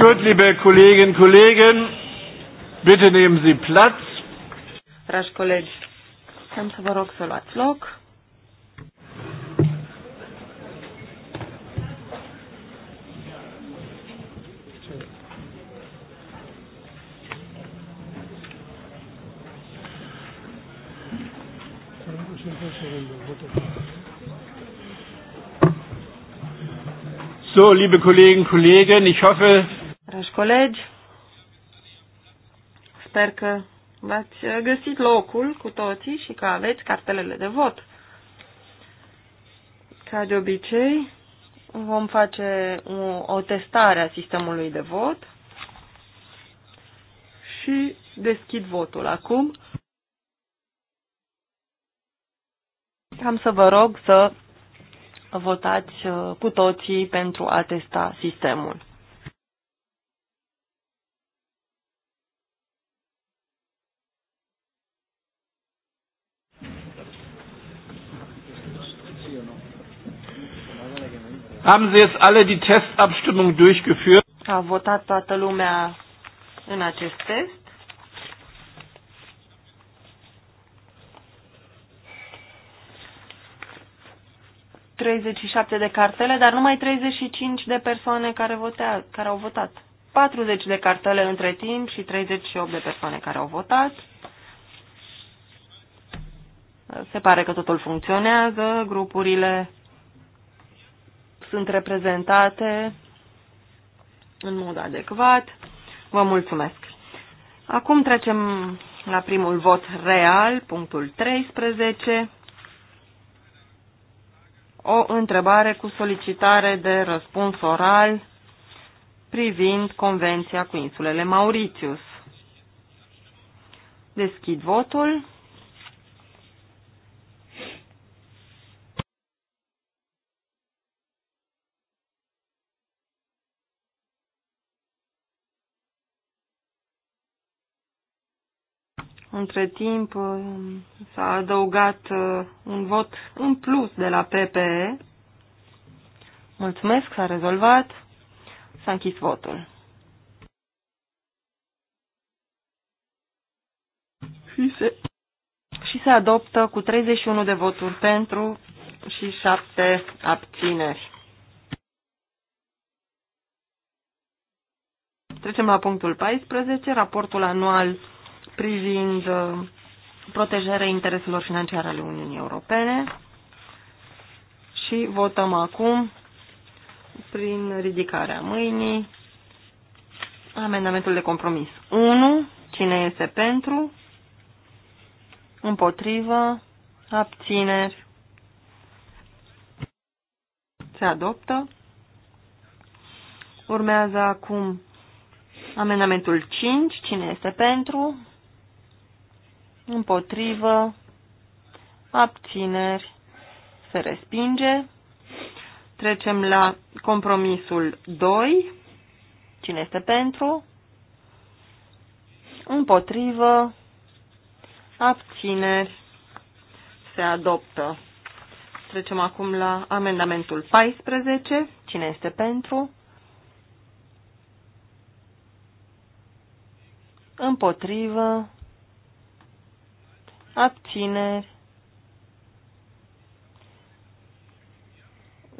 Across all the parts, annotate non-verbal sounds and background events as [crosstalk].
Gut, liebe Kolleginnen und Kollegen, bitte nehmen Sie Platz. Dragi colegi, am să vă rog să luați loc. So, liebe und Kollegen, ich hoffe, dragi colegi, sper că v-ați găsit locul cu toții și că aveți cartelele de vot. Ca de obicei, vom face o, o testare a sistemului de vot și deschid votul acum. Am să vă rog să votați uh, cu toții pentru a testa sistemul. Haben Sie jetzt alle die Testabstimmung durchgeführt? A votat toată lumea în acest test. ...37 de cartele, dar numai 35 de persoane care, votea, care au votat. 40 de cartele între timp și 38 de persoane care au votat. Se pare că totul funcționează, grupurile sunt reprezentate în mod adecvat. Vă mulțumesc. Acum trecem la primul vot real, punctul 13. O întrebare cu solicitare de răspuns oral privind Convenția cu insulele Mauritius. Deschid votul. Între timp uh, s-a adăugat uh, un vot în plus de la PPE. Mulțumesc, s-a rezolvat. S-a închis votul. Și se, și se adoptă cu 31 de voturi pentru și 7 abțineri. Trecem la punctul 14, raportul anual privind uh, protejarea intereselor financiare ale Uniunii Europene și votăm acum prin ridicarea mâinii amendamentul de compromis. 1. Cine este pentru? Împotrivă? Abțineri? Se adoptă. Urmează acum amendamentul 5. Cine este pentru? împotrivă, abțineri, se respinge. Trecem la compromisul 2. Cine este pentru? Împotrivă, abțineri, se adoptă. Trecem acum la amendamentul 14. Cine este pentru? Împotrivă abțineri.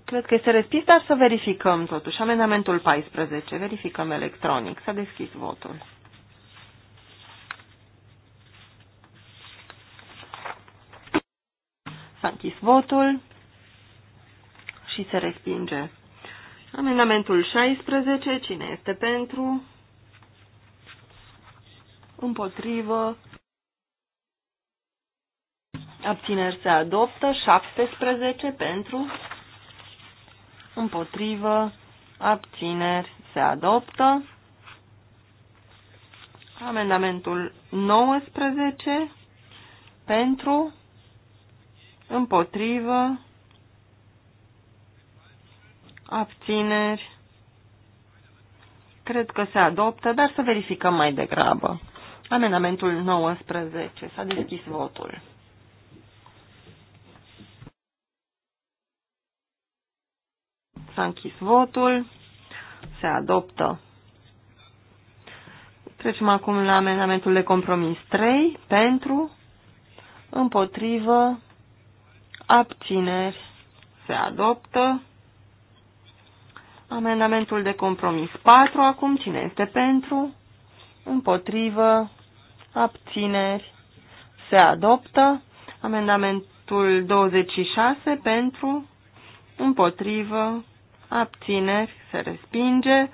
Cred că este respins, dar să verificăm totuși. Amendamentul 14. Verificăm electronic. S-a deschis votul. S-a închis votul și se respinge. Amendamentul 16. Cine este pentru? Împotrivă. Abțineri se adoptă. 17 pentru. Împotrivă. Abțineri se adoptă. Amendamentul 19 pentru, împotrivă, abțineri. Cred că se adoptă, dar să verificăm mai degrabă. Amendamentul 19. S-a deschis votul. S-a închis votul. Se adoptă. Trecem acum la amendamentul de compromis 3. Pentru, împotrivă, abțineri. Se adoptă. Amendamentul de compromis 4. Acum, cine este pentru? Împotrivă, abțineri. Se adoptă. Amendamentul 26. Pentru, împotrivă, abțineri, se respinge.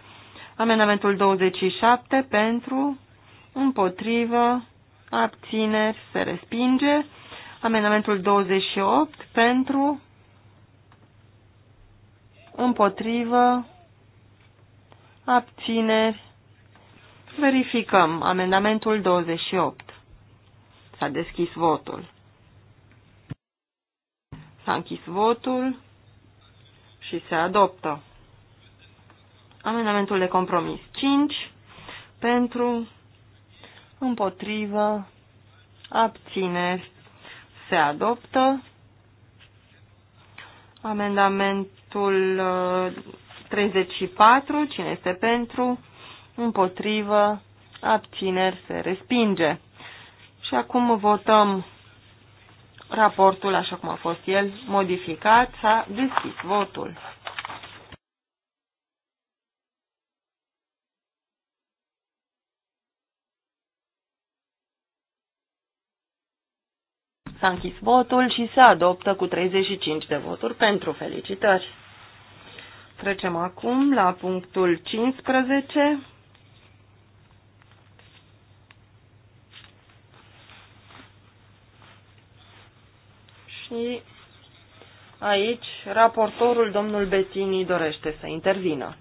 Amendamentul 27 pentru, împotrivă, abțineri, se respinge. Amendamentul 28 pentru, împotrivă, abțineri. Verificăm amendamentul 28. S-a deschis votul. S-a închis votul și se adoptă. Amendamentul de compromis 5 pentru, împotrivă, abțineri, se adoptă. Amendamentul 34, uh, cine este pentru, împotrivă, abțineri, se respinge. Și acum votăm raportul așa cum a fost el modificat, s-a deschis votul. S-a închis votul și se adoptă cu 35 de voturi pentru felicitări. Trecem acum la punctul 15 și aici raportorul domnul Bettini dorește să intervină.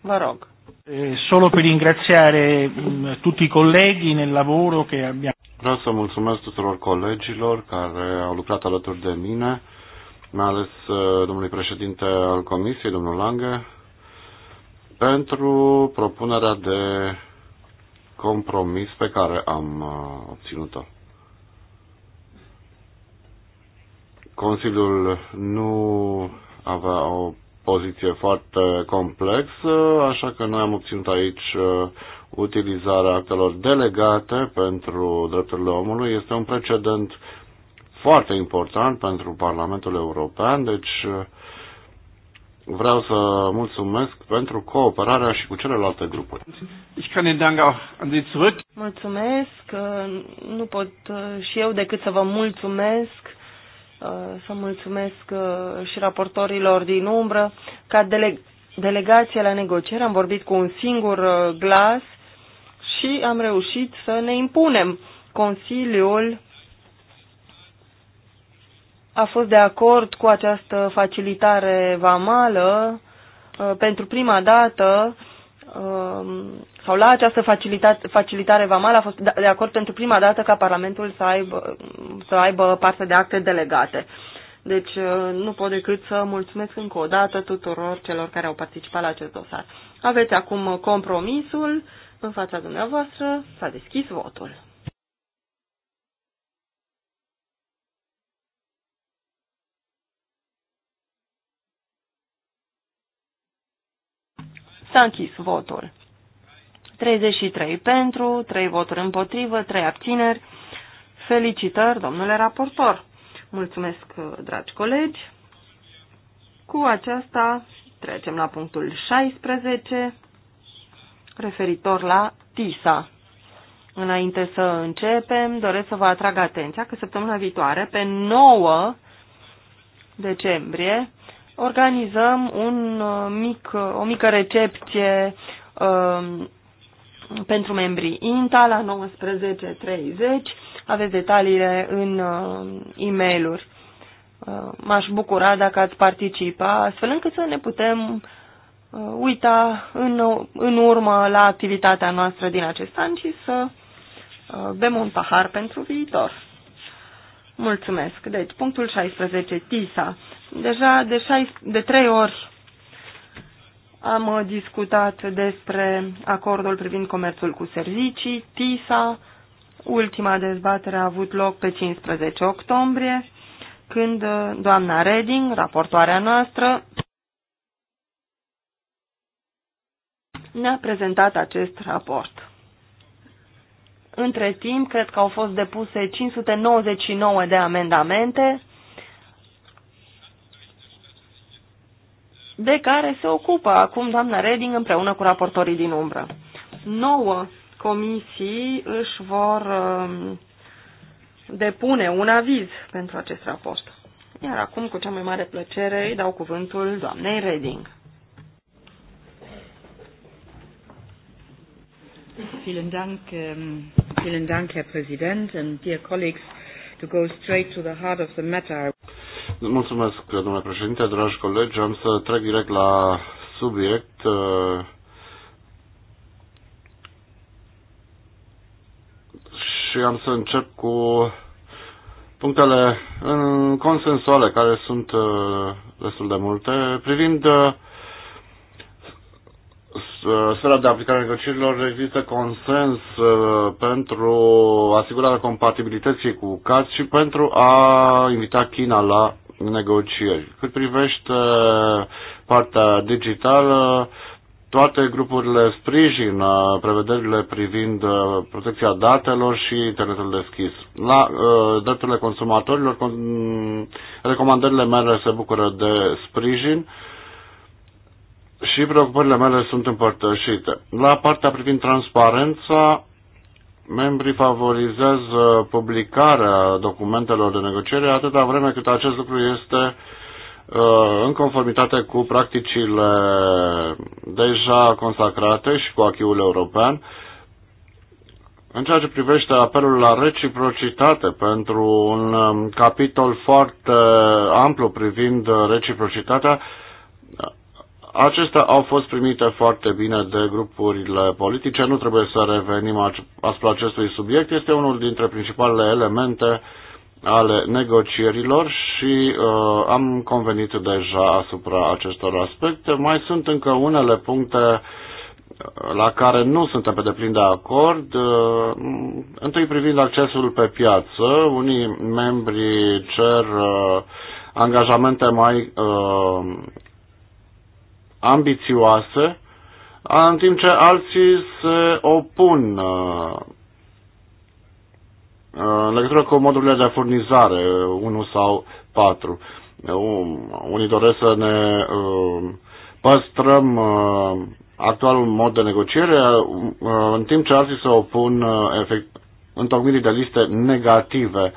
Vă rog. Eh, solo per ringraziare mm, tutti i colleghi nel lavoro che abbiamo. Vreau să mulțumesc tuturor colegilor care au lucrat alături de mine, mai ales eh, domnului președinte al comisiei, domnul Lange, pentru propunerea de compromis pe care am eh, obținut-o. Consiliul nu avea o poziție foarte complexă, așa că noi am obținut aici uh, utilizarea actelor delegate pentru drepturile omului. Este un precedent foarte important pentru Parlamentul European, deci uh, vreau să mulțumesc pentru cooperarea și cu celelalte grupuri. Mulțumesc, uh, nu pot și eu decât să vă mulțumesc Uh, să mulțumesc uh, și raportorilor din umbră. Ca dele delegație la negocieri am vorbit cu un singur uh, glas și am reușit să ne impunem. Consiliul a fost de acord cu această facilitare vamală pentru prima dată sau la această facilitare vamală a fost de acord pentru prima dată ca Parlamentul să aibă, să aibă parte de acte delegate. Deci uh, nu pot decât să mulțumesc încă o dată tuturor celor care au participat la acest dosar. Aveți acum compromisul în fața dumneavoastră. S-a deschis votul. S-a închis votul. 33 pentru, 3 voturi împotrivă, 3 abțineri. Felicitări, domnule raportor! Mulțumesc, dragi colegi! Cu aceasta trecem la punctul 16, referitor la TISA. Înainte să începem, doresc să vă atrag atenția că săptămâna viitoare, pe 9 decembrie, organizăm un uh, mic, uh, o mică recepție uh, pentru membrii INTA la 19.30. Aveți detaliile în uh, e mail uh, M-aș bucura dacă ați participa, astfel încât să ne putem uh, uita în, în urmă la activitatea noastră din acest an și să bem un pahar pentru viitor. Mulțumesc. Deci, punctul 16, TISA. Deja de, 6, de 3 ori am uh, discutat despre acordul privind comerțul cu servicii, TISA. Ultima dezbatere a avut loc pe 15 octombrie, când uh, doamna Reding, raportoarea noastră, ne-a prezentat acest raport. Între timp, cred că au fost depuse 599 de amendamente, de care se ocupă acum doamna Reding împreună cu raportorii din umbră. Nouă comisii își vor um, depune un aviz pentru acest raport. Iar acum, cu cea mai mare plăcere, îi dau cuvântul doamnei Reding. Vielen Dank, ähm, vielen Dank, Herr Präsident and dear colleagues. To go straight to the heart of the matter. Mulțumesc, domnule președinte, dragi colegi. Am să trec direct la subiect. Și am să încep cu punctele consensuale, care sunt uh, destul de multe, privind uh, uh, sfera de aplicare a negocierilor există consens pentru asigurarea compatibilității cu CAS și pentru a invita China la negocieri. Cât privește partea digitală, toate grupurile sprijină prevederile privind uh, protecția datelor și internetul deschis. La uh, drepturile consumatorilor, con- recomandările mele se bucură de sprijin și preocupările mele sunt împărtășite. La partea privind transparența, membrii favorizează publicarea documentelor de negociere atâta vreme cât acest lucru este uh, în conformitate cu practicile deja consacrate și cu acquis european, în ceea ce privește apelul la reciprocitate pentru un um, capitol foarte amplu privind reciprocitatea, Acestea au fost primite foarte bine de grupurile politice. Nu trebuie să revenim asupra acestui subiect. Este unul dintre principalele elemente ale negocierilor și uh, am convenit deja asupra acestor aspecte. Mai sunt încă unele puncte uh, la care nu suntem pe deplin de acord. Uh, întâi privind accesul pe piață, unii membri cer uh, angajamente mai uh, ambițioasă, în timp ce alții se opun în legătură cu modurile de furnizare, 1 sau 4. Unii doresc să ne păstrăm actualul mod de negociere, în timp ce alții se opun efect, întocmirii de liste negative.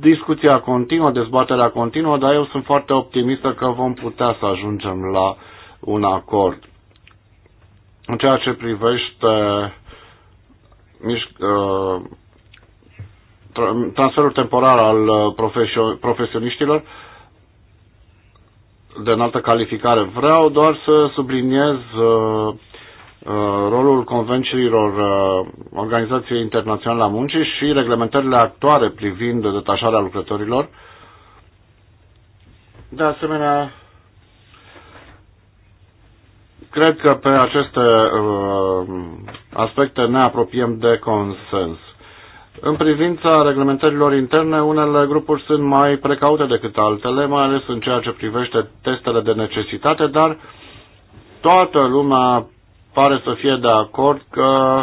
Discuția continuă, dezbaterea continuă, dar eu sunt foarte optimistă că vom putea să ajungem la un acord. În ceea ce privește uh, transferul temporar al uh, profesioniștilor de înaltă calificare, vreau doar să subliniez uh, rolul convențiilor Organizației Internaționale a Muncii și reglementările actuale privind detașarea lucrătorilor. De asemenea, cred că pe aceste uh, aspecte ne apropiem de consens. În privința reglementărilor interne, unele grupuri sunt mai precaute decât altele, mai ales în ceea ce privește testele de necesitate, dar toată lumea pare să fie de acord că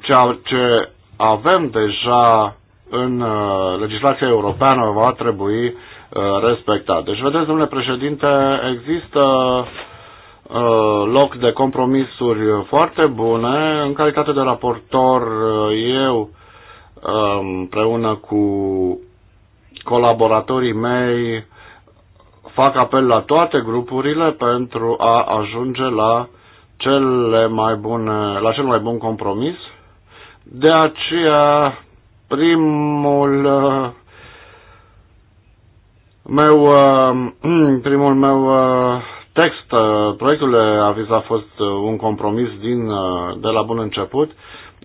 ceea ce avem deja în uh, legislația europeană va trebui Uh, respectat. Deci, vedeți, domnule președinte, există uh, loc de compromisuri foarte bune. În calitate de raportor, uh, eu împreună cu colaboratorii mei fac apel la toate grupurile pentru a ajunge la, cele mai bune, la cel mai bun compromis. De aceea, primul meu, uh, [clears throat] primul meu uh, text, uh, proiectul aviz a fost un compromis din, de la bun început.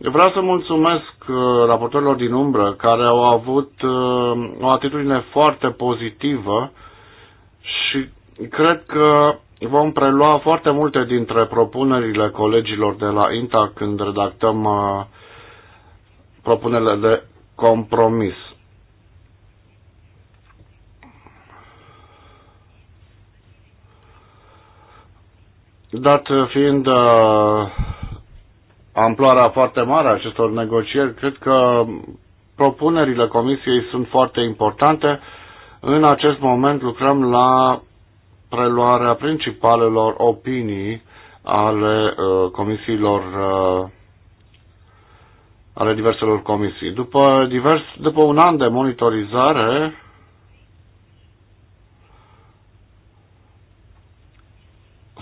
Vreau să mulțumesc raportorilor din umbră care au avut o atitudine foarte pozitivă și cred că vom prelua foarte multe dintre propunerile colegilor de la INTA când redactăm propunerile de compromis. Dat fiind uh, amploarea foarte mare a acestor negocieri, cred că propunerile Comisiei sunt foarte importante. În acest moment lucrăm la preluarea principalelor opinii ale uh, comisiilor uh, ale diverselor comisii. După, divers, după un an de monitorizare,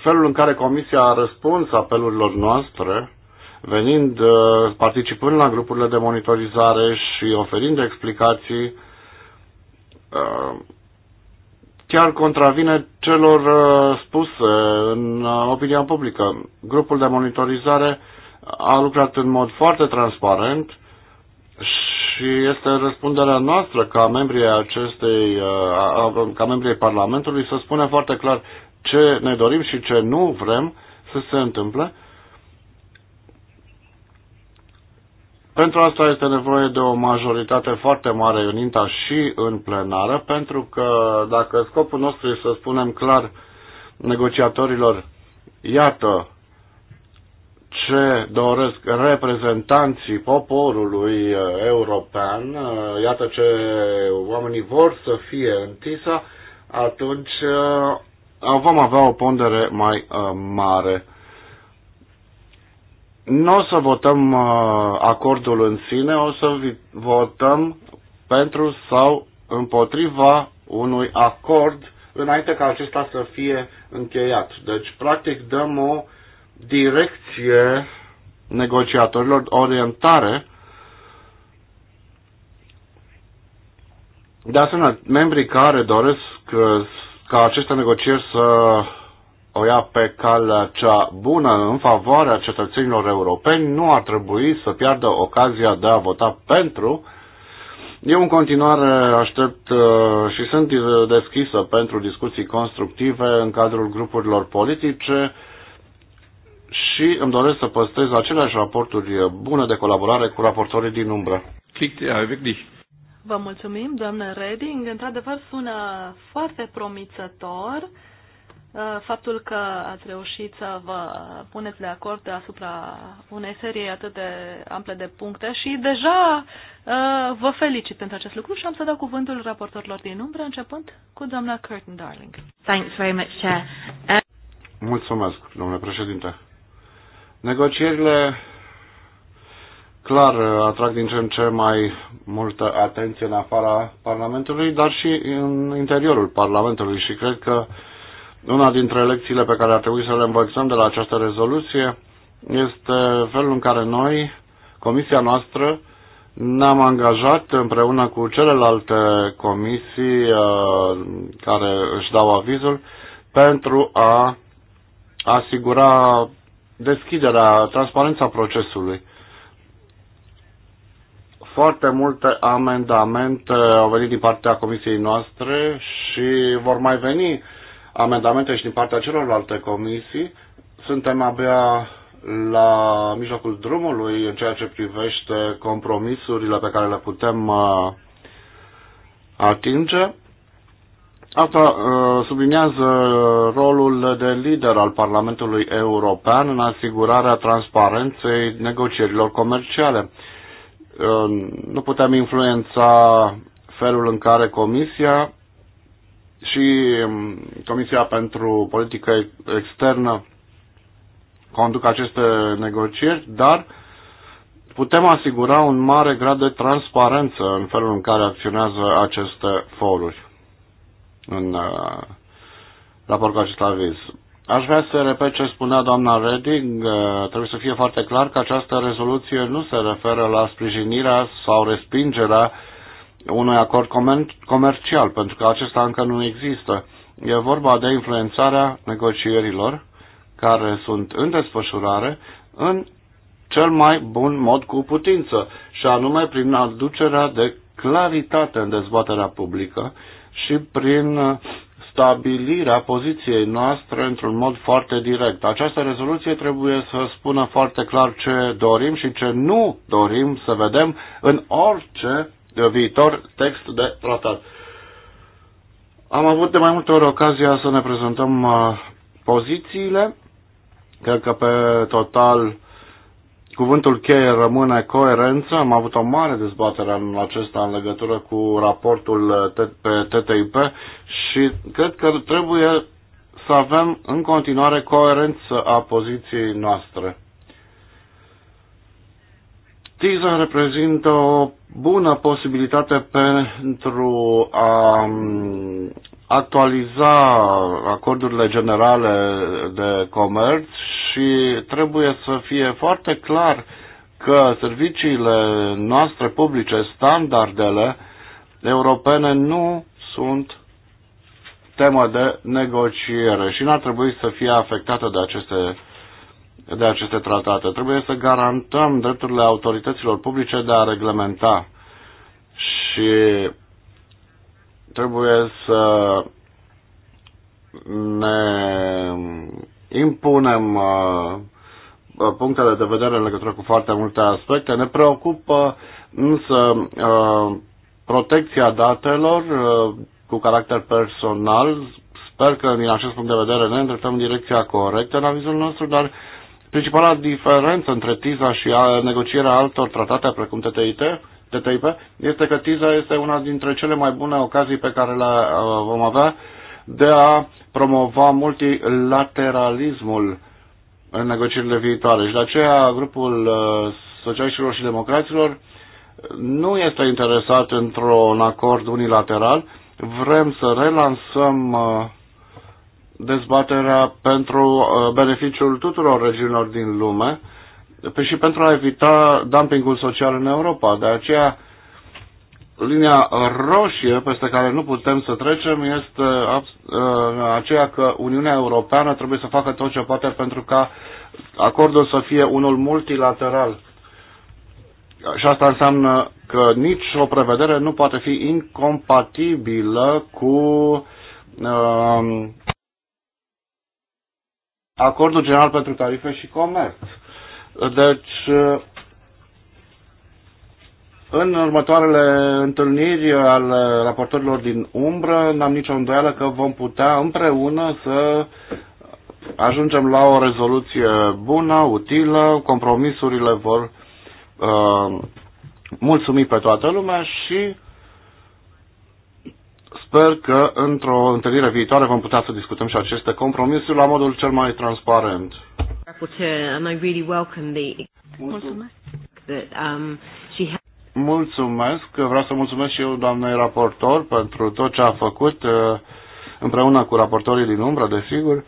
felul în care Comisia a răspuns apelurilor noastre, venind, uh, participând la grupurile de monitorizare și oferind explicații, uh, chiar contravine celor uh, spuse în opinia publică. Grupul de monitorizare a lucrat în mod foarte transparent și este răspunderea noastră ca membrii acestei, ca membrii Parlamentului să spunem foarte clar ce ne dorim și ce nu vrem să se întâmple. Pentru asta este nevoie de o majoritate foarte mare în INTA și în plenară, pentru că dacă scopul nostru este să spunem clar negociatorilor, iată ce doresc reprezentanții poporului eh, european, eh, iată ce oamenii vor să fie în TISA, atunci eh, vom avea o pondere mai uh, mare. Nu o să votăm uh, acordul în sine, o să votăm pentru sau împotriva unui acord înainte ca acesta să fie încheiat. Deci, practic, dăm o direcție negociatorilor, orientare. De asemenea, membrii care doresc uh, ca aceste negocieri să o ia pe calea cea bună în favoarea cetățenilor europeni, nu ar trebui să piardă ocazia de a vota pentru. Eu în continuare aștept uh, și sunt deschisă pentru discuții constructive în cadrul grupurilor politice și îmi doresc să păstrez aceleași raporturi bune de colaborare cu raportorii din umbră. Klingt ja Vă mulțumim, doamnă Reding. Într-adevăr, sună foarte promițător uh, faptul că ați reușit să vă puneți de acord asupra unei serii atât de ample de puncte și deja uh, vă felicit pentru acest lucru și am să dau cuvântul raportorilor din umbră, începând cu doamna Curtin Darling. Thanks very much, Chair. Uh, Mulțumesc, domnule președinte. Negocierile clar atrag din ce în ce mai multă atenție în afara Parlamentului, dar și în interiorul Parlamentului și cred că una dintre lecțiile pe care ar trebui să le învățăm de la această rezoluție este felul în care noi, comisia noastră, ne-am angajat împreună cu celelalte comisii uh, care își dau avizul pentru a asigura deschiderea, transparența procesului. Foarte multe amendamente au venit din partea comisiei noastre și vor mai veni amendamente și din partea celorlalte comisii. Suntem abia la mijlocul drumului în ceea ce privește compromisurile pe care le putem uh, atinge. Asta uh, sublinează rolul de lider al Parlamentului European în asigurarea transparenței negocierilor comerciale nu putem influența felul în care Comisia și um, Comisia pentru Politică Externă conduc aceste negocieri, dar putem asigura un mare grad de transparență în felul în care acționează aceste foruri în uh, raport cu acest aviz. Aș vrea să repet ce spunea doamna Redding. Uh, trebuie să fie foarte clar că această rezoluție nu se referă la sprijinirea sau respingerea unui acord comer- comercial, pentru că acesta încă nu există. E vorba de influențarea negocierilor care sunt în desfășurare în cel mai bun mod cu putință, și anume prin aducerea de claritate în dezbaterea publică și prin uh, stabilirea poziției noastre într-un mod foarte direct. Această rezoluție trebuie să spună foarte clar ce dorim și ce nu dorim să vedem în orice viitor text de tratat. Am avut de mai multe ori ocazia să ne prezentăm uh, pozițiile. Cred că pe total Cuvântul cheie rămâne coerență. Am avut o mare dezbatere în acesta în legătură cu raportul pe TTIP și cred că trebuie să avem în continuare coerență a poziției noastre. TISA reprezintă o bună posibilitate pentru a actualiza acordurile generale de comerț și trebuie să fie foarte clar că serviciile noastre publice, standardele europene nu sunt temă de negociere și n-ar trebui să fie afectată de aceste, de aceste tratate. Trebuie să garantăm drepturile autorităților publice de a reglementa și trebuie să ne impunem uh, punctele de vedere în legătură cu foarte multe aspecte. Ne preocupă însă uh, protecția datelor uh, cu caracter personal. Sper că din acest punct de vedere ne îndreptăm în direcția corectă în avizul nostru, dar principala diferență între TISA și negocierea altor tratate precum TTIT de TTIP este că TISA este una dintre cele mai bune ocazii pe care le uh, vom avea de a promova multilateralismul în negocierile viitoare. Și de aceea grupul uh, socialiștilor și democraților nu este interesat într-un acord unilateral. Vrem să relansăm uh, dezbaterea pentru beneficiul tuturor regiunilor din lume Păi și pentru a evita dumpingul social în Europa. De aceea, linia roșie peste care nu putem să trecem este uh, aceea că Uniunea Europeană trebuie să facă tot ce poate pentru ca acordul să fie unul multilateral. Și asta înseamnă că nici o prevedere nu poate fi incompatibilă cu uh, acordul general pentru tarife și comerț. Deci, în următoarele întâlniri al raportorilor din umbră, n-am nicio îndoială că vom putea împreună să ajungem la o rezoluție bună, utilă, compromisurile vor uh, mulțumi pe toată lumea și Sper că într-o întâlnire viitoare vom putea să discutăm și aceste compromisuri la modul cel mai transparent. Mulțumesc. Mulțumesc. Vreau să mulțumesc și eu doamnei raportor pentru tot ce a făcut uh, împreună cu raportorii din umbră, desigur.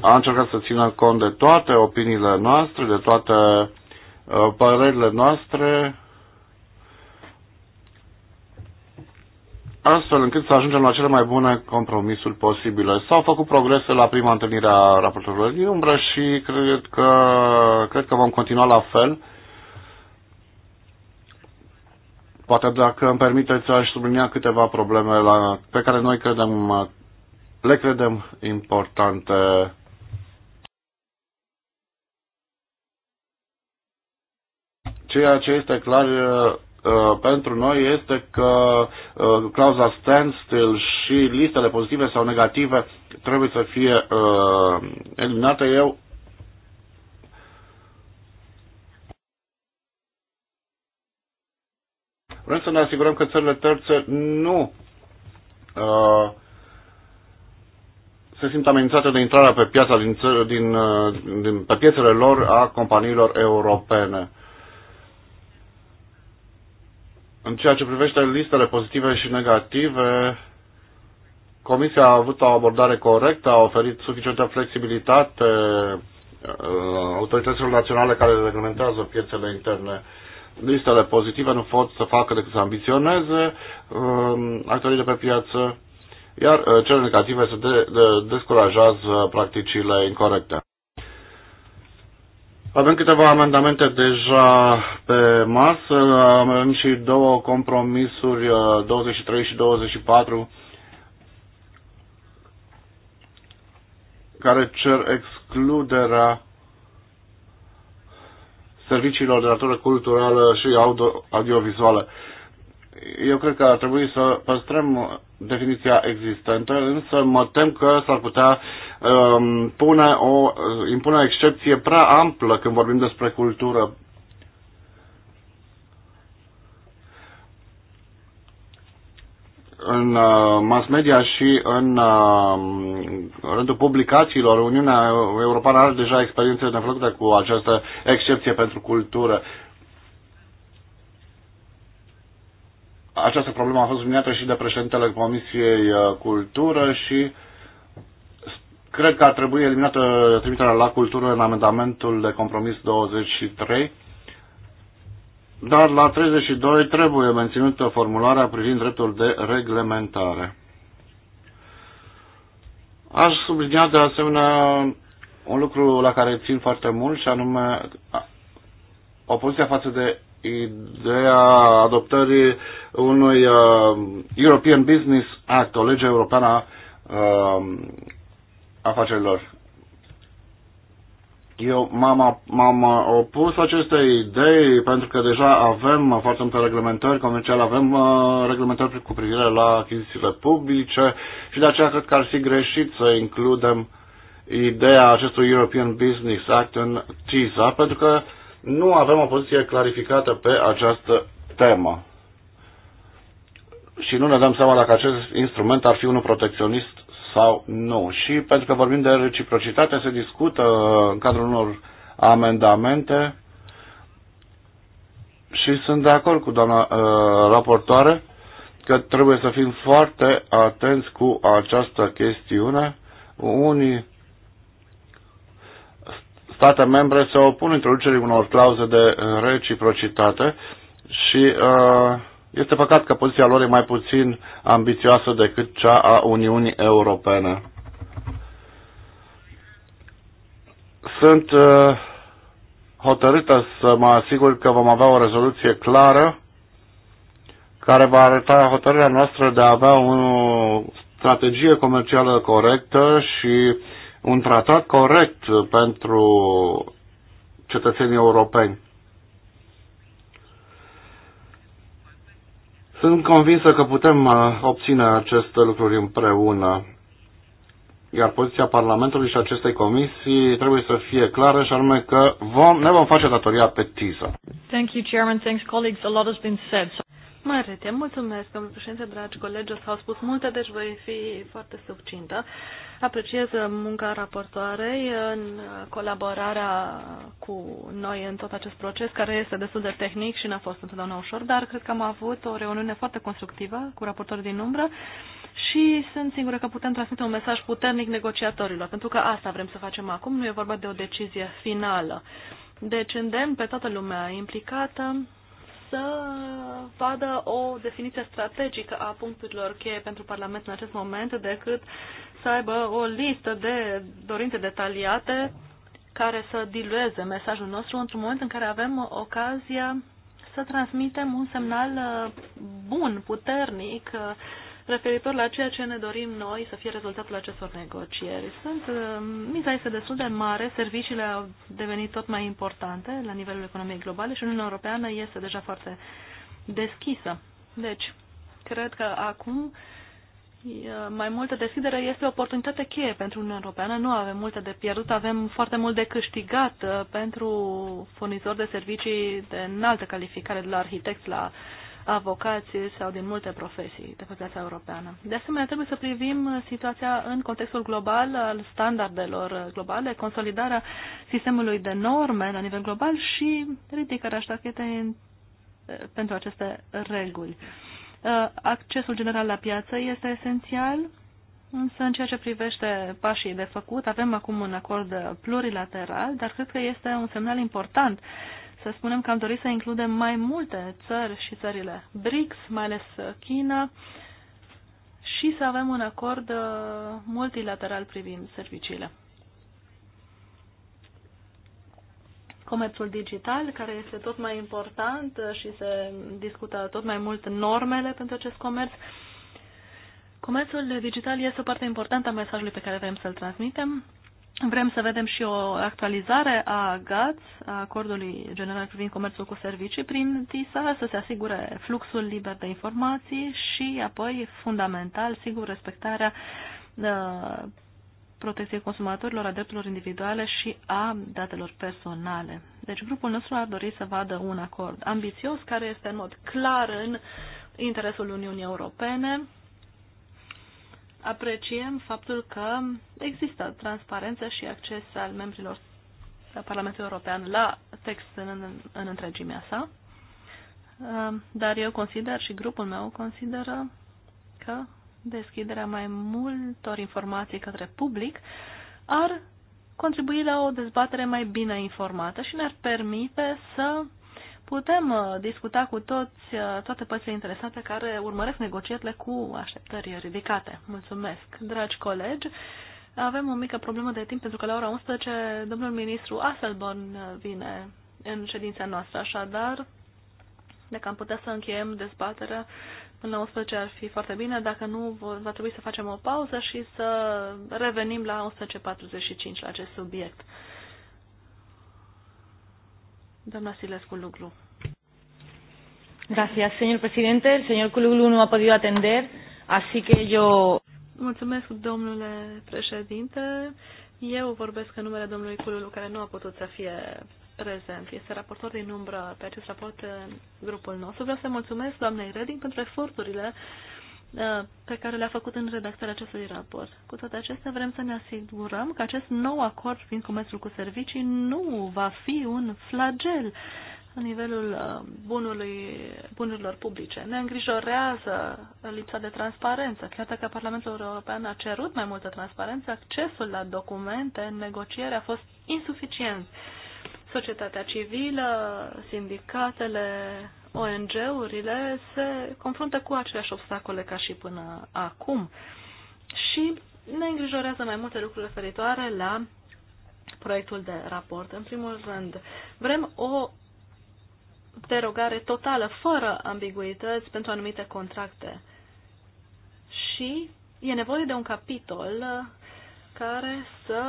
A încercat să țină cont de toate opiniile noastre, de toate uh, părerile noastre astfel încât să ajungem la cele mai bune compromisuri posibile. S-au făcut progrese la prima întâlnire a raportorilor din umbră și cred că, cred că vom continua la fel. Poate dacă îmi permiteți, aș sublinia câteva probleme la, pe care noi credem, le credem importante. Ceea ce este clar Uh, pentru noi este că uh, clauza standstill și listele pozitive sau negative trebuie să fie uh, eliminate. Eu Vrem să ne asigurăm că țările terțe nu uh, se simt amenințate de intrarea pe piața din, din, din, pe piețele lor a companiilor europene. În ceea ce privește listele pozitive și negative, Comisia a avut o abordare corectă, a oferit suficientă flexibilitate uh, autorităților naționale care reglementează piețele interne. Listele pozitive nu pot să facă decât să ambiționeze um, actorii de pe piață, iar uh, cele negative se de, de, descurajează practicile incorrecte. Avem câteva amendamente deja pe masă, avem și două compromisuri, 23 uh, și 24, care cer excluderea serviciilor de natură culturală și audio, audiovizuală. Eu cred că ar trebui să păstrăm definiția existentă, însă mă tem că s-ar putea uh, Um, pune o, impune o excepție prea amplă când vorbim despre cultură. În uh, mass media și în um, rândul publicațiilor, Uniunea Europeană are deja experiențe nefăcute cu această excepție pentru cultură. Această problemă a fost luminată și de președintele Comisiei uh, Cultură și uh, Cred că ar trebui eliminată trimiterea la cultură în amendamentul de compromis 23, dar la 32 trebuie menținută formularea privind dreptul de reglementare. Aș sublinia de asemenea un lucru la care țin foarte mult și anume opoziția față de ideea adoptării unui uh, European Business Act, o lege europeană uh, afacerilor. Eu m-am, opus acestei idei pentru că deja avem foarte multe reglementări comerciale, avem uh, reglementări cu privire la achizițiile publice și de aceea cred că ar fi greșit să includem ideea acestui European Business Act în TISA pentru că nu avem o poziție clarificată pe această temă. Și nu ne dăm seama dacă acest instrument ar fi unul protecționist sau nu. Și pentru că vorbim de reciprocitate, se discută în cadrul unor amendamente și sunt de acord cu doamna uh, raportoare că trebuie să fim foarte atenți cu această chestiune. Unii state membre se opun introducerii unor clauze de reciprocitate și uh, este păcat că poziția lor e mai puțin ambițioasă decât cea a Uniunii Europene. Sunt uh, hotărâtă să mă asigur că vom avea o rezoluție clară care va arăta hotărârea noastră de a avea o strategie comercială corectă și un tratat corect pentru cetățenii europeni. Sunt convinsă că putem uh, obține aceste lucruri împreună, iar poziția Parlamentului și acestei comisii trebuie să fie clară și anume că vom, ne vom face datoria pe TISA. Thank you, Chairman. Thanks, colleagues. A lot has been said. Mă rete. Mulțumesc, domnul președinte, dragi colegi. S-au spus multe, deci voi fi foarte subcintă. Apreciez munca raportoarei în colaborarea cu noi în tot acest proces, care este destul de tehnic și n-a fost întotdeauna ușor, dar cred că am avut o reuniune foarte constructivă cu raportorii din umbră și sunt sigură că putem transmite un mesaj puternic negociatorilor, pentru că asta vrem să facem acum, nu e vorba de o decizie finală. Deci îndemn pe toată lumea implicată să vadă o definiție strategică a punctelor cheie pentru Parlament în acest moment, decât să aibă o listă de dorințe detaliate care să dilueze mesajul nostru într-un moment în care avem ocazia să transmitem un semnal uh, bun, puternic, uh, referitor la ceea ce ne dorim noi să fie rezultatul acestor negocieri. Sunt, uh, miza este destul de mare, serviciile au devenit tot mai importante la nivelul economiei globale și Uniunea Europeană este deja foarte deschisă. Deci, cred că acum uh, mai multă deschidere este o oportunitate cheie pentru Uniunea Europeană. Nu avem multe de pierdut, avem foarte mult de câștigat uh, pentru furnizori de servicii de înaltă calificare, de la arhitecți la uh, avocație sau din multe profesii de pe piața europeană. De asemenea, trebuie să privim situația în contextul global al standardelor globale, consolidarea sistemului de norme la nivel global și ridicarea ștachetei pentru aceste reguli. Accesul general la piață este esențial, însă în ceea ce privește pașii de făcut, avem acum un acord plurilateral, dar cred că este un semnal important să spunem că am dorit să includem mai multe țări și țările BRICS, mai ales uh, China, și să avem un acord uh, multilateral privind serviciile. Comerțul digital, care este tot mai important uh, și se discută tot mai mult normele pentru acest comerț. Comerțul digital este o parte importantă a mesajului pe care vrem să-l transmitem Vrem să vedem și o actualizare a GATS, a Acordului General privind comerțul cu servicii, prin TISA, să se asigure fluxul liber de informații și apoi, fundamental, sigur, respectarea uh, protecției consumatorilor, a drepturilor individuale și a datelor personale. Deci grupul nostru ar dori să vadă un acord ambițios care este în mod clar în interesul Uniunii Europene, apreciem faptul că există transparență și acces al membrilor Parlamentului European la text în, în, în întregimea sa, dar eu consider și grupul meu consideră că deschiderea mai multor informații către public ar contribui la o dezbatere mai bine informată și ne-ar permite să putem uh, discuta cu toți, uh, toate părțile interesate care urmăresc negocierile cu așteptări ridicate. Mulțumesc, dragi colegi. Avem o mică problemă de timp pentru că la ora 11 domnul ministru Asselborn uh, vine în ședința noastră, așadar dacă am putea să încheiem dezbaterea până la 11 ar fi foarte bine, dacă nu va trebui să facem o pauză și să revenim la 11.45 la acest subiect. Doamna Silescu Lucru. Gracias, señor presidente. El señor Culuglu no ha podido atender, así que yo... Mulțumesc, domnule președinte. Eu vorbesc în numele domnului Culuglu, care nu a putut să fie prezent. Este raportor din umbră pe acest raport în grupul nostru. Vreau să mulțumesc doamnei Reding pentru eforturile Uh, pe care le-a făcut în redactarea acestui raport. Cu toate acestea, vrem să ne asigurăm că acest nou acord fiind comerțul cu servicii nu va fi un flagel la nivelul uh, bunului, bunurilor publice. Ne îngrijorează lipsa de transparență. Chiar dacă Parlamentul European a cerut mai multă transparență, accesul la documente în negociere a fost insuficient. Societatea civilă, sindicatele, ONG-urile se confruntă cu aceleași obstacole ca și până acum și ne îngrijorează mai multe lucruri referitoare la proiectul de raport. În primul rând, vrem o derogare totală, fără ambiguități, pentru anumite contracte. Și e nevoie de un capitol uh, care să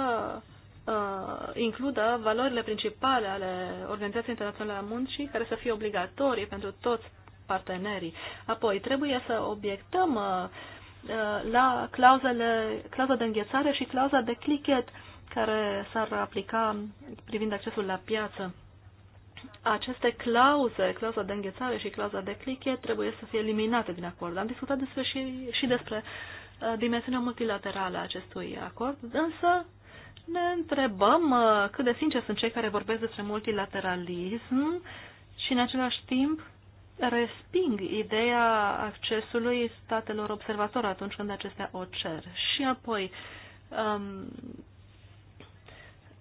uh, includă valorile principale ale Organizației Internaționale a Muncii, care să fie obligatorii pentru toți partenerii. Apoi, trebuie să obiectăm uh, uh, la clauzele, clauza de înghețare și clauza de clichet care s-ar aplica privind accesul la piață. Aceste clauze, clauza de înghețare și clauza de clichet, trebuie să fie eliminate din acord. Am discutat despre și, și despre uh, dimensiunea multilaterală a acestui acord, însă ne întrebăm uh, cât de sincer sunt cei care vorbesc despre multilateralism și în același timp resping ideea accesului statelor observatori atunci când acestea o cer. Și apoi, um,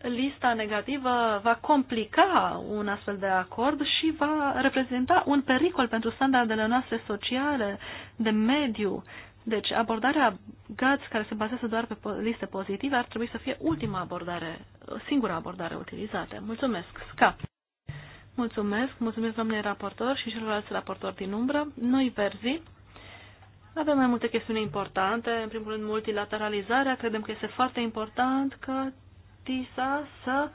lista negativă va complica un astfel de acord și va reprezenta un pericol pentru standardele noastre sociale, de mediu, deci, abordarea GATS, care se bazează doar pe liste pozitive, ar trebui să fie ultima abordare, singura abordare utilizată. Mulțumesc, SCA! Mulțumesc, mulțumesc domnului raportor și celorlalți raportori din umbră. Noi, Verzi, avem mai multe chestiuni importante. În primul rând, multilateralizarea. Credem că este foarte important că TISA să uh,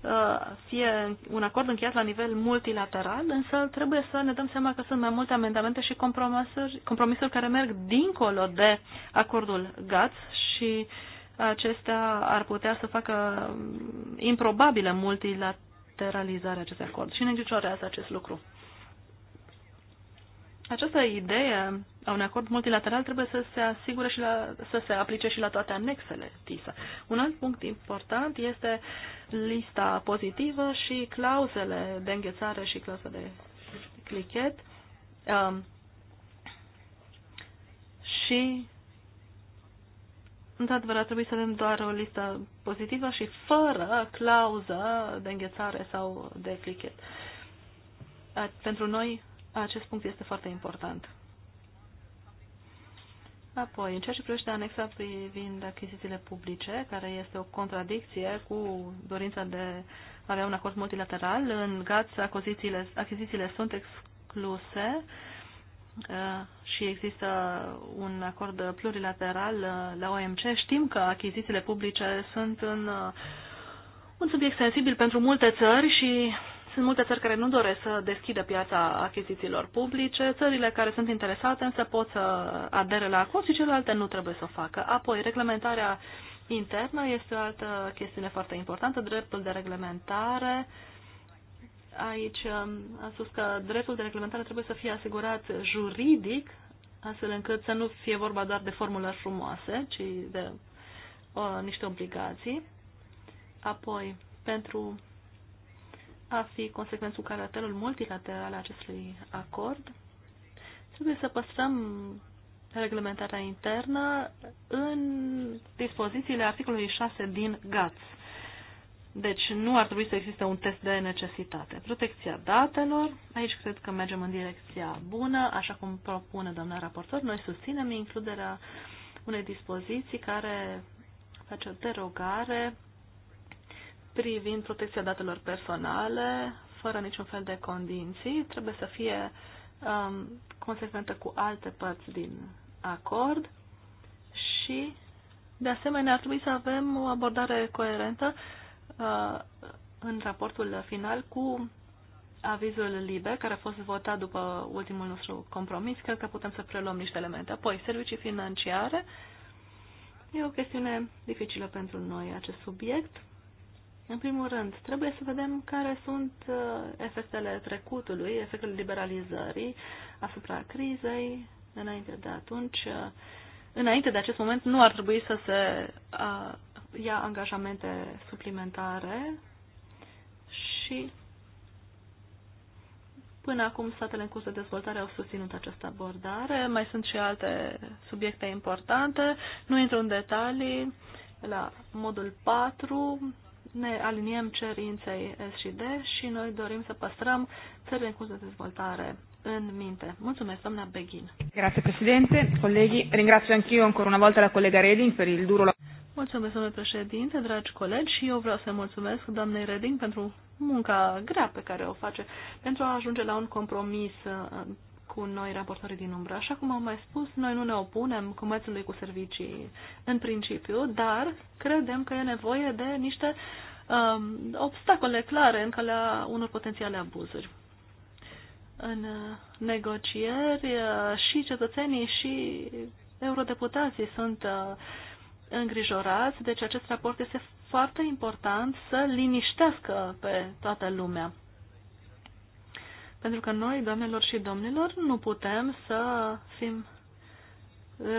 Uh, fie un acord încheiat la nivel multilateral, însă trebuie să ne dăm seama că sunt mai multe amendamente și compromisuri, compromisuri care merg dincolo de acordul GATS și acestea ar putea să facă improbabilă multilateralizarea acestui acord și ne acest lucru. Această idee a un acord multilateral trebuie să se asigure și la, să se aplice și la toate anexele TISA. Un alt punct important este lista pozitivă și clauzele de înghețare și clauza de clichet um, și într-adevăr ar trebui să avem doar o listă pozitivă și fără clauză de înghețare sau de clichet. Pentru noi acest punct este foarte important. Apoi, în ceea ce privește anexa privind achizițiile publice, care este o contradicție cu dorința de a avea un acord multilateral, în GATS achizițiile, achizițiile sunt excluse uh, și există un acord plurilateral uh, la OMC. Știm că achizițiile publice sunt în, uh, un subiect sensibil pentru multe țări și sunt multe țări care nu doresc să deschidă piața achizițiilor publice, țările care sunt interesate însă pot să adere la acord și celelalte nu trebuie să o facă. Apoi, reglementarea internă este o altă chestiune foarte importantă, dreptul de reglementare. Aici am um, spus că dreptul de reglementare trebuie să fie asigurat juridic, astfel încât să nu fie vorba doar de formulări frumoase, ci de o, uh, niște obligații. Apoi, pentru a fi consecvenți cu caracterul multilateral al acestui acord, trebuie să păstrăm reglementarea internă în dispozițiile articolului 6 din GATS. Deci nu ar trebui să existe un test de necesitate. Protecția datelor, aici cred că mergem în direcția bună, așa cum propune doamna raportor, noi susținem includerea unei dispoziții care face o derogare privind protecția datelor personale, fără niciun fel de condiții, trebuie să fie um, consecventă cu alte părți din acord și, de asemenea, ar trebui să avem o abordare coerentă uh, în raportul final cu avizul liber care a fost votat după ultimul nostru compromis. Cred că putem să preluăm niște elemente. Apoi, servicii financiare. E o chestiune dificilă pentru noi acest subiect în primul rând, trebuie să vedem care sunt uh, efectele trecutului, efectele liberalizării asupra crizei înainte de atunci. Uh, înainte de acest moment nu ar trebui să se uh, ia angajamente suplimentare și Până acum, statele în curs de dezvoltare au susținut această abordare. Mai sunt și alte subiecte importante. Nu intru în detalii. La modul 4 ne aliniem cerinței S și D și noi dorim să păstrăm țările în curs de dezvoltare în minte. Mulțumesc, doamna Beghin. Grazie, președinte. Colegi, ringrazio anch'io ancora una volta la collega Reding per il duro Mulțumesc, domnule președinte, dragi colegi, și eu vreau să mulțumesc doamnei Reding pentru munca grea pe care o face pentru a ajunge la un compromis cu noi raportorii din umbră. Așa cum am mai spus, noi nu ne opunem comerțului cu servicii în principiu, dar credem că e nevoie de niște um, obstacole clare în calea unor potențiale abuzuri. În uh, negocieri uh, și cetățenii și eurodeputații sunt uh, îngrijorați, deci acest raport este foarte important să liniștească pe toată lumea. Pentru că noi, doamnelor și domnilor, nu putem să fim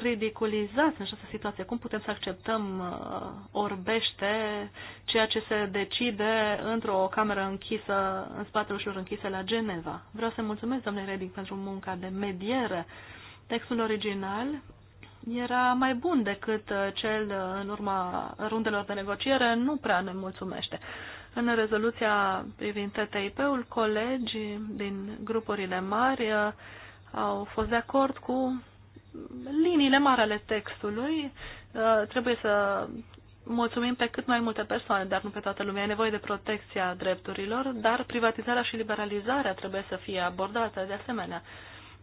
ridiculizați în această situație. Cum putem să acceptăm uh, orbește ceea ce se decide într-o cameră închisă, în spatele ușilor închise la Geneva? Vreau să mulțumesc, doamne Redding, pentru munca de mediere. Textul original era mai bun decât uh, cel uh, în urma rundelor de negociere, nu prea ne mulțumește. În rezoluția privind TTIP-ul, colegii din grupurile mari uh, au fost de acord cu liniile mari ale textului. Uh, trebuie să mulțumim pe cât mai multe persoane, dar nu pe toată lumea. E nevoie de protecția drepturilor, dar privatizarea și liberalizarea trebuie să fie abordată de asemenea.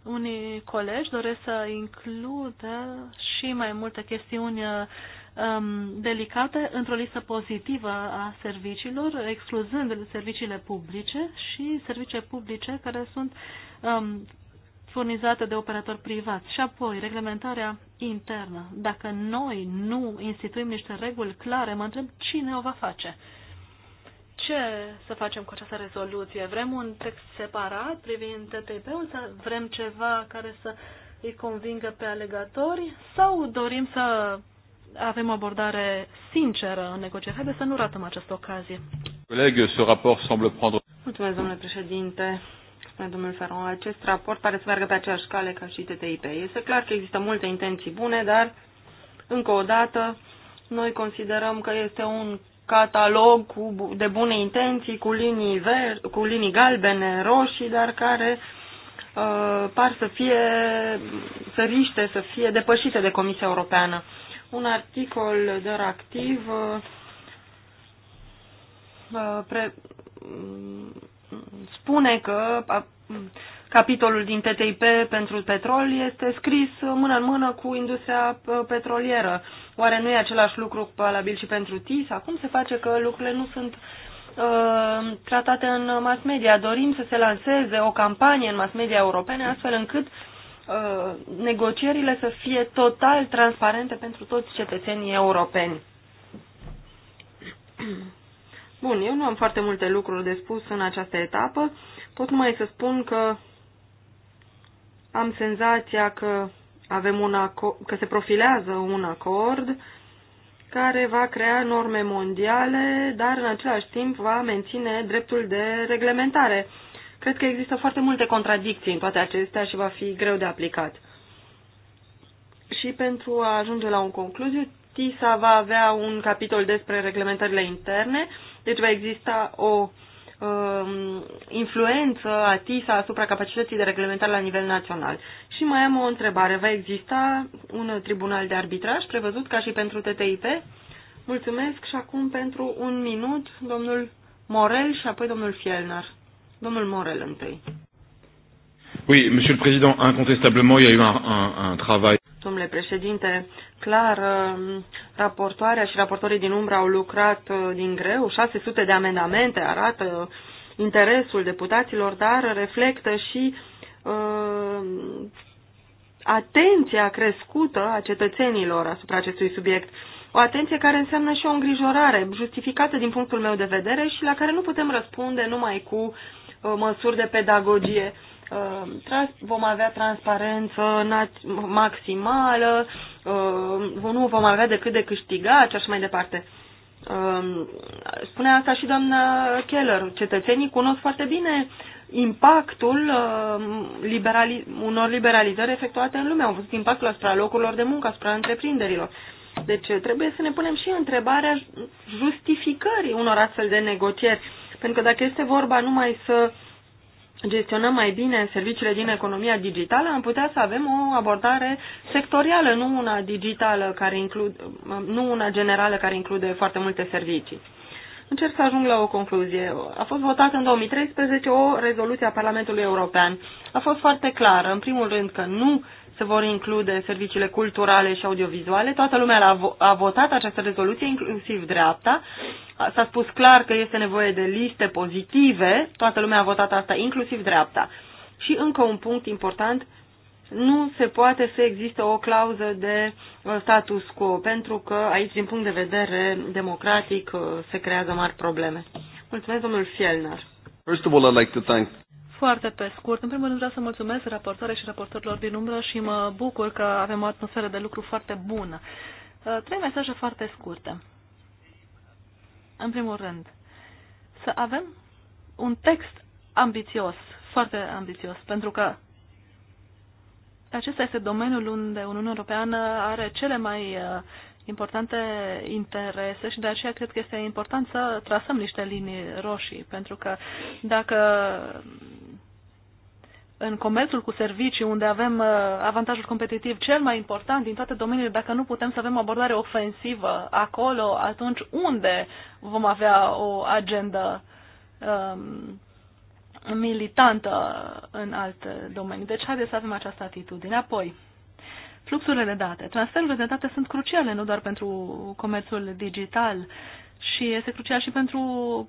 Unii colegi doresc să includă și mai multe chestiuni uh, um, delicate într-o listă pozitivă a serviciilor, excluzând serviciile publice și servicii publice care sunt um, furnizate de operatori privați. Și apoi, reglementarea internă. Dacă noi nu instituim niște reguli clare, mă întreb cine o va face. Ce să facem cu această rezoluție? Vrem un text separat privind ttp ul sau vrem ceva care să îi convingă pe alegatori sau dorim să avem o abordare sinceră în negocieri. Haideți să nu ratăm această ocazie. Coleg, ce raport semble prendre... Mulțumesc, domnule președinte. Spune domnul Ferron, acest raport pare să meargă pe aceeași cale ca și TTIP. Este clar că există multe intenții bune, dar, încă o dată, noi considerăm că este un catalog cu, de bune intenții, cu linii, ver, cu linii galbene, roșii, dar care uh, par să fie, să să fie depășite de Comisia Europeană. Uh, un articol de uh, uh, pre, mm, spune că capitolul din TTIP pentru petrol este scris mână în mână cu industria uh, petrolieră. Oare nu e același lucru valabil și pentru TIS? Acum se face că lucrurile nu sunt tratate în mass media. Dorim să se lanseze o campanie în mass media europene astfel încât uh, Uh, negocierile să fie total transparente pentru toți cetățenii europeni. [clears throat] Bun, eu nu am foarte multe lucruri de spus în această etapă, tot numai să spun că am senzația că avem un acord, că se profilează un acord care va crea norme mondiale, dar în același timp va menține dreptul de reglementare. Cred că există foarte multe contradicții în toate acestea și va fi greu de aplicat. Și pentru a ajunge la o concluzie, TISA va avea un capitol despre reglementările interne, deci va exista o um, influență a TISA asupra capacității de reglementare la nivel național. Și mai am o întrebare. Va exista un tribunal de arbitraj prevăzut ca și pentru TTIP? Mulțumesc și acum pentru un minut domnul Morel și apoi domnul Fielner. Domnul Morel întâi. Oui, Monsieur le Président, incontestablement, il y a eu un, un, un travail. Domnule președinte, clar, um, raportoarea și raportorii din umbră au lucrat uh, din greu. 600 de amendamente arată interesul deputaților, dar reflectă și uh, atenția crescută a cetățenilor asupra acestui subiect. O atenție care înseamnă și o îngrijorare justificată din punctul meu de vedere și la care nu putem răspunde numai cu uh, Uh, măsuri de pedagogie. Uh, vom avea transparență maximală, uh, nu vom avea decât de câștigat și așa mai departe. Spunea asta și doamna Keller. Cetățenii cunosc foarte bine impactul liberali- unor liberalizări efectuate în lume. Au văzut impactul asupra locurilor de muncă, asupra întreprinderilor de deci, ce uh, trebuie să ne punem și întrebarea justificării unor astfel de negocieri. Pentru că dacă este vorba numai să gestionăm mai bine serviciile din economia digitală, am putea să avem o abordare sectorială, nu una digitală care include, uh, nu una generală care include foarte multe servicii. Încerc să ajung la o concluzie. A fost votată în 2013 o rezoluție a Parlamentului European. A fost foarte clară, în primul rând, că nu se vor include serviciile culturale și audiovizuale. Toată lumea a, vo a votat această rezoluție, inclusiv dreapta. S-a spus clar că este nevoie de liste pozitive. Toată lumea a votat asta, inclusiv dreapta. Și încă un punct important, nu se poate să existe o clauză de uh, status quo, pentru că aici, din punct de vedere democratic, uh, se creează mari probleme. Mulțumesc, domnul Fielner. First of all, I'd like to thank foarte pe scurt. În primul rând vreau să mulțumesc raportoare și raportorilor din umbră și mă bucur că avem o atmosferă de lucru foarte bună. Uh, trei mesaje foarte scurte. În primul rând, să avem un text ambițios, foarte ambițios, pentru că acesta este domeniul unde Uniunea Europeană are cele mai uh, importante interese și de aceea cred că este important să trasăm niște linii roșii, pentru că dacă în comerțul cu servicii, unde avem uh, avantajul competitiv cel mai important din toate domeniile, dacă nu putem să avem o abordare ofensivă acolo, atunci unde vom avea o agendă um, militantă în alte domenii? Deci haideți să avem această atitudine. Apoi, Fluxurile de date, transferurile de date sunt cruciale nu doar pentru comerțul digital și este crucial și pentru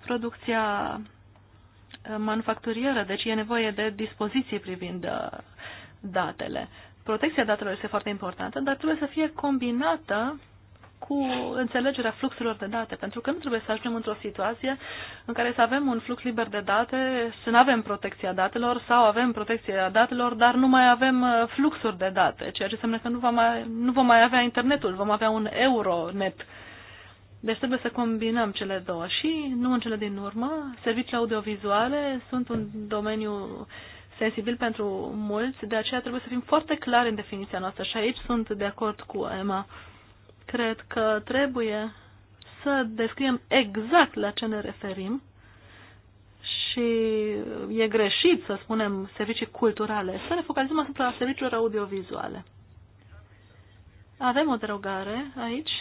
producția uh, manufacturieră, deci e nevoie de dispoziții privind uh, datele. Protecția datelor este foarte importantă, dar trebuie să fie combinată cu înțelegerea fluxurilor de date, pentru că nu trebuie să ajungem într-o situație în care să avem un flux liber de date, să nu avem protecția datelor sau avem protecția datelor, dar nu mai avem uh, fluxuri de date, ceea ce înseamnă că nu vom mai, nu vom mai avea internetul, vom avea un euronet. Deci trebuie să combinăm cele două și, nu în cele din urmă, serviciile audiovizuale sunt un domeniu sensibil pentru mulți, de aceea trebuie să fim foarte clari în definiția noastră și aici sunt de acord cu Emma. Cred că trebuie să descriem exact la ce ne referim și e greșit să spunem servicii culturale, să ne focalizăm asupra serviciilor audiovizuale. Avem o derogare aici,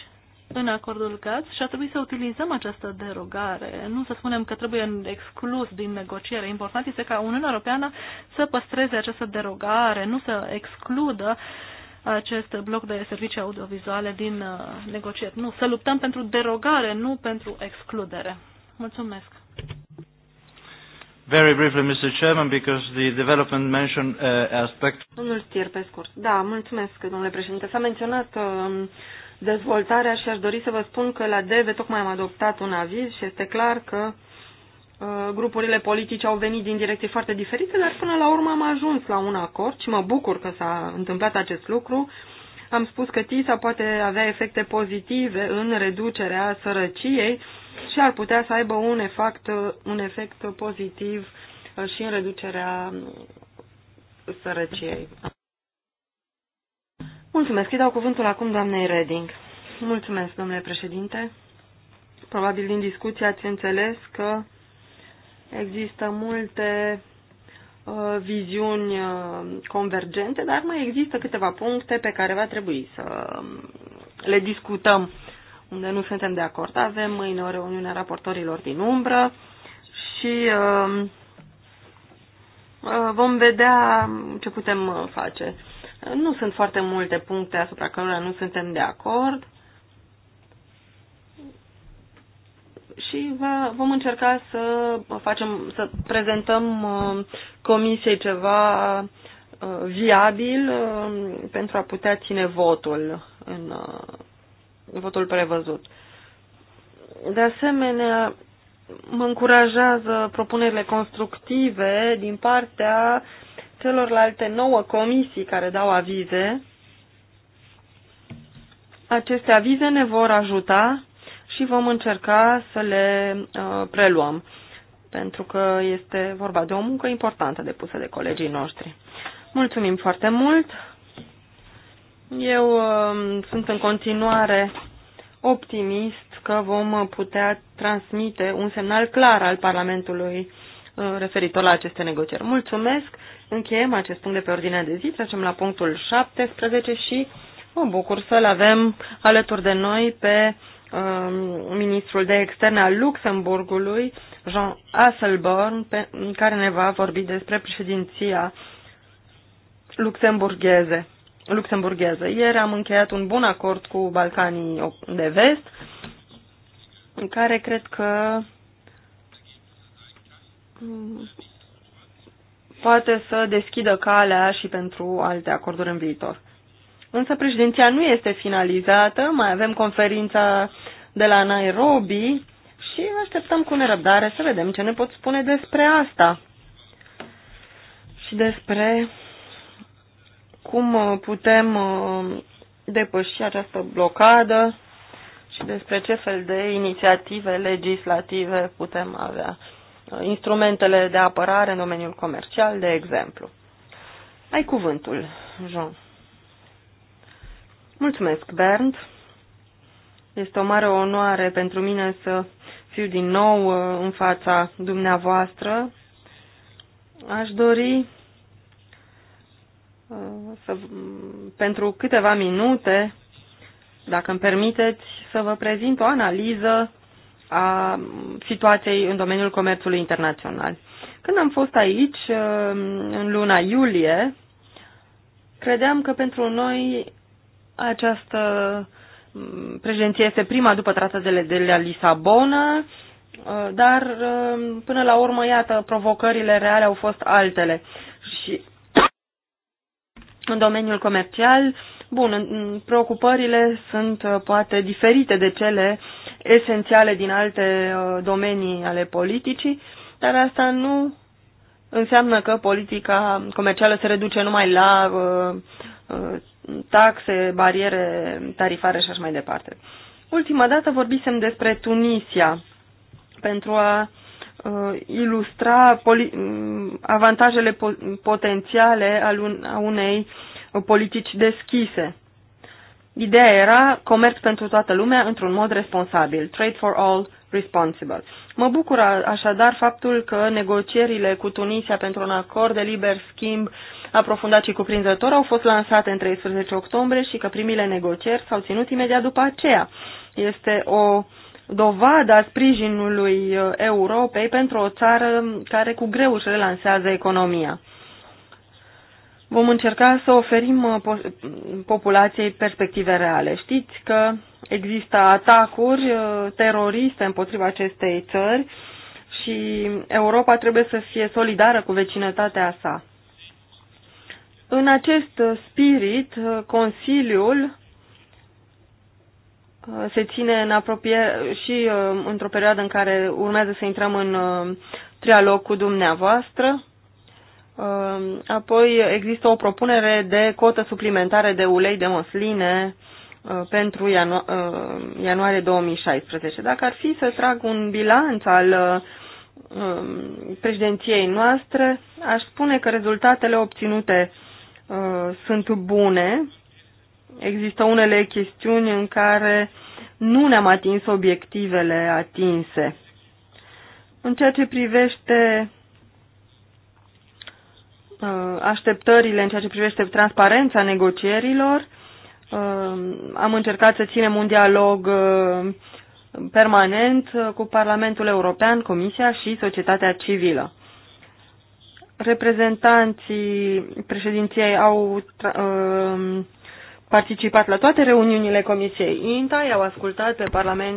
în acordul GATS, și a trebuit să utilizăm această derogare. Nu să spunem că trebuie exclus din negociere. Important este ca Uniunea Europeană să păstreze această derogare, nu să excludă uh, acest bloc de servicii audiovizuale din uh, negocieri. Nu, să luptăm pentru derogare, nu pentru excludere. Mulțumesc. Very briefly, Mr. Chairman, because the development mentioned uh, aspect... Domnul Stier, pe scurt. Da, mulțumesc, domnule președinte. S-a menționat uh, dezvoltarea și aș dori să vă spun că la DEVE tocmai am adoptat un aviz și este clar că uh, Uh, grupurile politice au venit din direcții foarte diferite, dar până la urmă am ajuns la un acord și mă bucur că s-a întâmplat acest lucru. Am spus că TISA poate avea efecte pozitive în reducerea sărăciei și ar putea să aibă un efect, uh, un efect pozitiv uh, și în reducerea sărăciei. Mulțumesc. Îi dau cuvântul acum doamnei Reding. Mulțumesc, domnule președinte. Probabil din discuție ați înțeles că Există multe uh, viziuni uh, convergente, dar mai există câteva puncte pe care va trebui să um, le discutăm unde nu suntem de acord. Avem mâine o reuniune a raportorilor din umbră și um, uh, vom vedea ce putem face. Nu sunt foarte multe puncte asupra cărora nu suntem de acord. și va, vom încerca să facem, să prezentăm uh, comisiei ceva uh, viabil uh, pentru a putea ține votul în uh, votul prevăzut. De asemenea, mă încurajează propunerile constructive din partea celorlalte nouă comisii care dau avize. Aceste avize ne vor ajuta și vom încerca să le uh, preluăm, pentru că este vorba de o muncă importantă depusă de colegii noștri. Mulțumim foarte mult! Eu um, sunt în continuare optimist că vom putea transmite un semnal clar al Parlamentului uh, referitor la aceste negocieri. Mulțumesc! Încheiem acest punct de pe ordinea de zi, trecem la punctul 17 și mă bucur să-l avem alături de noi pe Um, ministrul de externe al Luxemburgului, Jean Asselborn, pe, care ne va vorbi despre președinția luxemburgheze. Luxemburgheze. Ieri am încheiat un bun acord cu Balcanii de Vest, în care cred că mm, poate să deschidă calea și pentru alte acorduri în viitor. Însă președinția nu este finalizată, mai avem conferința de la Nairobi și așteptăm cu nerăbdare să vedem ce ne pot spune despre asta și despre cum uh, putem uh, depăși această blocadă și despre ce fel de inițiative legislative putem avea. Uh, instrumentele de apărare în domeniul comercial, de exemplu. Ai cuvântul, Jean. Mulțumesc, Bernd. Este o mare onoare pentru mine să fiu din nou uh, în fața dumneavoastră. Aș dori uh, să, pentru câteva minute, dacă îmi permiteți, să vă prezint o analiză a situației în domeniul comerțului internațional. Când am fost aici, uh, în luna iulie, credeam că pentru noi această mm, președinție este prima după tratatele de la Lisabona, uh, dar uh, până la urmă, iată, provocările reale au fost altele. Și în domeniul comercial, bun, preocupările sunt uh, poate diferite de cele esențiale din alte domenii ale politicii, dar asta nu înseamnă că politica comercială se reduce numai la taxe, bariere tarifare și așa mai departe. Ultima dată vorbisem despre Tunisia pentru a uh, ilustra poli- mm, avantajele po- potențiale al un- a unei politici deschise. Ideea era comerț pentru toată lumea într-un mod responsabil, trade for all responsible. Mă bucură așadar faptul că negocierile cu Tunisia pentru un acord de liber schimb uh, aprofundat și cuprinzător au fost lansate în 13 octombrie și că primile negocieri s-au ținut imediat după aceea. Este o dovadă a sprijinului uh, Europei pentru o țară care cu greu își relansează economia. Vom încerca să oferim uh, populației perspective reale. Știți că există atacuri uh, teroriste împotriva acestei țări și Europa trebuie să fie solidară cu vecinătatea sa. În acest spirit, uh, Consiliul uh, se ține în apropiere și uh, într-o perioadă în care urmează să intrăm în trialog cu dumneavoastră. Apoi există o propunere de cotă suplimentare de ulei de măsline pentru ianu ianuarie 2016. Dacă ar fi să trag un bilanț al um, președinției noastre, aș spune că rezultatele obținute Uh, sunt bune. Există unele chestiuni în care nu ne-am atins obiectivele atinse. În ceea ce privește uh, așteptările, în ceea ce privește transparența negocierilor, uh, am încercat să ținem un dialog permanent cu Parlamentul European, Comisia și societatea civilă reprezentanții președinției au uh, participat la toate reuniunile Comisiei INTA, i-au ascultat pe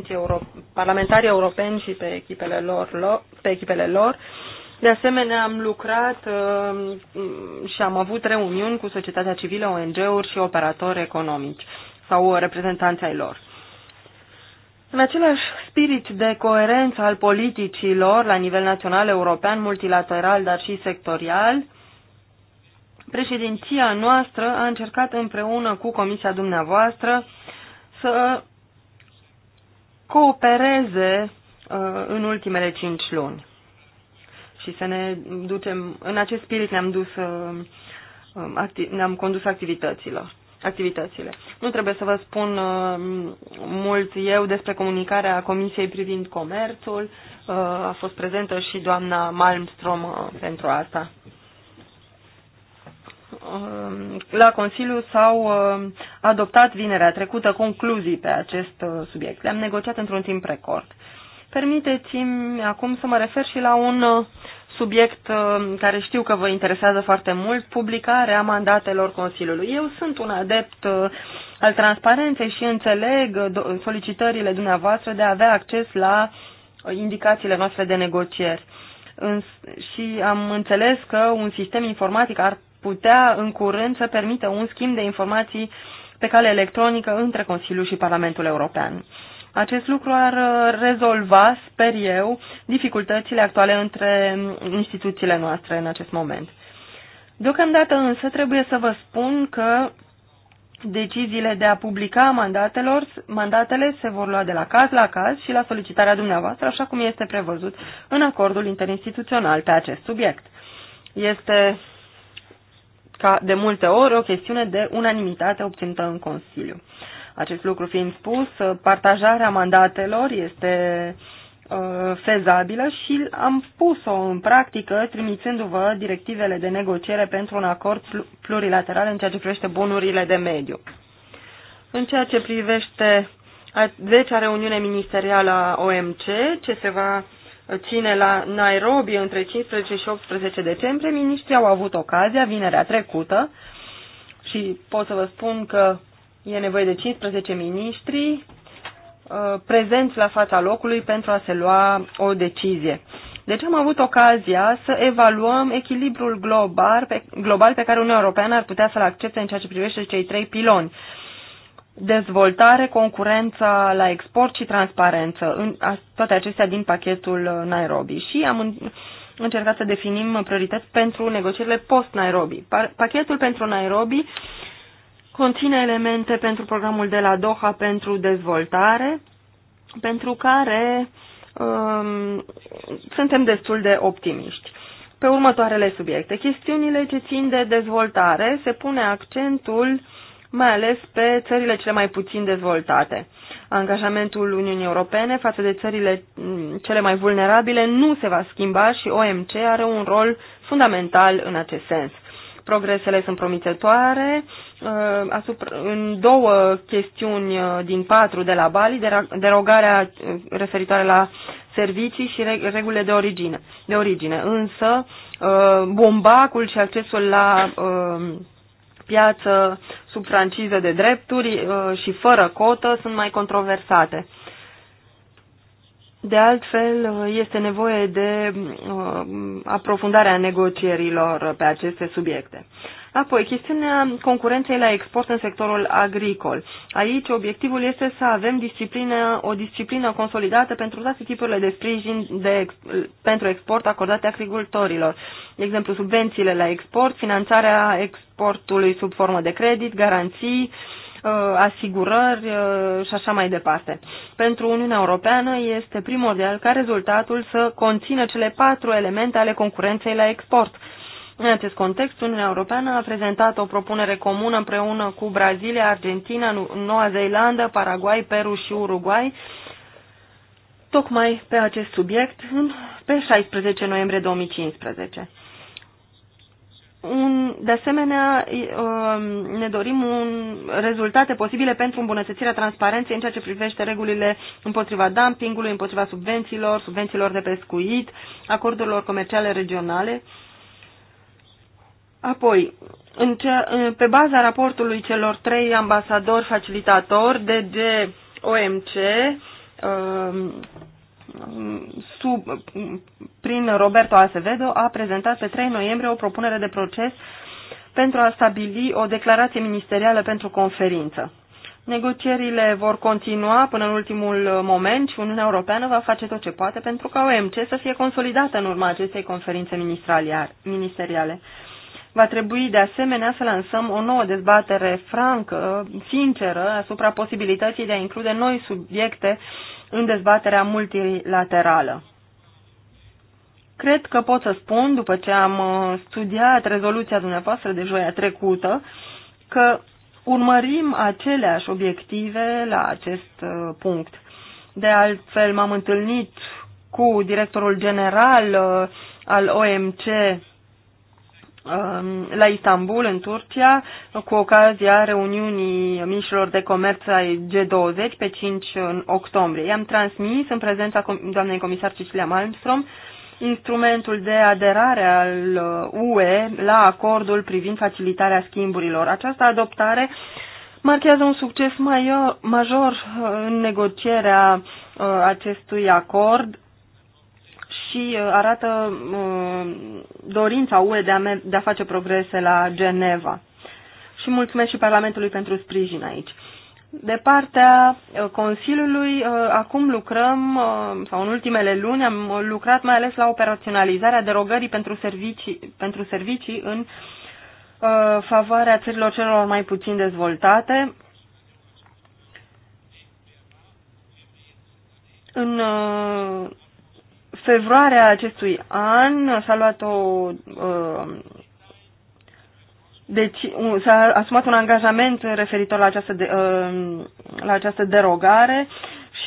Euro parlamentarii europeni și pe echipele lor, lo pe echipele lor. De asemenea, am lucrat uh, și am avut reuniuni cu societatea civilă, ONG-uri și operatori economici sau reprezentanții ai lor. În același spirit de coerență al politicilor la nivel național, european, multilateral, dar și sectorial, președinția noastră a încercat împreună cu comisia dumneavoastră să coopereze uh, în ultimele cinci luni. Și să ne ducem, în acest spirit ne-am dus, uh, um, ne-am condus activităților activitățile. Nu trebuie să vă spun uh, mult eu despre comunicarea Comisiei privind comerțul. Uh, a fost prezentă și doamna Malmstrom uh, pentru asta. La Consiliu s-au adoptat vinerea trecută concluzii pe acest subiect. Le-am negociat într-un timp record. Permiteți-mi acum să mă refer și la un subiect uh, care știu că vă interesează foarte mult, publicarea mandatelor Consiliului. Eu sunt un adept uh, al transparenței și înțeleg uh, solicitările dumneavoastră de a avea acces la indicațiile noastre de negocieri. Și am înțeles că un sistem informatic ar putea în curând să permită un schimb de informații pe cale electronică între Consiliu și Parlamentul European. Acest lucru ar uh, rezolva, sper eu, dificultățile actuale între instituțiile noastre în acest moment. Deocamdată însă trebuie să vă spun că deciziile de a publica mandatelor, mandatele se vor lua de la caz la caz și la solicitarea dumneavoastră, așa cum este prevăzut în acordul interinstituțional pe acest subiect. Este ca de multe ori o chestiune de unanimitate obținută în Consiliu. Acest lucru fiind spus, uh, partajarea mandatelor este uh, fezabilă și am pus-o în practică trimițându-vă directivele de negociere pentru un acord plurilateral în ceea ce privește bunurile de mediu. În ceea ce privește a 10-a reuniune ministerială a OMC, ce se va ține la Nairobi între 15 și 18 decembrie, ministrii au avut ocazia vinerea trecută și pot să vă spun că E nevoie de 15 miniștri uh, prezenți la fața locului pentru a se lua o decizie. Deci am avut ocazia să evaluăm echilibrul global pe, global pe care Uniunea Europeană ar putea să-l accepte în ceea ce privește cei trei piloni. Dezvoltare, concurența la export și transparență, în, a, toate acestea din pachetul uh, Nairobi. Și am în, încercat să definim priorități pentru negocierile post-Nairobi. Pachetul pentru Nairobi conține elemente pentru programul de la Doha pentru dezvoltare, pentru care um, suntem destul de optimiști. Pe următoarele subiecte, chestiunile ce țin de dezvoltare, se pune accentul mai ales pe țările cele mai puțin dezvoltate. Angajamentul Uniunii Europene față de țările mm, cele mai vulnerabile nu se va schimba și OMC are un rol fundamental în acest sens. Progresele sunt promițătoare uh, asupra, în două chestiuni uh, din patru de la Bali, derogarea uh, referitoare la servicii și regulile de origine. De origine. Însă, bombacul și accesul la piață sub franciză de drepturi și fără cotă sunt mai controversate. De altfel, este nevoie de uh, aprofundarea negocierilor pe aceste subiecte. Apoi, chestiunea concurenței la export în sectorul agricol. Aici, obiectivul este să avem disciplină, o disciplină consolidată pentru toate tipurile de sprijin de, pentru export acordate agricultorilor. De exemplu, subvențiile la export, finanțarea exportului sub formă de credit, garanții, uh, Uh, asigurări uh, și așa mai departe. Pentru Uniunea Europeană este primordial ca rezultatul să conțină cele patru elemente ale concurenței la export. În acest context, Uniunea Europeană a prezentat o propunere comună împreună cu Brazilia, Argentina, Noua Zeelandă, Paraguay, Peru și Uruguay, tocmai pe acest subiect, pe 16 noiembrie 2015. Un, de asemenea, um, ne dorim un, rezultate posibile pentru îmbunătățirea transparenței în ceea ce privește regulile împotriva dumpingului, împotriva subvențiilor, subvențiilor de pescuit, acordurilor comerciale regionale. Apoi, în ce, pe baza raportului celor trei ambasadori facilitatori, DG, OMC, um, sub, prin Roberto Acevedo, a prezentat pe 3 noiembrie o propunere de proces pentru a stabili o declarație ministerială pentru conferință. Negocierile vor continua până în ultimul moment și Uniunea Europeană va face tot ce poate pentru ca OMC să fie consolidată în urma acestei conferințe ministeriale. Va trebui de asemenea să lansăm o nouă dezbatere francă, sinceră, asupra posibilității de a include noi subiecte în dezbaterea multilaterală. Cred că pot să spun, după ce am uh, studiat rezoluția dumneavoastră de joia trecută, că urmărim aceleași obiective la acest uh, punct. De altfel, m-am întâlnit cu directorul general uh, al OMC Um, la Istanbul, în Turcia, cu ocazia reuniunii mișilor de comerț ai G20 pe 5 octombrie. I-am transmis în prezența doamnei comisar Cecilia Malmström instrumentul de aderare al UE uh, la acordul privind facilitarea schimburilor. Această adoptare marchează un succes uh, major uh, în negocierea acestui acord și uh, arată uh, dorința UE de a, de a face progrese la Geneva. Și mulțumesc și Parlamentului pentru sprijin aici. De partea uh, Consiliului, acum lucrăm, sau în ultimele luni, am lucrat mai ales la operaționalizarea derogării pentru servicii, pentru servicii în favoarea țărilor celor mai puțin dezvoltate. În februarie acestui an s-a luat o uh, deci s-a asumat un angajament referitor la această, de, uh, la această derogare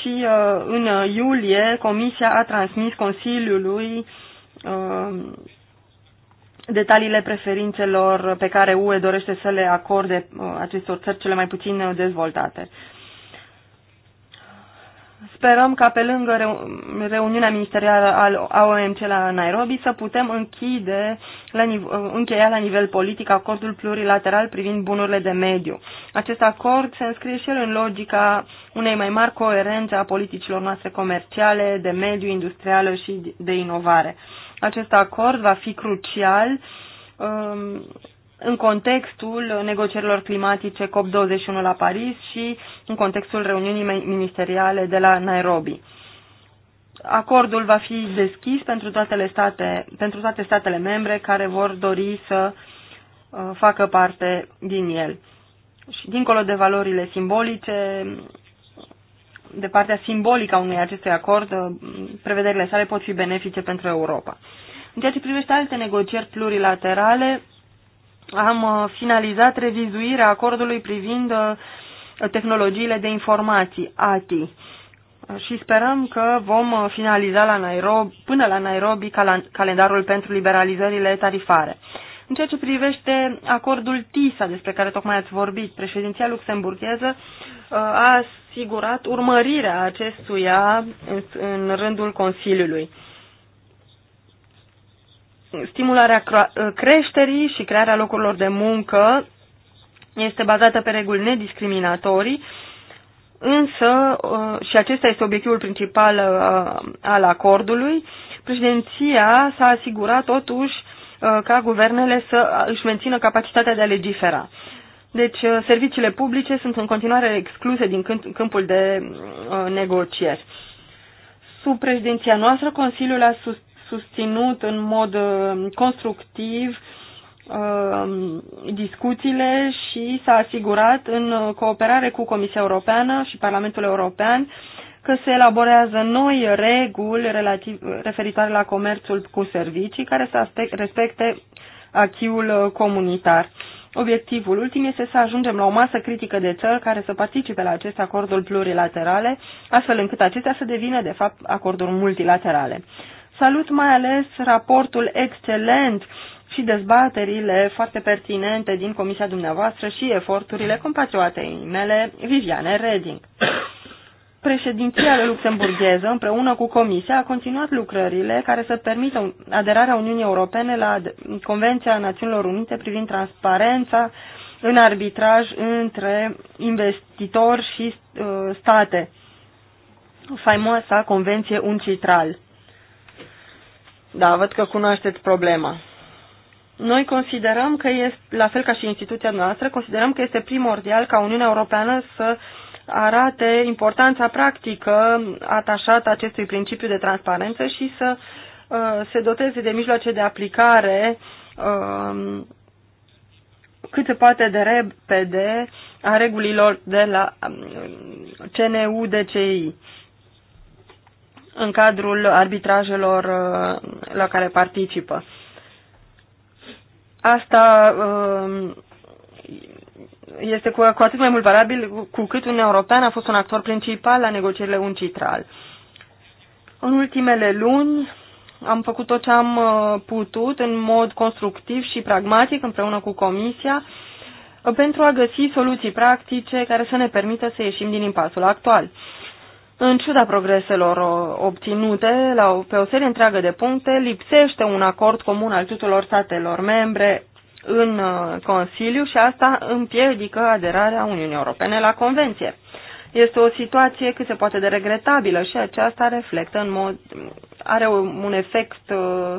și uh, în iulie Comisia a transmis Consiliului detaliile preferințelor pe care UE dorește să le acorde acestor țări cele mai puțin dezvoltate. Sperăm ca pe lângă reuniunea ministerială a OMC la Nairobi să putem închide, la încheia la nivel politic acordul plurilateral privind bunurile de mediu. Acest acord se înscrie și el în logica unei mai mari coerențe a politicilor noastre comerciale, de mediu, industrială și de inovare. Acest acord va fi crucial um, în contextul negocierilor climatice COP21 la Paris și în contextul reuniunii ministeriale de la Nairobi. Acordul va fi deschis pentru toate, state, pentru toate statele membre care vor dori să uh, facă parte din el. Și dincolo de valorile simbolice, de partea simbolică a unui acestui acord, uh, prevederile sale pot fi benefice pentru Europa. În ceea ce privește alte negocieri plurilaterale, am uh, finalizat revizuirea acordului privind uh, tehnologiile de informații, ATI. Și sperăm că vom uh, finaliza la Nairobi, până la Nairobi calendarul pentru liberalizările tarifare. În ceea ce privește acordul TISA, despre care tocmai ați vorbit, președinția luxemburgheză a asigurat urmărirea acestuia în rândul Consiliului stimularea creșterii și crearea locurilor de muncă este bazată pe reguli nediscriminatorii, însă, uh, și acesta este obiectivul principal uh, al acordului, președinția s-a asigurat totuși uh, ca guvernele să își mențină capacitatea de a legifera. Deci, serviciile publice sunt în continuare excluse din câmpul de negocieri. Sub președinția noastră, Consiliul a sus susținut în mod uh, constructiv uh, discuțiile și s-a asigurat în uh, cooperare cu Comisia Europeană și Parlamentul European că se elaborează noi reguli relativ, referitoare la comerțul cu servicii care să respecte achiul comunitar. Obiectivul ultim este să ajungem la o masă critică de țări care să participe la aceste acorduri plurilaterale, astfel încât acestea să devină, de fapt, acorduri multilaterale. Salut mai ales raportul excelent și dezbaterile foarte pertinente din comisia dumneavoastră și eforturile compatriotei mele, Viviane Reding. Președinția luxemburgheză, împreună cu Comisia, a continuat lucrările care să permită aderarea Uniunii Europene la Convenția Națiunilor Unite privind transparența în arbitraj între investitori și uh, state, faimoasa Convenție Uncitral. Da, văd că cunoașteți problema. Noi considerăm că este, la fel ca și instituția noastră, considerăm că este primordial ca Uniunea Europeană să arate importanța practică atașată acestui principiu de transparență și să uh, se doteze de mijloace de aplicare uh, cât se poate de repede a regulilor de la um, CNU-DCI în cadrul arbitrajelor uh, la care participă. Asta uh, este cu, cu atât mai mult valabil cu cât un european a fost un actor principal la negocierile uncitral. În ultimele luni am făcut tot ce am uh, putut în mod constructiv și pragmatic împreună cu Comisia pentru a găsi soluții practice care să ne permită să ieșim din impasul actual. În ciuda progreselor obținute, la, pe o serie întreagă de puncte, lipsește un acord comun al tuturor statelor membre în uh, Consiliu și asta împiedică aderarea Uniunii Europene la Convenție. Este o situație cât se poate de regretabilă și aceasta reflectă în mod, are un efect uh,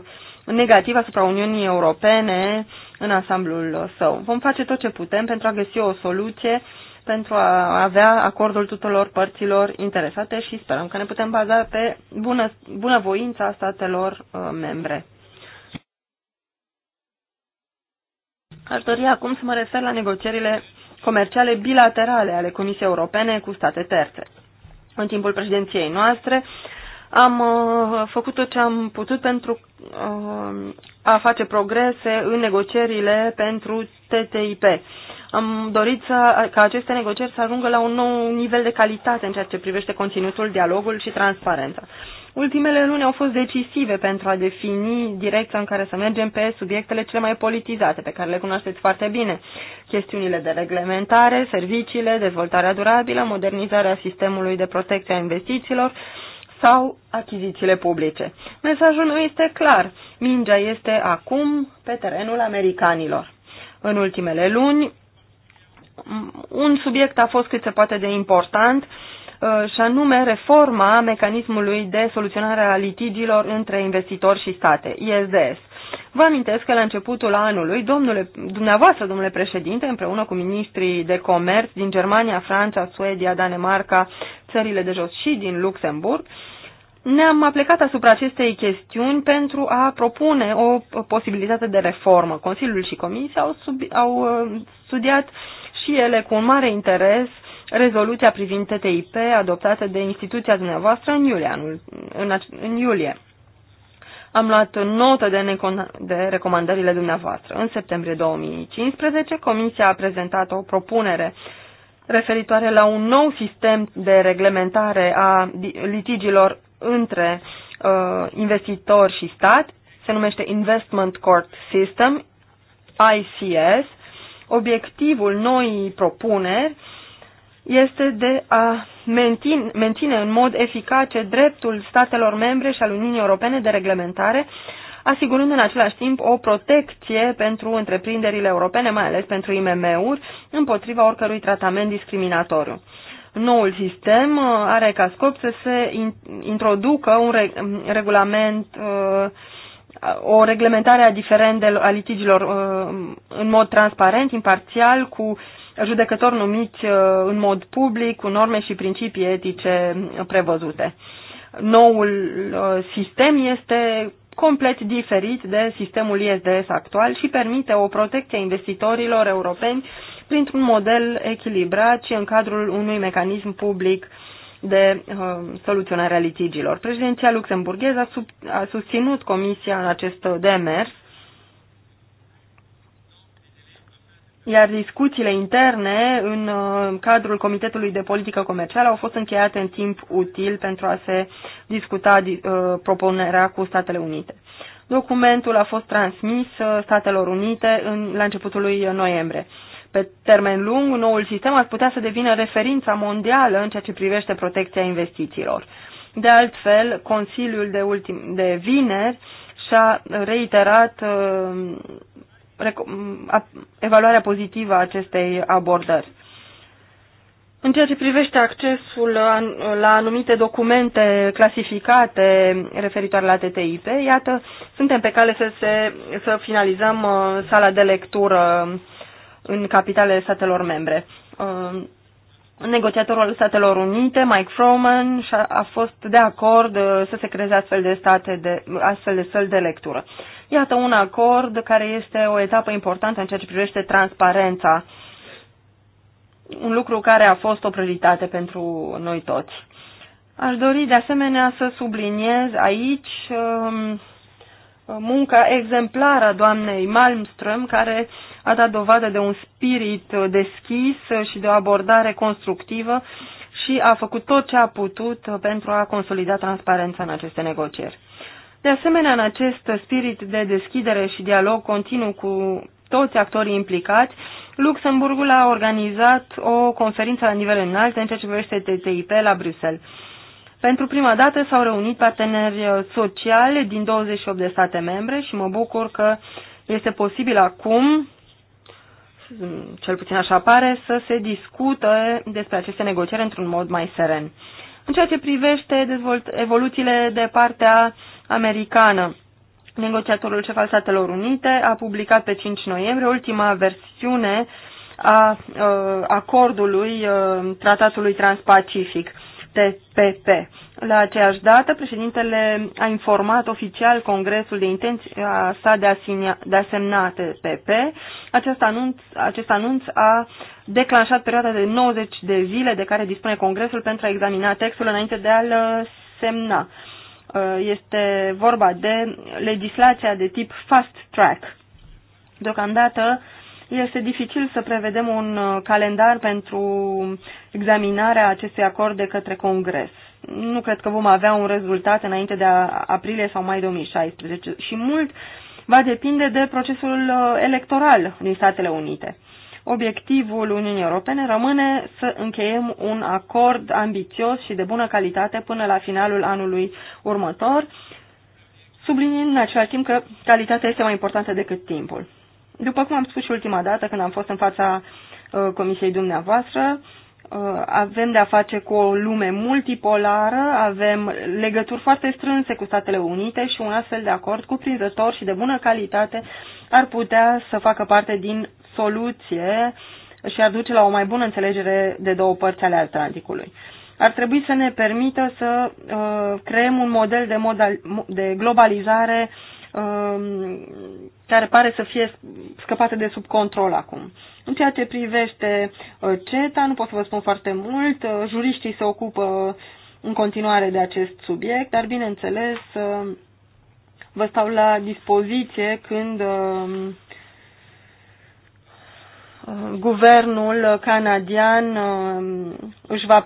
negativ asupra Uniunii Europene în ansamblul său. Vom face tot ce putem pentru a găsi o soluție uh, pentru a avea acordul tuturor părților interesate și sperăm că ne putem baza pe bună, bunăvoința statelor uh, membre. Aș dori acum să mă refer la negocierile comerciale bilaterale ale Comisiei Europene cu state terțe. În timpul președinției noastre am uh, făcut tot ce am putut pentru uh, a face progrese în negocierile pentru TTIP. Am dorit să, ca aceste negocieri să ajungă la un nou nivel de calitate în ceea ce privește conținutul, dialogul și transparența. Ultimele luni au fost decisive pentru a defini direcția în care să mergem pe subiectele cele mai politizate, pe care le cunoașteți foarte bine. Chestiunile de reglementare, serviciile, dezvoltarea durabilă, modernizarea sistemului de protecție a investițiilor sau achizițiile publice. Mesajul meu este clar. Mingea este acum pe terenul americanilor. În ultimele luni, un subiect a fost cât se poate de important uh, și anume reforma mecanismului de soluționare a litigiilor între investitori și state, ISDS. Vă amintesc că la începutul anului, domnule, dumneavoastră, domnule președinte, împreună cu ministrii de comerț din Germania, Franța, Suedia, Danemarca, țările de jos și din Luxemburg, ne-am aplicat asupra acestei chestiuni pentru a propune o posibilitate de reformă. Consiliul și Comisia au, sub, au uh, studiat uh, și ele cu un mare interes rezoluția privind TTIP adoptată de instituția dumneavoastră în iulie. Anul, în, în iulie. Am luat notă de, de recomandările dumneavoastră. În septembrie 2015, Comisia a prezentat o propunere referitoare la un nou sistem de reglementare a litigilor între uh, investitor și stat, se numește Investment Court System, ICS, obiectivul noii propuneri este de a menține, menține în mod eficace dreptul statelor membre și al Uniunii Europene de reglementare, asigurând în același timp o protecție pentru întreprinderile europene, mai ales pentru IMM-uri, împotriva oricărui tratament discriminatoriu. Noul sistem uh, are ca scop să se introducă un um, regulament uh, o reglementare a diferendelor, a litigilor uh, în mod transparent, imparțial, cu judecători numiți uh, în mod public, cu norme și principii etice prevăzute. Noul uh, sistem este complet diferit de sistemul ISDS actual și permite o protecție a investitorilor europeni printr-un model echilibrat și în cadrul unui mecanism public uh, de uh, soluționarea litigilor. Președinția luxemburgheză a, sub, a susținut Comisia în acest demers, iar discuțiile interne în uh, cadrul Comitetului de Politică Comercială au fost încheiate în timp util pentru a se discuta uh, propunerea cu Statele Unite. Documentul a fost transmis uh, Statelor Unite în, la începutul lui noiembrie. Uh, pe termen lung, noul sistem ar putea să devină referința mondială în ceea ce privește protecția investițiilor. De altfel, Consiliul de, ultim, de vineri și-a reiterat uh, evaluarea pozitivă a acestei abordări. În ceea ce privește accesul la anumite documente clasificate referitoare la TTIP, iată, suntem pe cale să, se, să finalizăm uh, sala de lectură în capitalele statelor membre. Um, negociatorul Statelor Unite, Mike Froman, a fost de acord uh, să se creeze astfel de state, de, astfel de săli de lectură. Iată un acord care este o etapă importantă în ceea ce privește transparența, un lucru care a fost o prioritate pentru noi toți. Aș dori de asemenea să subliniez aici um, munca exemplară a doamnei Malmström, care a dat dovadă de un spirit deschis și de o abordare constructivă și a făcut tot ce a putut pentru a consolida transparența în aceste negocieri. De asemenea, în acest spirit de deschidere și dialog continuu cu toți actorii implicați, Luxemburgul a organizat o conferință la nivel înalt în ceea ce privește TTIP la Bruxelles. Pentru prima dată s-au reunit parteneri sociale din 28 de state membre și mă bucur că este posibil acum, cel puțin așa pare, să se discută despre aceste negocieri într-un mod mai seren. În ceea ce privește evoluțiile de partea americană, negociatorul șef al Statelor Unite a publicat pe 5 noiembrie ultima versiune a uh, acordului uh, Tratatului Transpacific TPP. La aceeași dată, președintele a informat oficial Congresul de intenția sa de a, signa, de a semna TPP. Acest anunț, acest anunț a declanșat perioada de 90 de zile de care dispune Congresul pentru a examina textul înainte de a-l uh, semna. Uh, este vorba de legislația de tip fast track. Deocamdată, este dificil să prevedem un uh, calendar pentru examinarea acestui acord de către Congres. Nu cred că vom avea un rezultat înainte de aprilie sau mai 2016 și mult va depinde de procesul uh, electoral din Statele Unite. Obiectivul Uniunii Europene rămâne să încheiem un acord ambițios și de bună calitate până la finalul anului următor, subliniind în același timp că calitatea este mai importantă decât timpul. După cum am spus și ultima dată când am fost în fața uh, comisiei dumneavoastră, uh, avem de-a face cu o lume multipolară, avem legături foarte strânse cu Statele Unite și un astfel de acord cuprinzător și de bună calitate ar putea să facă parte din soluție și ar duce la o mai bună înțelegere de două părți ale Atlanticului. Ar trebui să ne permită să uh, creăm un model de, modal, de globalizare uh, Um, care pare să fie scăpată de sub control acum. În ceea ce privește uh, CETA, nu pot să vă spun foarte mult, uh, juriștii se ocupă în continuare de acest subiect, dar bineînțeles uh, vă stau la dispoziție când um, guvernul canadian um, își va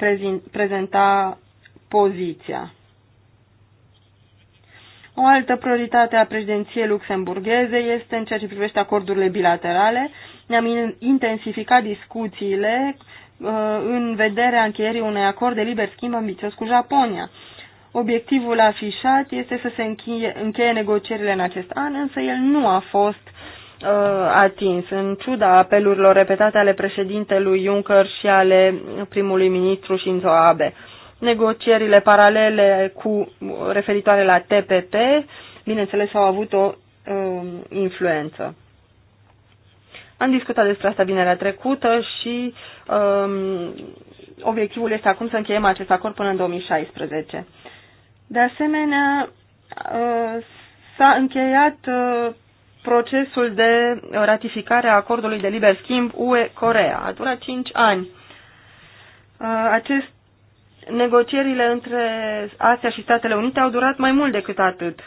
prezenta poziția. O altă prioritate a președinției luxemburgheze este în ceea ce privește acordurile bilaterale. Ne-am intensificat discuțiile uh, în vederea încheierii unui acord de liber schimb ambițios cu Japonia. Obiectivul afișat este să se încheie, încheie negocierile în acest an, însă el nu a fost uh, atins. În ciuda apelurilor repetate ale președintelui Juncker și ale primului ministru Shinzo Abe, negocierile paralele cu referitoare la TPP, bineînțeles, au avut o um, influență. Am discutat despre asta vinerea trecută și um, obiectivul este acum să încheiem acest acord până în 2016. De asemenea, uh, s-a încheiat uh, procesul de ratificare a acordului de liber schimb UE-Corea. A durat 5 ani. Uh, acest negocierile între Asia și Statele Unite au durat mai mult decât atât.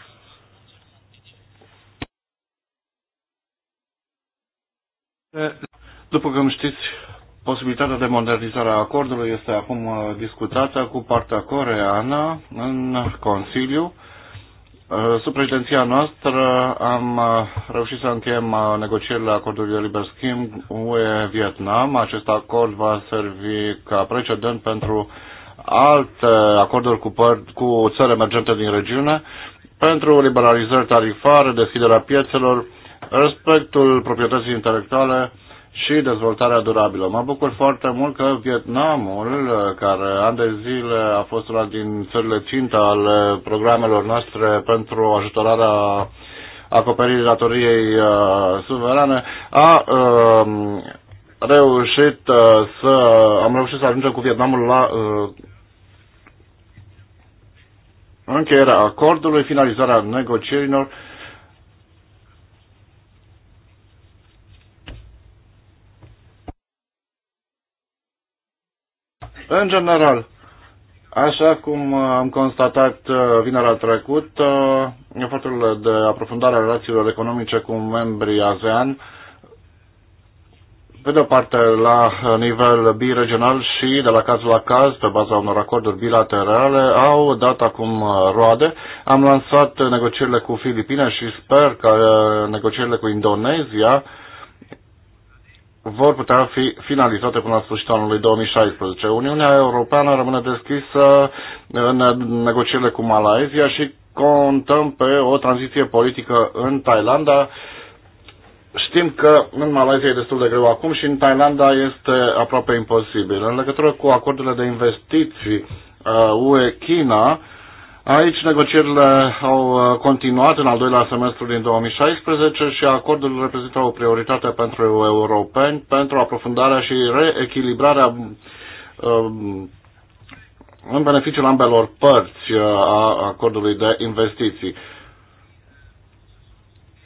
După cum știți, posibilitatea de modernizare a acordului este acum uh, discutată cu partea coreană în Consiliu. Uh, sub președinția noastră am uh, reușit să încheiem negocierile acordului de liber schimb UE-Vietnam. Acest acord va servi ca precedent pentru alte uh, acorduri cu, păr- cu țări emergente din regiune pentru liberalizări tarifare, deschiderea piețelor, respectul proprietății intelectuale și dezvoltarea durabilă. Mă bucur foarte mult că Vietnamul, uh, care an de zile a fost una din țările țintă ale programelor noastre pentru ajutorarea acoperirii datoriei uh, suverane, a uh, reușit uh, să am reușit să ajungem cu Vietnamul la uh, încheierea acordului, finalizarea negocierilor, În general, așa cum am constatat uh, vinerea trecută, eforturile de aprofundare a relațiilor economice cu membrii ASEAN pe de-o parte, la nivel biregional și de la caz la caz, pe baza unor acorduri bilaterale, au dat acum roade. Am lansat negocierile cu Filipine și sper că uh, negocierile cu Indonezia vor putea fi finalizate până la sfârșitul anului 2016. Uniunea Europeană rămâne deschisă în negocierile cu Malaezia și contăm pe o tranziție politică în Thailanda Știm că în Malaysia e destul de greu acum și în Thailanda este aproape imposibil. În legătură cu acordurile de investiții uh, UE-China, aici negocierile au uh, continuat în al doilea semestru din 2016 și acordul reprezintă o prioritate pentru europeni pentru aprofundarea și reechilibrarea uh, în beneficiul ambelor părți a acordului de investiții.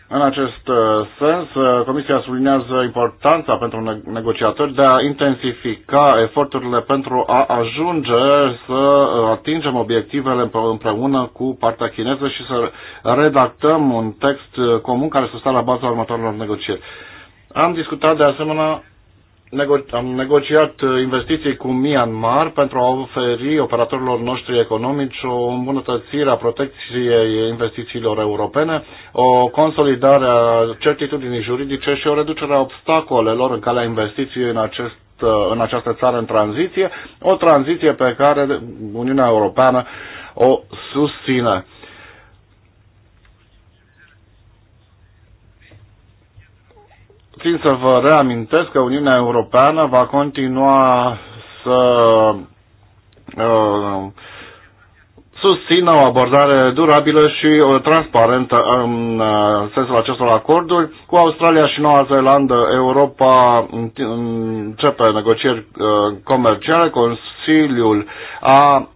În acest uh, sens, uh, Comisia sublinează importanța pentru negociatori de a intensifica eforturile pentru a ajunge să uh, atingem obiectivele împreună cu partea chineză și să redactăm un text comun care să stea la baza următoarelor negocieri. Am discutat de asemenea am negociat uh, investiții cu Myanmar pentru a oferi operatorilor noștri economici o îmbunătățire a protecției investițiilor europene, o consolidare a certitudinii juridice și o reducere a obstacolelor în calea investiției în acest uh, în această țară în tranziție, o tranziție pe care Uniunea Europeană o susține. țin să vă reamintesc că Uniunea Europeană va continua să uh, susțină o abordare durabilă și uh, transparentă în uh, sensul acestor acorduri. Cu Australia și Noua Zeelandă, Europa începe negocieri uh, comerciale. Consiliul a,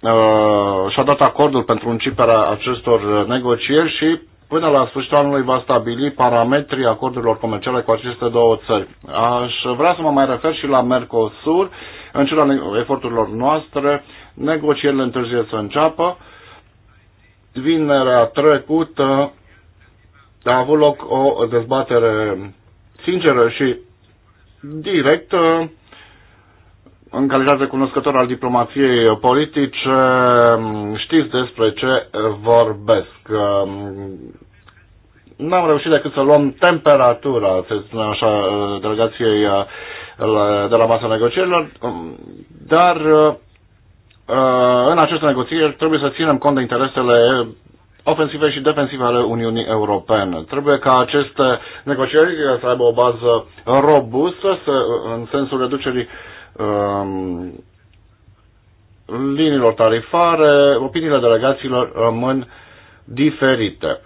și-a dat acordul pentru începerea acestor negocieri și până la sfârșitul anului va stabili parametrii acordurilor comerciale cu aceste două țări. Aș vrea să mă mai refer și la Mercosur. În ciuda eforturilor noastre, negocierile întârzie să înceapă. Vinerea trecută a avut loc o dezbatere sinceră și directă în calitate cunoscător al diplomației politice, mm, știți despre ce vorbesc. Mm, n-am reușit decât să luăm temperatura, să spunem așa, uh, delegației uh, de la masa negocierilor, mm, dar uh, în aceste negocieri trebuie să ținem cont de interesele ofensive și defensive ale Uniunii Europene. Trebuie ca aceste negocieri să aibă o bază robustă să, în sensul reducerii uh, Um, liniilor tarifare, opiniile delegaților rămân diferite.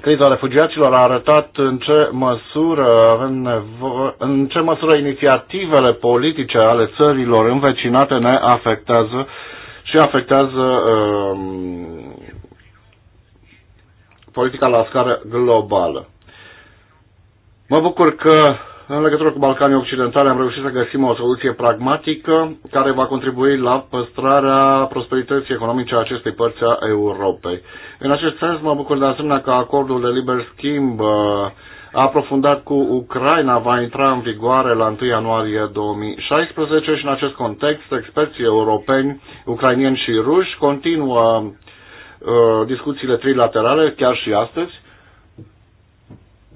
Criza refugiaților a arătat în ce măsură avem nevo- în ce măsură inițiativele politice ale țărilor învecinate ne afectează și afectează um, politica la scară globală. Mă bucur că în legătură cu Balcanii Occidentale am reușit să găsim o soluție pragmatică care va contribui la păstrarea prosperității economice a acestei părți a Europei. În acest sens mă bucur de asemenea că acordul de liber schimb a uh, aprofundat cu Ucraina va intra în vigoare la 1 ianuarie 2016 și în acest context experții europeni, ucrainieni și ruși continuă uh, discuțiile trilaterale chiar și astăzi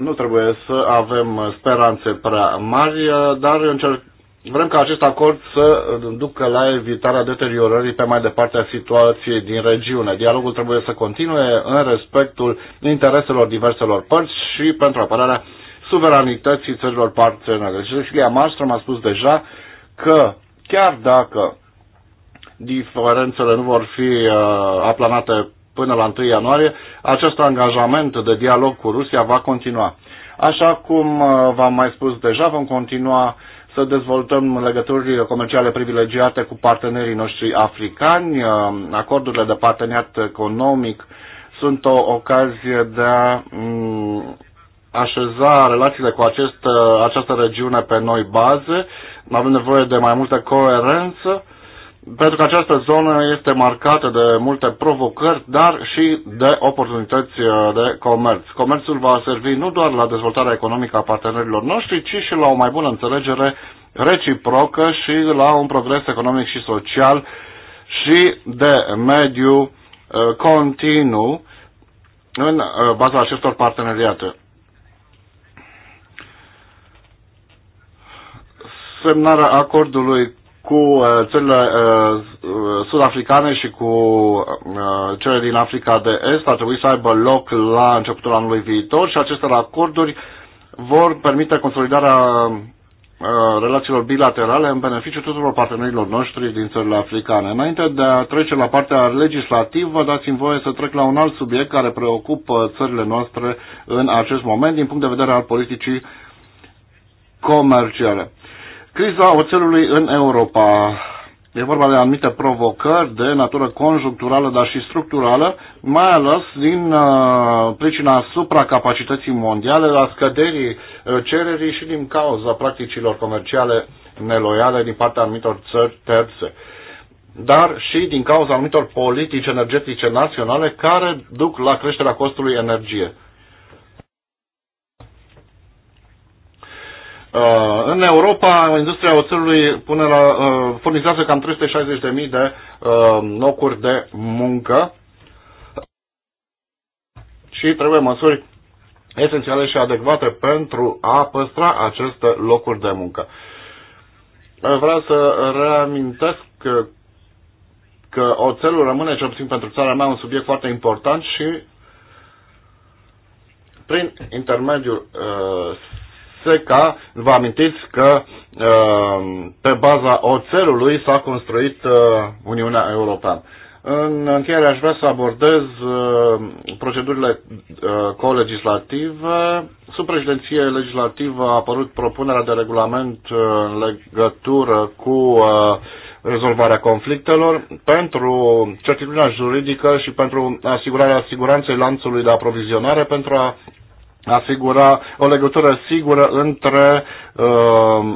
nu trebuie să avem speranțe prea mari, dar încerc, vrem ca acest acord să ducă la evitarea deteriorării pe mai departe a situației din regiune. Dialogul trebuie să continue în respectul intereselor diverselor părți și pentru apărarea suveranității țărilor Și Cecilia Marstrom a spus deja că chiar dacă diferențele nu vor fi uh, aplanate până la 1 ianuarie, acest angajament de dialog cu Rusia va continua. Așa cum uh, v-am mai spus deja, vom continua să dezvoltăm legăturile comerciale privilegiate cu partenerii noștri africani. Uh, acordurile de parteneriat economic sunt o ocazie de a mm, așeza relațiile cu acest, uh, această regiune pe noi baze. Avem nevoie de mai multă coerență pentru că această zonă este marcată de multe provocări, dar și de oportunități uh, de comerț. Comerțul va servi nu doar la dezvoltarea economică a partenerilor noștri, ci și la o mai bună înțelegere reciprocă și la un progres economic și social și de mediu uh, continuu în uh, baza acestor parteneriate. Semnarea acordului cu uh, țările uh, uh, sud-africane și cu cele din Africa de Est ar trebui să aibă loc la începutul anului viitor și aceste acorduri vor permite consolidarea relațiilor bilaterale în beneficiul tuturor partenerilor noștri din țările africane. Înainte de a trece la partea legislativă, dați-mi voie să trec la un alt subiect care preocupă țările noastre în acest moment din punct de vedere al politicii comerciale. Criza oțelului în Europa. E vorba de anumite provocări de natură conjuncturală, dar și structurală, mai ales din uh, pricina supracapacității mondiale, la scăderii uh, cererii și din cauza practicilor comerciale neloiale din partea anumitor țări terțe, dar și din cauza anumitor politici energetice naționale care duc la creșterea costului energiei. Uh, în Europa, industria oțelului pune la, uh, furnizează cam 360.000 de uh, locuri de muncă și trebuie măsuri esențiale și adecvate pentru a păstra aceste locuri de muncă. Vreau să reamintesc că, că oțelul rămâne, cel puțin pentru țara mea, un subiect foarte important și prin intermediul uh, ca vă amintiți că uh, pe baza oțelului s-a construit uh, Uniunea Europeană. În încheiere aș vrea să abordez uh, procedurile colegislative. Sub președinție legislativă a apărut propunerea de regulament în legătură cu rezolvarea conflictelor, pentru certitudinea juridică și pentru asigurarea siguranței lanțului de aprovizionare, pentru a asigura o legătură sigură între uh,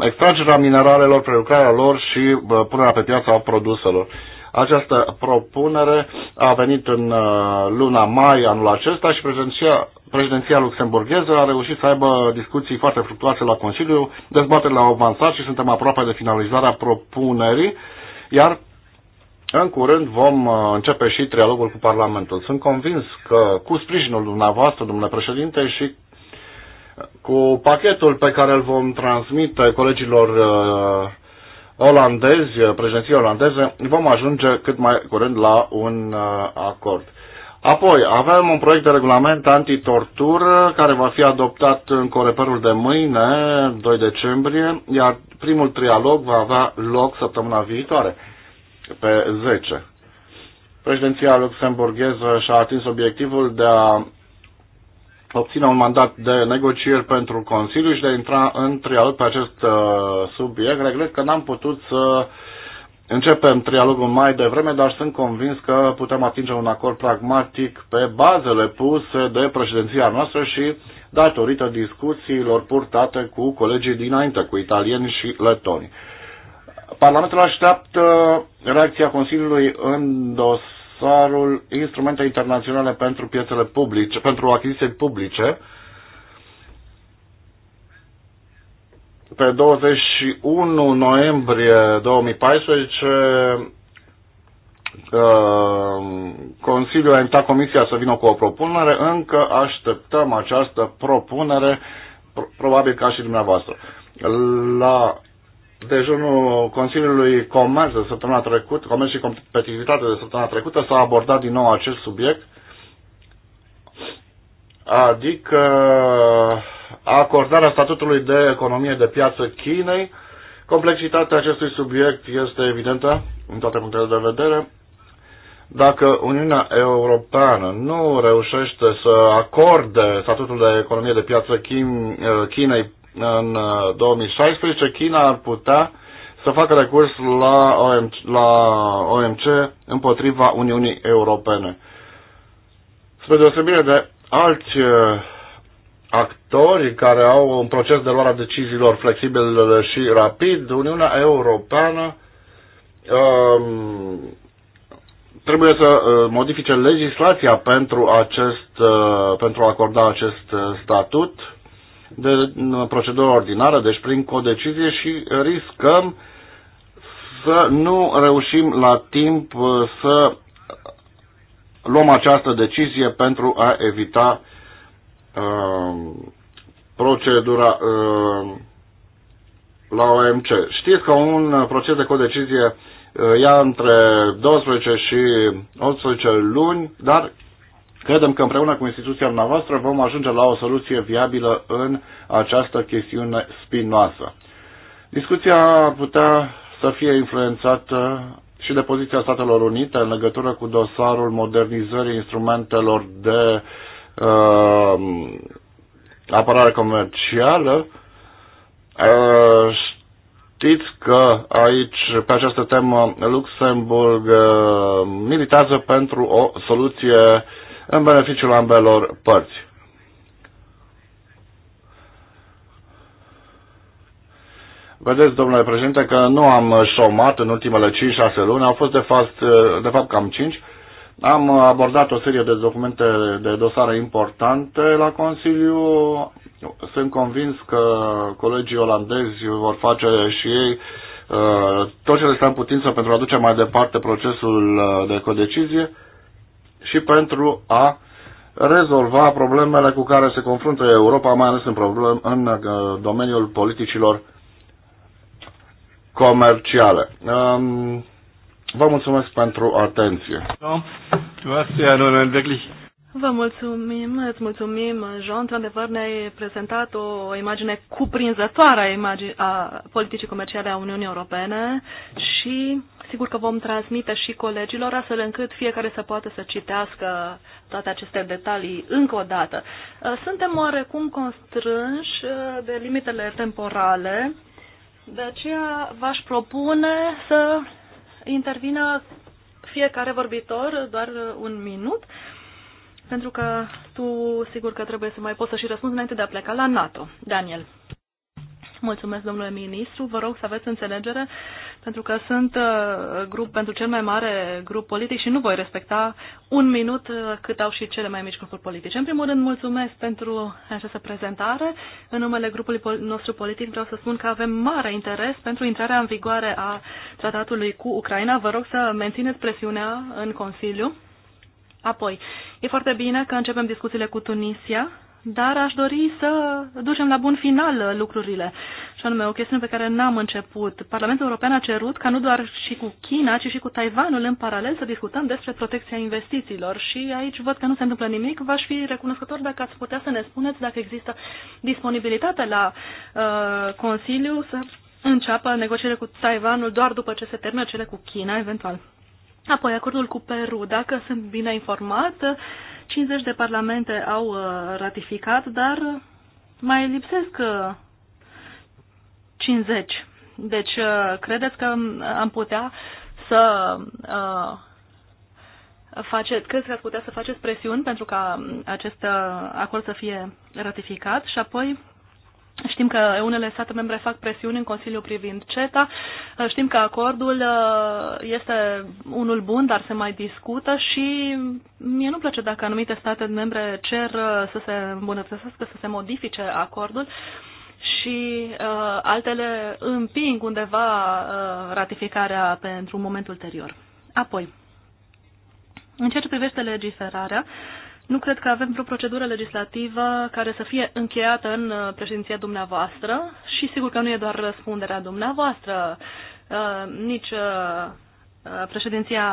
extragerea mineralelor, prelucrarea lor și uh, punerea pe piață a produselor. Această propunere a venit în uh, luna mai anul acesta și prezenția președinția luxemburgheză a reușit să aibă discuții foarte fructuoase la Consiliu, dezbaterile au avansat și suntem aproape de finalizarea propunerii, iar în curând vom uh, începe și trialogul cu Parlamentul. Sunt convins că cu sprijinul dumneavoastră, domnule președinte, și cu pachetul pe care îl vom transmite colegilor uh, olandezi, președinții olandeze, vom ajunge cât mai curând la un uh, acord. Apoi, avem un proiect de regulament antitortură care va fi adoptat în coreperul de mâine, 2 decembrie, iar primul trialog va avea loc săptămâna viitoare pe 10. Președinția luxemburgheză și-a atins obiectivul de a obține un mandat de negocieri pentru Consiliu și de a intra în trialog pe acest uh, subiect. Regret că n-am putut să începem trialogul mai devreme, dar sunt convins că putem atinge un acord pragmatic pe bazele puse de președinția noastră și datorită discuțiilor purtate cu colegii dinainte, cu italieni și letoni. Parlamentul așteaptă reacția Consiliului în dosarul instrumente internaționale pentru piețele publice, pentru achiziții publice. Pe 21 noiembrie 2014 uh, Consiliul a invitat Comisia să vină cu o propunere, încă așteptăm această propunere, probabil ca și dumneavoastră. La dejunul Consiliului Comerț de săptămâna trecută, Comerț și Competitivitate de săptămâna trecută s-a abordat din nou acest subiect, adică acordarea statutului de economie de piață Chinei. Complexitatea acestui subiect este evidentă în toate punctele de vedere. Dacă Uniunea Europeană nu reușește să acorde statutul de economie de piață Chinei în 2016 uh, China ar putea să facă recurs la OMC, la OMC împotriva Uniunii Europene. Spre deosebire de alți uh, actori care au un proces de luare a deciziilor flexibil și rapid, Uniunea Europeană um, trebuie să uh, modifice legislația pentru, acest, pentru a acorda acest statut de, procedură ordinară, deci prin codecizie și riscăm să nu reușim la timp uh, să luăm această decizie pentru a evita uh, procedura uh, la OMC. Știți că un proces de codecizie uh, ia între 12 și 18 luni, dar Credem că împreună cu instituția noastră vom ajunge la o soluție viabilă în această chestiune spinoasă. Discuția putea să fie influențată și de poziția Statelor Unite în legătură cu dosarul modernizării instrumentelor de uh, apărare comercială. Uh, știți că aici, pe această temă, Luxemburg uh, militează pentru o soluție în beneficiul ambelor părți. Vedeți, domnule președinte, că nu am șomat în ultimele 5-6 luni, au fost de fapt, de fapt cam 5. Am abordat o serie de documente, de dosare importante la Consiliu. Sunt convins că colegii olandezi vor face și ei uh, tot ce le stă în putință pentru a duce mai departe procesul uh, de codecizie și pentru a rezolva problemele cu care se confruntă Europa, mai ales în, problem, în uh, domeniul politicilor comerciale. Um, vă mulțumesc pentru atenție. Vă mulțumim, îți mulțumim, Jean. Într-adevăr, ne-ai prezentat o imagine cuprinzătoare a, imagine, a politicii comerciale a Uniunii Europene și Sigur că vom transmite și colegilor, astfel încât fiecare să poată să citească toate aceste detalii încă o dată. Uh, suntem oarecum constrânși uh, de limitele temporale, de aceea v-aș propune să intervină fiecare vorbitor doar uh, un minut, pentru că tu sigur că trebuie să mai poți să și răspunzi înainte de a pleca la NATO. Daniel. Mulțumesc, domnule ministru. Vă rog să aveți înțelegere, pentru că sunt uh, grup pentru cel mai mare grup politic și nu voi respecta un minut uh, cât au și cele mai mici grupuri politice. În primul rând, mulțumesc pentru această prezentare. În numele grupului nostru politic vreau să spun că avem mare interes pentru intrarea în vigoare a tratatului cu Ucraina. Vă rog să mențineți presiunea în Consiliu. Apoi, e foarte bine că începem discuțiile cu Tunisia dar aș dori să ducem la bun final lucrurile. Și anume, o chestiune pe care n-am început. Parlamentul European a cerut ca nu doar și cu China, ci și cu Taiwanul în paralel să discutăm despre protecția investițiilor. Și aici văd că nu se întâmplă nimic. V-aș fi recunoscător dacă ați putea să ne spuneți dacă există disponibilitate la uh, Consiliu să înceapă negocierile cu Taiwanul doar după ce se termină cele cu China, eventual. Apoi, acordul cu Peru, dacă sunt bine informat, 50 de parlamente au uh, ratificat, dar mai lipsesc 50. Uh, deci, uh, credeți că am putea să faceți, credeți că ați putea să faceți presiuni pentru ca acest acord să fie ratificat și apoi Știm că unele state membre fac presiuni în Consiliu privind CETA, știm că acordul uh, este unul bun, dar se mai discută și mie nu place dacă anumite state membre cer uh, să se îmbunătățească, să se modifice acordul și uh, altele împing undeva uh, ratificarea pentru un moment ulterior. Apoi, în ceea ce privește legiferarea, uh, nu cred că avem vreo procedură legislativă care să fie încheiată în uh, președinția dumneavoastră și sigur că nu e doar răspunderea dumneavoastră, uh, nici uh, președinția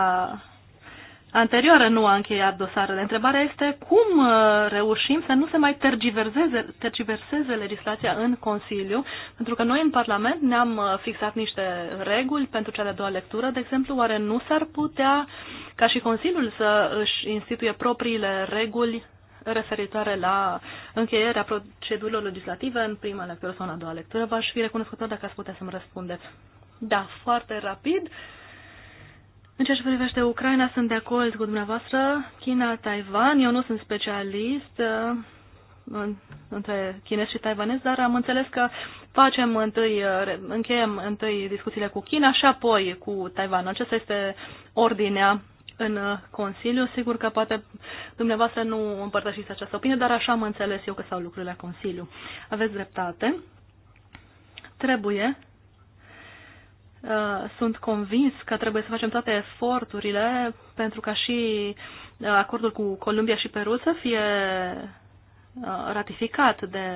anterioară nu a încheiat dosarele. Întrebarea este cum uh, reușim să nu se mai tergiverseze, tergiverseze legislația în Consiliu, pentru că noi în Parlament ne-am uh, fixat niște reguli pentru cea de-a doua lectură, de exemplu, oare nu s-ar putea ca și Consiliul să își instituie propriile reguli referitoare la încheierea procedurilor legislative în prima lectură sau în a doua lectură. V-aș fi recunoscător dacă ați putea să-mi răspundeți. Da, foarte rapid. Uh, în ceea ce privește Ucraina, sunt de acord cu dumneavoastră. China, Taiwan, eu nu sunt specialist uh, în, între chinez și taiwanez, dar am înțeles că facem întâi, uh, încheiem întâi discuțiile cu China și apoi cu Taiwan. Aceasta este ordinea în uh, Consiliu. Sigur că poate dumneavoastră nu împărtășiți această opinie, dar așa am înțeles eu că au lucrurile la Consiliu. Aveți dreptate. Trebuie Uh, sunt convins că trebuie să facem toate eforturile pentru ca și uh, acordul cu Columbia și Peru să fie uh, ratificat de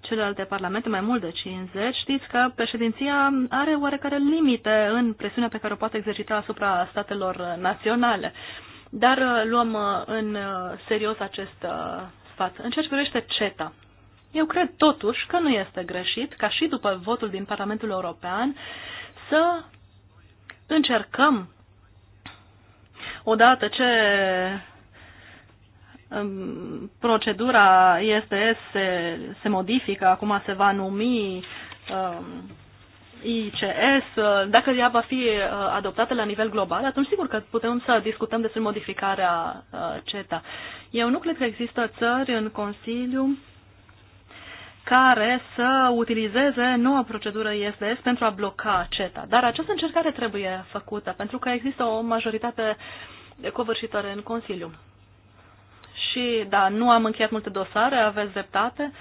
celelalte parlamente, mai mult de 50, știți că președinția are oarecare limite în presiunea pe care o poate exercita asupra statelor naționale. Dar luăm în serios acest sfat. În ceea ce privește CETA, eu cred totuși că nu este greșit ca și după votul din Parlamentul European să încercăm odată ce um, procedura este se, se modifică, acum se va numi um, ICS, dacă ea va fi uh, adoptată la nivel global, atunci sigur că putem să discutăm despre modificarea uh, CETA. Eu nu cred că există țări în Consiliu care să utilizeze noua procedură ISDS pentru a bloca CETA. Dar această încercare trebuie făcută, pentru că există o majoritate covârșitoare în Consiliu. Și, da, nu am încheiat multe dosare, aveți dreptate,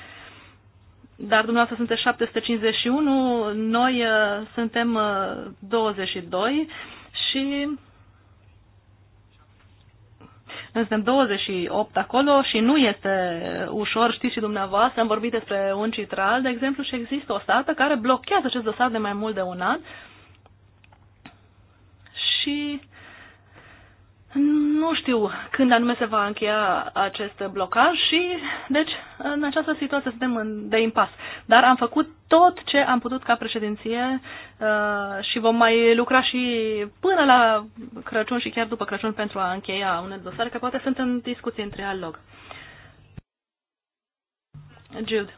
dar dumneavoastră sunteți 751, noi uh, suntem uh, 22 și noi suntem 28 acolo și nu este ușor, știți și dumneavoastră, am vorbit despre un citral, de exemplu, și există o stată care blochează acest dosar de mai mult de un an și nu știu când anume se va încheia acest blocaj și, deci, în această situație suntem de impas. Dar am făcut tot ce am putut ca președinție uh, și vom mai lucra și până la Crăciun și chiar după Crăciun pentru a încheia unele dosare, că poate sunt în discuții între trialog. Jude.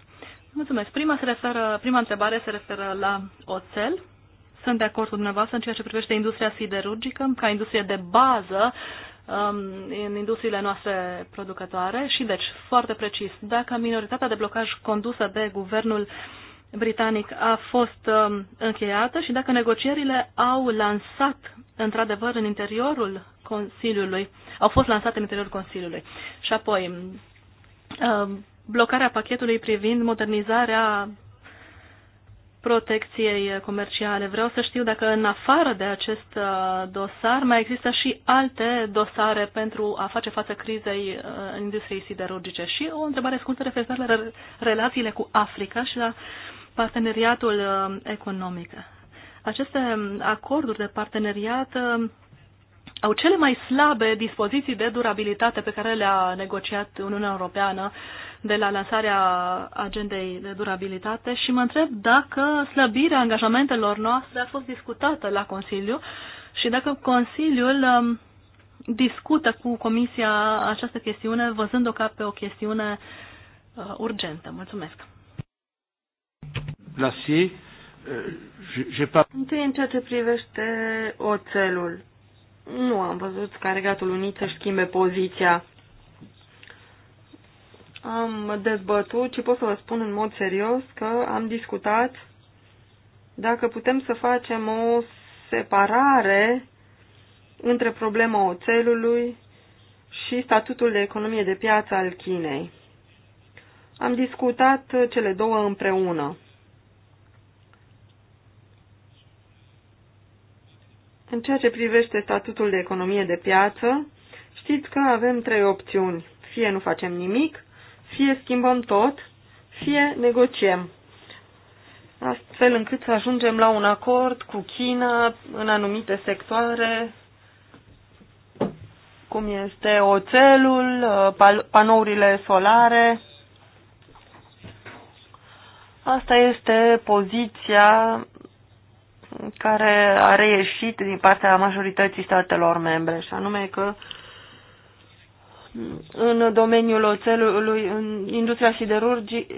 Mulțumesc. Prima, se referă, prima întrebare se referă la oțel sunt de acord cu dumneavoastră în ceea ce privește industria siderurgică, ca industrie de bază um, în industriile noastre producătoare și deci foarte precis, dacă minoritatea de blocaj condusă de guvernul britanic a fost um, încheiată și dacă negocierile au lansat într-adevăr în interiorul Consiliului, au fost lansate în interiorul Consiliului. Și apoi um, blocarea pachetului privind modernizarea protecției comerciale. Vreau să știu dacă în afară de acest uh, dosar mai există și alte dosare pentru a face față crizei uh, industriei siderurgice. Și o întrebare scurtă referitoare la relațiile cu Africa și la parteneriatul uh, economic. Aceste um, acorduri de parteneriat au cele mai slabe dispoziții de durabilitate pe care le-a negociat Uniunea Europeană de la lansarea agendei de durabilitate și mă întreb dacă slăbirea angajamentelor noastre a fost discutată la Consiliu și dacă Consiliul um, discută cu Comisia această chestiune, văzând-o ca pe o chestiune uh, urgentă. Mulțumesc. Glacier, euh, pas... Întâi în ceea ce privește oțelul. Nu am văzut ca Regatul Unit să schimbe poziția am dezbătut ci pot să vă spun în mod serios că am discutat dacă putem să facem o separare între problema oțelului și statutul de economie de piață al Chinei. Am discutat cele două împreună. În ceea ce privește statutul de economie de piață, știți că avem trei opțiuni. Fie nu facem nimic, fie schimbăm tot, fie negociem. Astfel încât să ajungem la un acord cu China în anumite sectoare, cum este oțelul, panourile solare. Asta este poziția care a reieșit din partea majorității statelor membre, și anume că în domeniul oțelului, în industria siderurgic,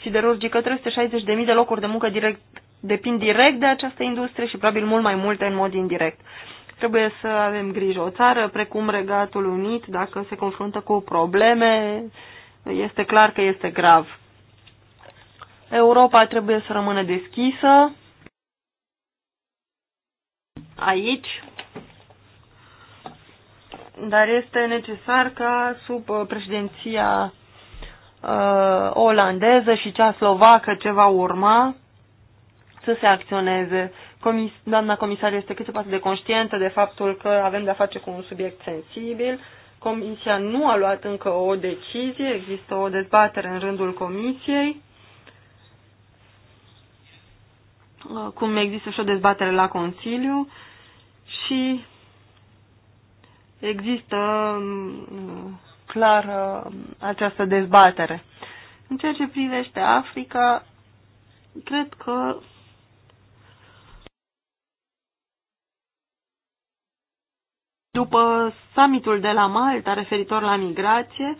siderurgică, 360.000 de locuri de muncă direct, depind direct de această industrie și probabil mult mai multe în mod indirect. Trebuie să avem grijă. O țară precum Regatul Unit, dacă se confruntă cu probleme, este clar că este grav. Europa trebuie să rămână deschisă. Aici dar este necesar ca sub uh, președinția uh, olandeză și cea slovacă ce va urma să se acționeze. Comis doamna comisar este cât se poate de conștientă de faptul că avem de-a face cu un subiect sensibil. Comisia nu a luat încă o decizie, există o dezbatere în rândul comisiei. Uh, cum există și o dezbatere la Consiliu și există mm, clar mm, această dezbatere. În ceea ce privește Africa, cred că după summitul de la Malta referitor la migrație,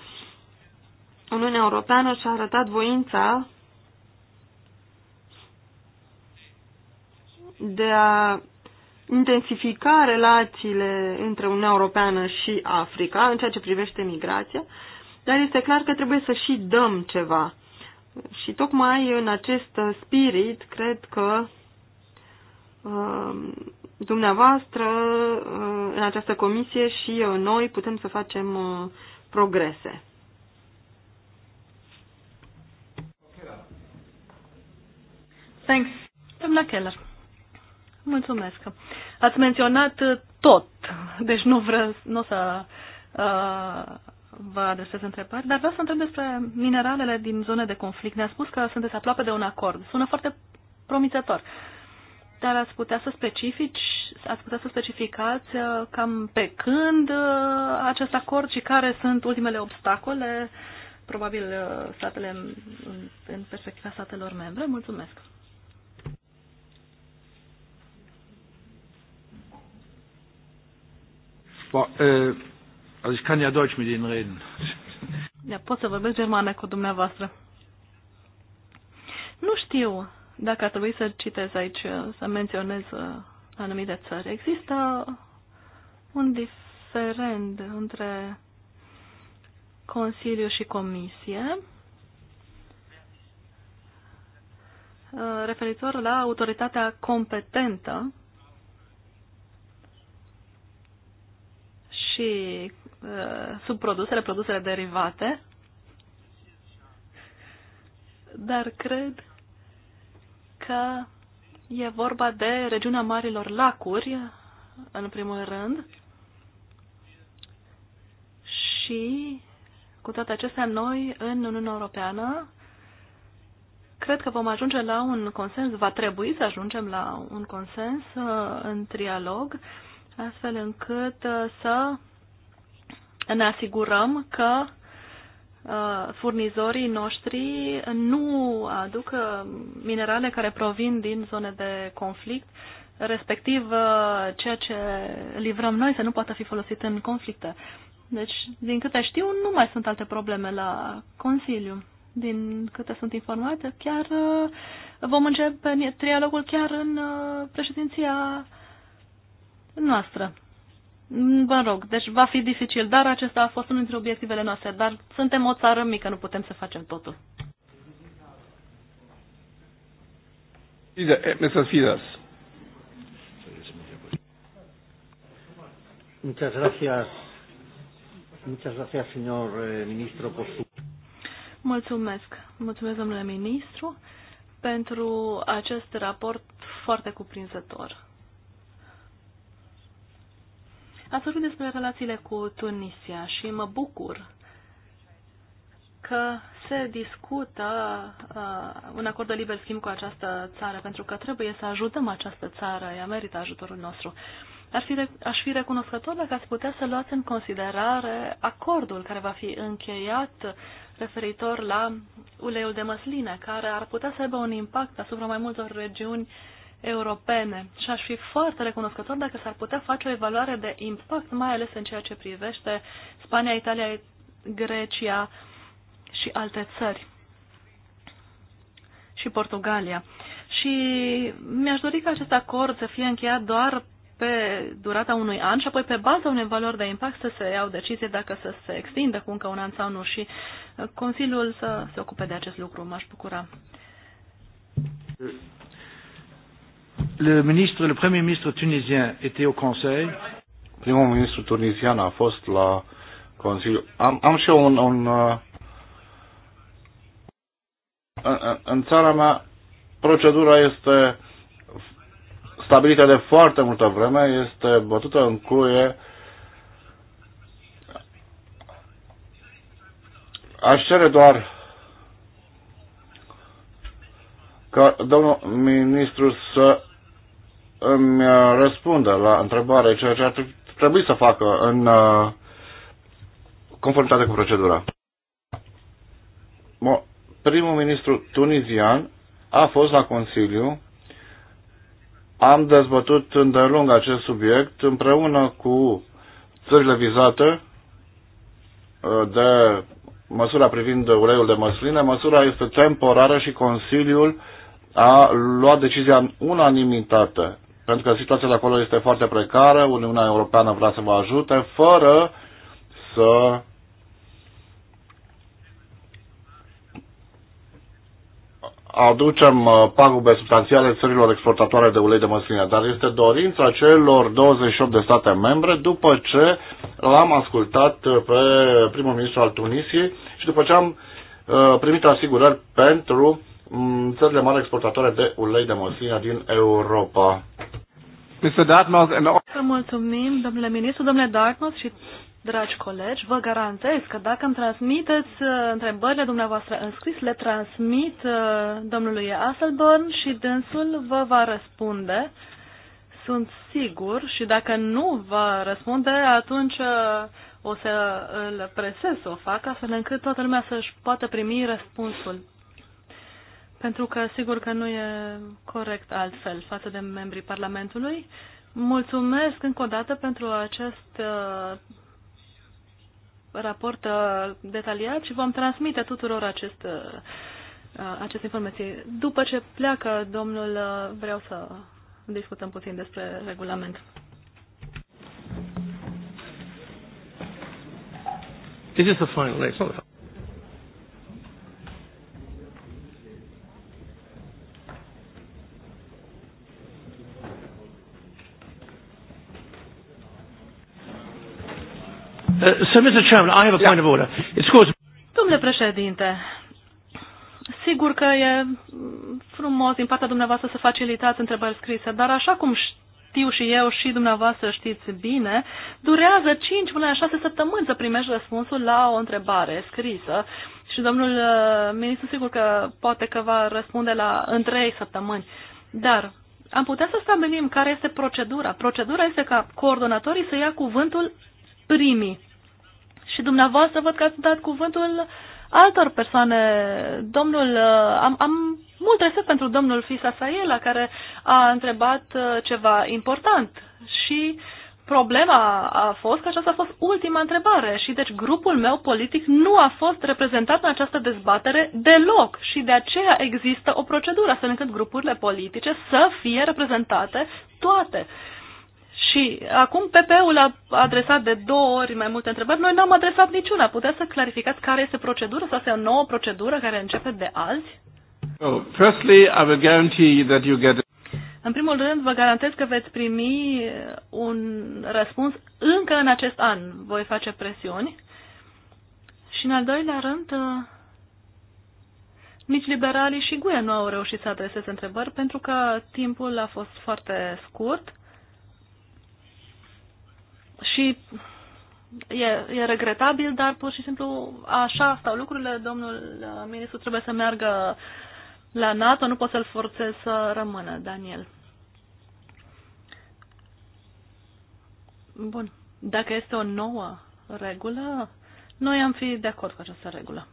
Uniunea Europeană și-a arătat voința de a intensifica relațiile între Uniunea Europeană și Africa în ceea ce privește migrația, dar este clar că trebuie să și dăm ceva. Și tocmai în acest spirit, cred că uh, dumneavoastră, uh, în această comisie și noi putem să facem uh, progrese. Thanks. Doamna Keller. Mulțumesc. Ați menționat uh, tot, deci nu vreau nu să uh, vă adresez întrebări, dar vreau să întreb despre mineralele din zone de conflict. Ne-a spus că sunteți aproape de un acord. Sună foarte promițător. Dar ați putea să specifici, ați putea să specificați uh, cam pe când uh, acest acord și care sunt ultimele obstacole, probabil statele în perspectiva statelor membre. Mulțumesc. Ba, uh, äh, also ich kann ja Deutsch mit Ihnen reden. Da pot să vorbesc germană cu dumneavoastră. Nu știu dacă ar trebui să citez aici, uh, să menționez uh, anumite țări. Există un diferend între Consiliu și Comisie uh, referitor la autoritatea competentă și uh, subprodusele, produsele derivate, dar cred că e vorba de regiunea Marilor Lacuri, în primul rând, și cu toate acestea, noi, în Uniunea Europeană, cred că vom ajunge la un consens, va trebui să ajungem la un consens uh, în trialog, astfel încât uh, să ne asigurăm că uh, furnizorii noștri nu aduc uh, minerale care provin din zone de conflict, respectiv uh, ceea ce livrăm noi să nu poată fi folosit în conflicte. Deci, din câte știu, nu mai sunt alte probleme la Consiliu. Din câte sunt informate, chiar vom începe trialogul chiar în președinția noastră. Mă rog, deci va fi dificil, dar acesta a fost unul dintre obiectivele noastre. Dar suntem o țară mică, nu putem să facem totul. Mr. Fidas. Muchas gracias. Muchas gracias, señor eh, ministro, por su... Mulțumesc. Mulțumesc, domnule ministru, pentru acest raport foarte cuprinzător. Ați vorbit despre relațiile cu Tunisia și mă bucur că se discută uh, un acord de liber schimb cu această țară, pentru că trebuie să ajutăm această țară, ea merită ajutorul nostru. Ar fi, aș fi recunoscător dacă ați putea să luați în considerare acordul care va fi încheiat referitor la uleiul de măsline, care ar putea să aibă un impact asupra mai multor regiuni uh, europene și aș fi foarte recunoscător dacă s-ar putea face o evaluare de impact, mai ales în ceea ce privește Spania, Italia, Grecia și alte țări și Portugalia. Și mi-aș dori ca acest acord să fie încheiat doar pe durata unui an și apoi pe baza unei valori de impact să se iau decizie dacă să se extindă cu încă un an sau nu și uh, Consiliul să se ocupe de acest lucru. M-aș bucura. Le, ministre, le premier ministre tunisien était au Conseil. Primul ministru tunisian a fost la Consiliu. Am, am și eu un... un uh, în, în țara mea procedura este stabilită de foarte multă vreme, este bătută în cuie. Aș cere doar ca domnul ministru să îmi uh, răspundă la întrebare ceea ce ar trebui să facă în uh, conformitate cu procedura. Primul ministru tunizian a fost la Consiliu. Am dezbătut îndelung acest subiect împreună cu țările vizate uh, de măsura privind uleiul de măsline. Măsura este temporară și Consiliul a luat decizia în unanimitate pentru că situația de acolo este foarte precară, Uniunea Europeană vrea să vă ajute, fără să aducem uh, pagube substanțiale țărilor exportatoare de ulei de măsline, dar este dorința celor 28 de state membre după ce l-am ascultat uh, pe primul ministru al Tunisiei și după ce am uh, primit asigurări pentru Mm, țările mari exportatoare de ulei de măsline din Europa. Mr. Dartmouth and... Vă mulțumim, domnule ministru, domnule Dartmouth și dragi colegi. Vă garantez că dacă îmi transmiteți uh, întrebările dumneavoastră în scris, le transmit uh, domnului Asselborn și dânsul vă va răspunde. Sunt sigur și dacă nu va răspunde, atunci uh, o să îl presez să o fac, astfel încât toată lumea să-și poată primi răspunsul pentru că sigur că nu e corect altfel față de membrii Parlamentului. Mulțumesc încă o dată pentru acest uh, raport uh, detaliat și vom transmite tuturor acest, uh, aceste informații. După ce pleacă domnul, vreau să discutăm puțin despre regulament. This is the final. It's not the Domnule președinte, sigur că e frumos din partea dumneavoastră să facilitați întrebări scrise, dar așa cum știu și eu și dumneavoastră știți bine, durează 5 până la 6 săptămâni să primești răspunsul la o întrebare scrisă. Și domnul uh, ministru sigur că poate că va răspunde la în 3 săptămâni. Dar am putea să stabilim care este procedura. Procedura este ca coordonatorii să ia cuvântul primii și dumneavoastră văd că ați dat cuvântul altor persoane. Domnul, uh, am, am mult respect pentru domnul Fisa Saiela, care a întrebat uh, ceva important și problema a fost că aceasta a fost ultima întrebare și deci grupul meu politic nu a fost reprezentat în această dezbatere deloc și de aceea există o procedură astfel încât grupurile politice să fie reprezentate toate. Uh, și acum PP-ul a adresat de două ori mai multe întrebări. Noi n-am adresat niciuna. Puteți să clarificați care este procedura? Sau este o nouă procedură care începe de azi? Oh, firstly, I will guarantee that you get în primul rând, vă garantez că veți primi uh, un răspuns încă în acest an. Voi face presiuni. Și în al doilea rând, uh, nici liberalii și guia nu au reușit să adreseze întrebări pentru că timpul a fost foarte scurt și e, e regretabil, dar pur și simplu așa stau lucrurile. Domnul uh, ministru trebuie să meargă la NATO, nu pot să-l forțez să rămână, Daniel. Bun. Dacă este o nouă regulă, noi am fi de acord cu această regulă.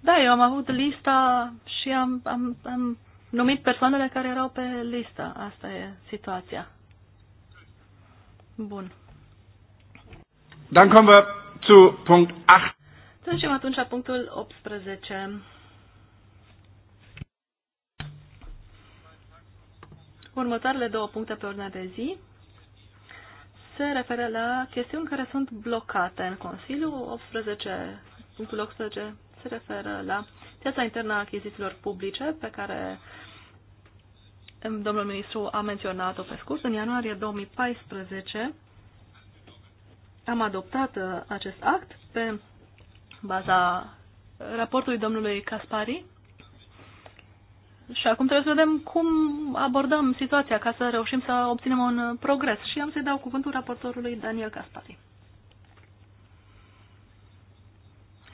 Da, eu am avut lista și am, am, am numit persoanele care erau pe listă. Asta e situația. Bun. Dann kommen wir zu Punkt 8. Trecem atunci punctul 18. Următoarele două puncte pe ordinea de zi se referă la chestiuni care sunt blocate în Consiliu. 18, punctul 18 se referă la piața internă a achizițiilor publice pe care domnul ministru a menționat-o pe scurt, în ianuarie 2014 am adoptat uh, acest act pe baza raportului domnului Caspari și acum trebuie să vedem cum abordăm situația ca să reușim să obținem un progres și am să-i dau cuvântul raportorului Daniel Caspari.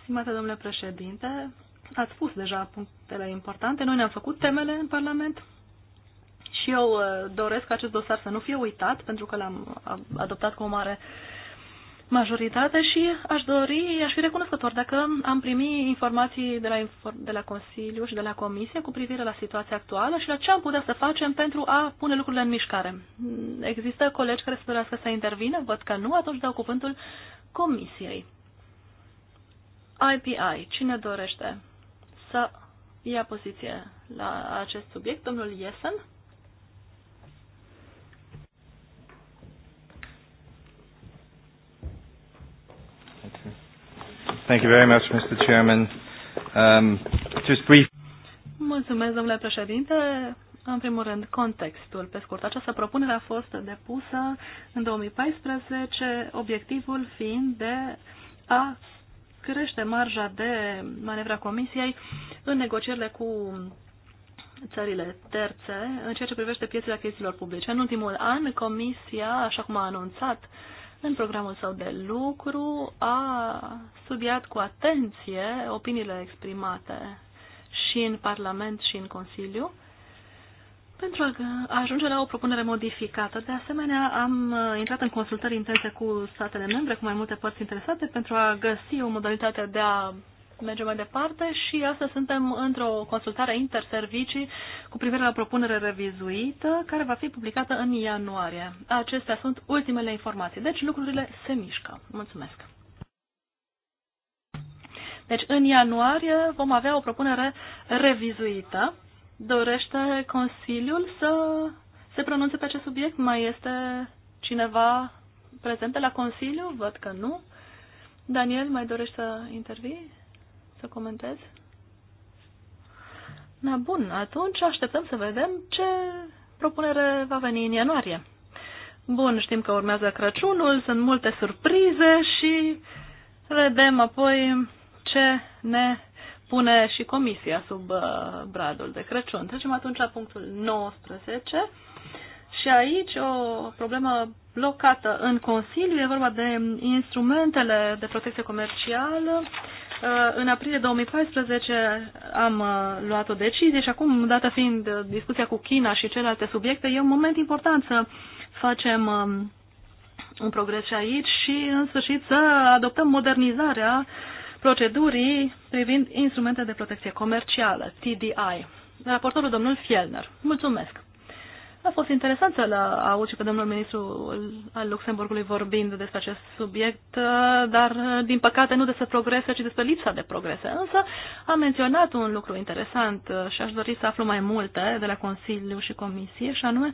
Stimate domnule președinte, ați spus deja punctele importante. Noi ne-am făcut temele în Parlament, și eu uh, doresc acest dosar să nu fie uitat, pentru că l-am adoptat cu o mare majoritate și aș dori, aș fi recunoscător dacă am primit informații de la, de la Consiliu și de la Comisie cu privire la situația actuală și la ce am putea să facem pentru a pune lucrurile în mișcare. Există colegi care să dorească să intervină? Văd că nu, atunci dau cuvântul Comisiei. IPI, cine dorește să ia poziție la acest subiect? Domnul Iesen? Thank you very much, Mr. Chairman. Um, just brief. Mulțumesc, domnule președinte. În primul rând, contextul. Pe scurt, această propunere a fost depusă în 2014, obiectivul fiind de a crește marja de manevra Comisiei în negocierile cu țările terțe în ceea ce privește piețele achizițiilor publice. În ultimul an, Comisia, așa cum a anunțat în programul său de lucru a studiat cu atenție opiniile exprimate și în Parlament și în Consiliu pentru a ajunge la o propunere modificată. De asemenea, am intrat în consultări intense cu statele membre, cu mai multe părți interesate, pentru a găsi o modalitate de a mergem mai departe și astăzi suntem într-o consultare interservicii cu privire la propunere revizuită care va fi publicată în ianuarie. Acestea sunt ultimele informații, deci lucrurile se mișcă. Mulțumesc! Deci în ianuarie vom avea o propunere revizuită. Dorește Consiliul să se pronunțe pe acest subiect? Mai este cineva prezent la Consiliu? Văd că nu. Daniel, mai dorești să intervii? să comentez? Na bun, atunci așteptăm să vedem ce propunere va veni în ianuarie. Bun, știm că urmează Crăciunul, sunt multe surprize și vedem apoi ce ne pune și comisia sub uh, bradul de Crăciun. Trecem atunci la punctul 19 și aici o problemă blocată în Consiliu. E vorba de instrumentele de protecție comercială în aprilie 2014 am uh, luat o decizie și acum, dată fiind uh, discuția cu China și celelalte subiecte, e un moment important să facem um, un progres și aici și, în sfârșit, să adoptăm modernizarea procedurii privind instrumente de protecție comercială, TDI. Raportorul domnul Fielner. Mulțumesc! A fost interesant să-l aud pe domnul ministru al Luxemburgului vorbind despre acest subiect, dar din păcate nu despre progrese, ci despre lipsa de progrese. Însă a menționat un lucru interesant și aș dori să aflu mai multe de la Consiliu și Comisie, și anume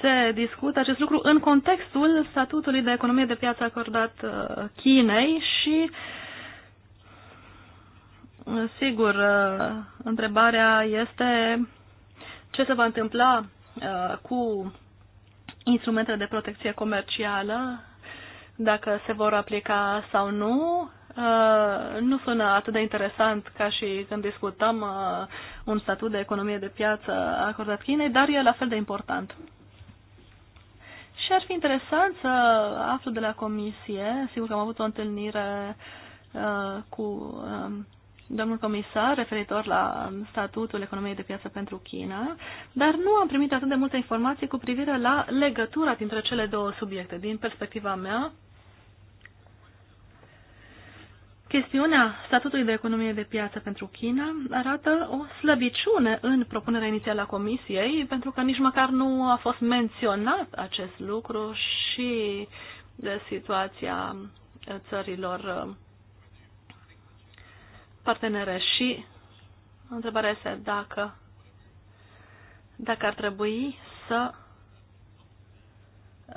se discută acest lucru în contextul statutului de economie de piață acordat uh, Chinei și sigur uh, întrebarea este ce se va întâmpla uh, cu instrumentele de protecție comercială, dacă se vor aplica sau nu, uh, nu sună atât de interesant ca și când discutăm uh, un statut de economie de piață acordat Chinei, dar e la fel de important. Și ar fi interesant să aflu de la comisie, sigur că am avut o întâlnire cu um, domnul comisar referitor la statutul economiei de piață pentru China, dar nu am primit atât de multe informații cu privire la legătura dintre cele două subiecte. Din perspectiva mea, Chestiunea statutului de economie de piață pentru China arată o slăbiciune în propunerea inițială a Comisiei, pentru că nici măcar nu a fost menționat acest lucru și de situația țărilor partenere și întrebarea este dacă, dacă ar trebui să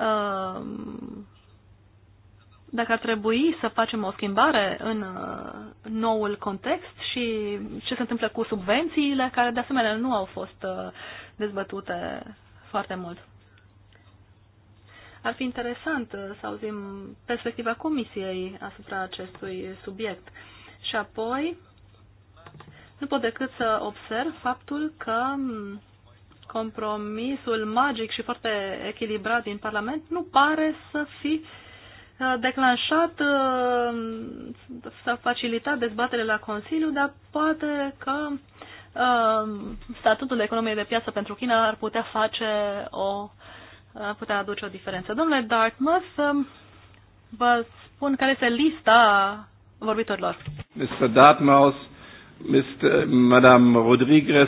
um, dacă ar trebui să facem o schimbare în uh, noul context și ce se întâmplă cu subvențiile, care de asemenea nu au fost uh, dezbătute foarte mult. Ar fi interesant uh, să auzim perspectiva Comisiei asupra acestui subiect. Și apoi, nu pot decât să observ faptul că compromisul magic și foarte echilibrat din Parlament nu pare să fi uh, declanșat, uh, să facilitat dezbaterile la Consiliu, dar poate că uh, statutul de economie de piață pentru China ar putea face o ar putea aduce o diferență. Domnule Dartmouth, vă spun care este lista vorbitorilor. Mr. Dartmouth, Mr. Madame Rodriguez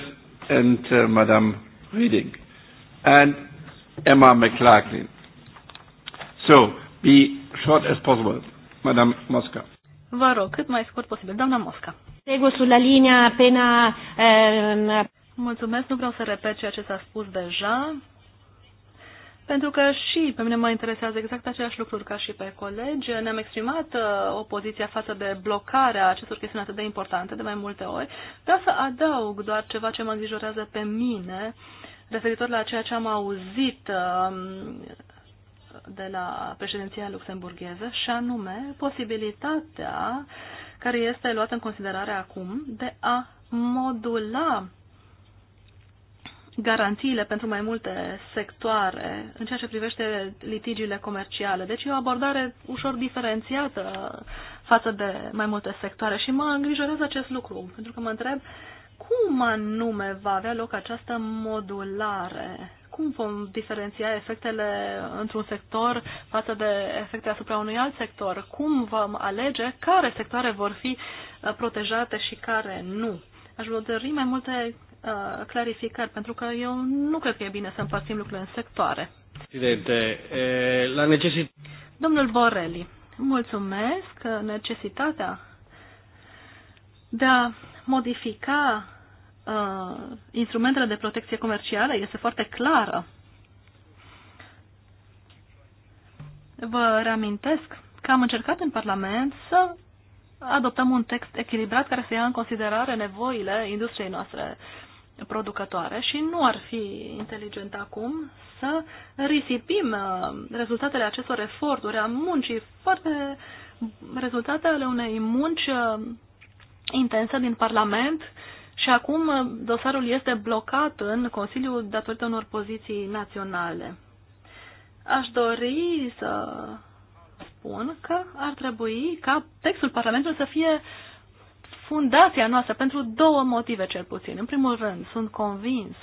and uh, Madame Reading and Emma McLaughlin. So, be short as possible. Madame Mosca. Vă rog, cât mai scurt posibil. Doamna Mosca. Seguo sulla linea appena... Uh, Mulțumesc, nu vreau să repet ceea ce s-a spus deja pentru că și pe mine mă interesează exact aceleași lucruri ca și pe colegi. Ne-am exprimat uh, opoziția față de blocarea acestor chestiuni atât de importante de mai multe ori. Vreau să adaug doar ceva ce mă îngrijorează pe mine referitor la ceea ce am auzit uh, de la președinția luxemburgheză și anume posibilitatea care este luată în considerare acum de a modula garanțiile pentru mai multe sectoare în ceea ce privește litigiile comerciale. Deci e o abordare ușor diferențiată față de mai multe sectoare și mă îngrijorează acest lucru, pentru că mă întreb cum anume va avea loc această modulare? Cum vom diferenția efectele într-un sector față de efecte asupra unui alt sector? Cum vom alege care sectoare vor fi uh, protejate și care nu? Aș dori mai multe uh, clarificări, pentru că eu nu cred că e bine să împărțim lucrurile în sectoare. Presidente, la necesit... Domnul Borelli, mulțumesc că uh, necesitatea de a modifica uh, instrumentele de protecție comercială este foarte clară. Vă reamintesc că am încercat în Parlament să adoptăm un text echilibrat care să ia în considerare nevoile industriei noastre producătoare și nu ar fi inteligent acum să risipim uh, rezultatele acestor eforturi, a muncii foarte rezultatele unei munci uh, intense din Parlament și acum uh, dosarul este blocat în Consiliu datorită unor poziții naționale. Aș dori să spun că ar trebui ca textul Parlamentului să fie fundația noastră pentru două motive cel puțin. În primul rând, sunt convins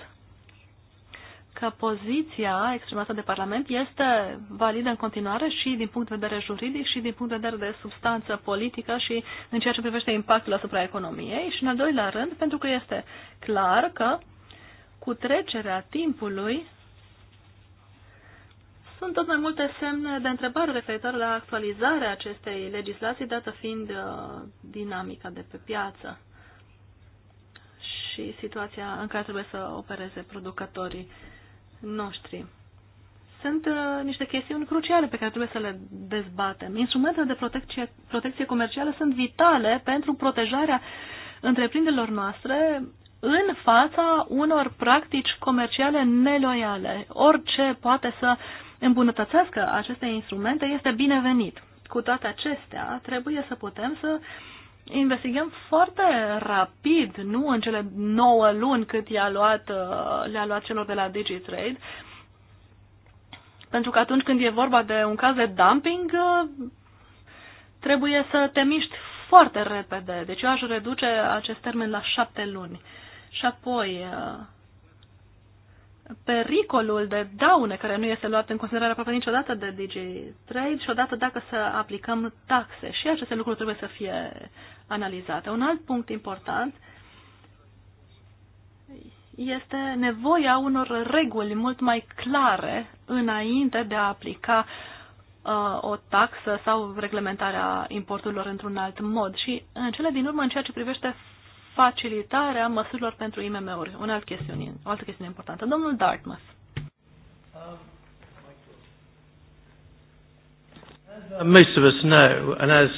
că poziția exprimată de Parlament este validă în continuare și din punct de vedere juridic și din punct de vedere de substanță politică și în ceea ce privește impactul asupra economiei și în al doilea rând pentru că este clar că cu trecerea timpului sunt tot mai multe semne de întrebare referitor la actualizarea acestei legislații, dată fiind uh, dinamica de pe piață și situația în care trebuie să opereze producătorii noștri. Sunt uh, niște chestiuni cruciale pe care trebuie să le dezbatem. Instrumentele de protecție, protecție comercială sunt vitale pentru protejarea întreprinderilor noastre în fața unor practici comerciale neloiale. Orice poate să îmbunătățească aceste instrumente este binevenit. Cu toate acestea, trebuie să putem să investigăm foarte rapid, nu în cele 9 luni cât i-a luat, uh, le-a luat celor de la DigiTrade, pentru că atunci când e vorba de un caz de dumping, uh, trebuie să te miști foarte repede. Deci eu aș reduce acest termen la șapte luni. Și apoi, uh, pericolul de daune care nu este luat în considerare aproape niciodată de DJ Trade și odată dacă să aplicăm taxe. Și aceste lucruri trebuie să fie analizate. Un alt punct important este nevoia unor reguli mult mai clare înainte de a aplica uh, o taxă sau reglementarea importurilor într-un alt mod. Și în cele din urmă, în ceea ce privește facilitarea măsurilor pentru IMM-uri. O altă chestiune, o altă chestiune importantă. Domnul Dartmouth. Most of us know, and as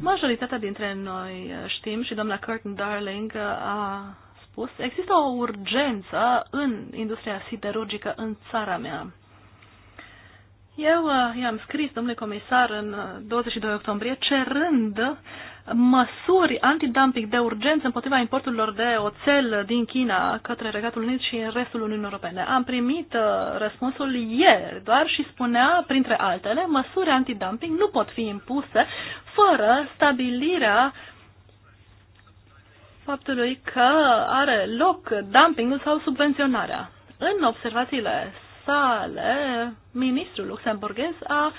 Majoritatea dintre noi știm și doamna Curtin Darling a spus, există o urgență în industria siderurgică în țara mea. Eu uh, i-am scris, domnule comisar, în 22 uh, octombrie, cerând măsuri antidumping de urgență împotriva importurilor de oțel din China către Regatul Unit și în restul Uniunii Europene. Am primit uh, răspunsul ieri doar și spunea, printre altele, măsuri antidumping nu pot fi impuse fără stabilirea faptului că are loc dumpingul sau subvenționarea. În observațiile sale, ministrul luxemburghez a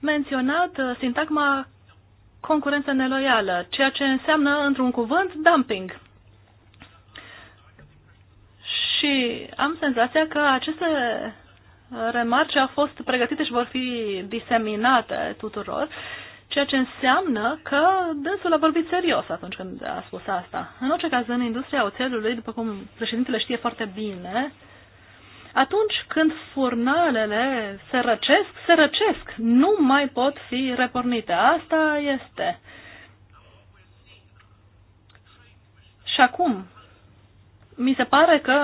menționat uh, sintagma concurență neloială, ceea ce înseamnă, într-un cuvânt, dumping. Și am senzația că aceste remarci au fost pregătite și vor fi diseminate tuturor, ceea ce înseamnă că dânsul a vorbit serios atunci când a spus asta. În orice caz, în industria oțelului, după cum președintele știe foarte bine, atunci când furnalele se răcesc, se răcesc, nu mai pot fi repornite. Asta este. Și acum, mi se pare că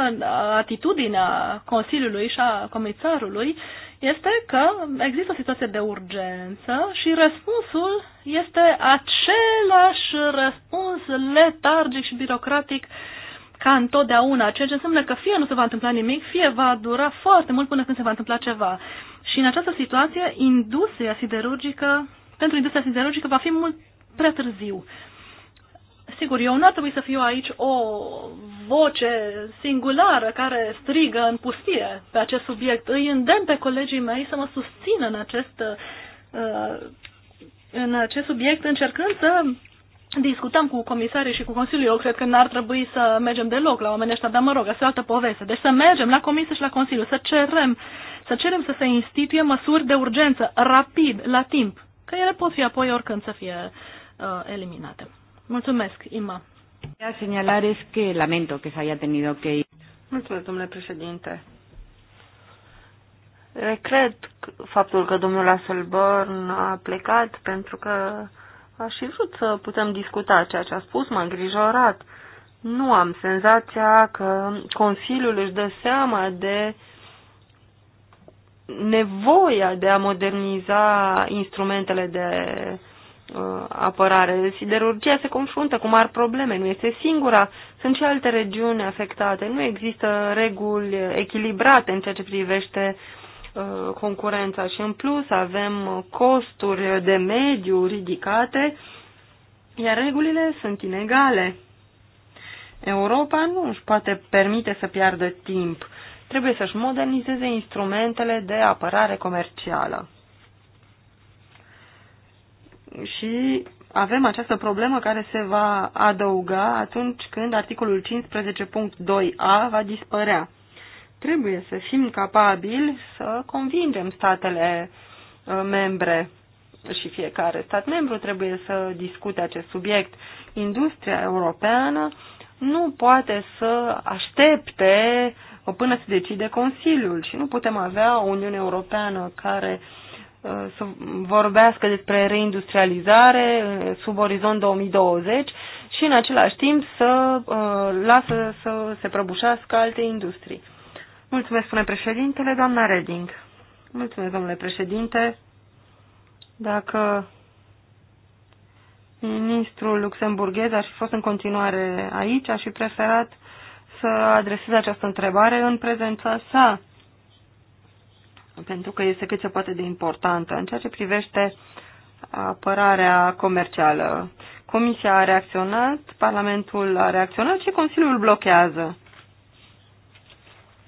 atitudinea Consiliului și a Comisarului este că există o situație de urgență și răspunsul este același răspuns letargic și birocratic uh, ca întotdeauna, ceea ce înseamnă că fie nu se va întâmpla nimic, fie va dura foarte mult până când se va întâmpla ceva. Și în această situație, industria siderurgică, pentru industria siderurgică va fi mult prea târziu. Sigur, eu nu ar trebui să fiu aici o voce singulară care strigă în pustie pe acest subiect. Îi îndemn pe colegii mei să mă susțină în acest, uh, în acest subiect, încercând să discutam cu comisarii și cu Consiliul, eu cred că n-ar trebui să mergem deloc la oamenii ăștia, dar mă rog, asta e altă poveste. Deci să mergem la comisie și la Consiliu, să cerem, să cerem să se instituie măsuri de urgență, rapid, la timp, că ele pot fi apoi oricând să fie uh, eliminate. Mulțumesc, Ima. Señalar es que lamento que se haya tenido que ir. Mulțumesc, domnule președinte. Regret faptul că domnul Asselborn a plecat pentru că Aș fi vrut să putem discuta ceea ce a spus, m-a îngrijorat. Nu am senzația că Consiliul își dă seama de nevoia de a moderniza instrumentele de uh, apărare. Siderurgia deci, se confruntă cu mari probleme, nu este singura, sunt și alte regiuni afectate, nu există reguli echilibrate în ceea ce privește uh, Uh, concurența și în plus avem costuri de mediu ridicate, iar regulile sunt inegale. Europa nu își poate permite să piardă timp. Trebuie să-și modernizeze instrumentele de apărare comercială. Și avem această problemă care se va adăuga atunci când articolul 15.2a va dispărea. Trebuie să fim capabili să convingem statele uh, membre și fiecare stat membru trebuie să discute acest subiect. Industria europeană nu poate să aștepte până se decide Consiliul și nu putem avea o Uniune Europeană care uh, să vorbească despre reindustrializare uh, sub orizont 2020 și în același timp să lasă să se prăbușească alte industrii. Mulțumesc, domnule președintele, doamna Reding. Mulțumesc, domnule președinte. Dacă ministrul luxemburghez ar fi fost în continuare aici, aș fi preferat să adresez această întrebare în prezența sa, pentru că este cât se poate de importantă în ceea ce privește apărarea comercială. Comisia a reacționat, Parlamentul a reacționat și Consiliul blochează.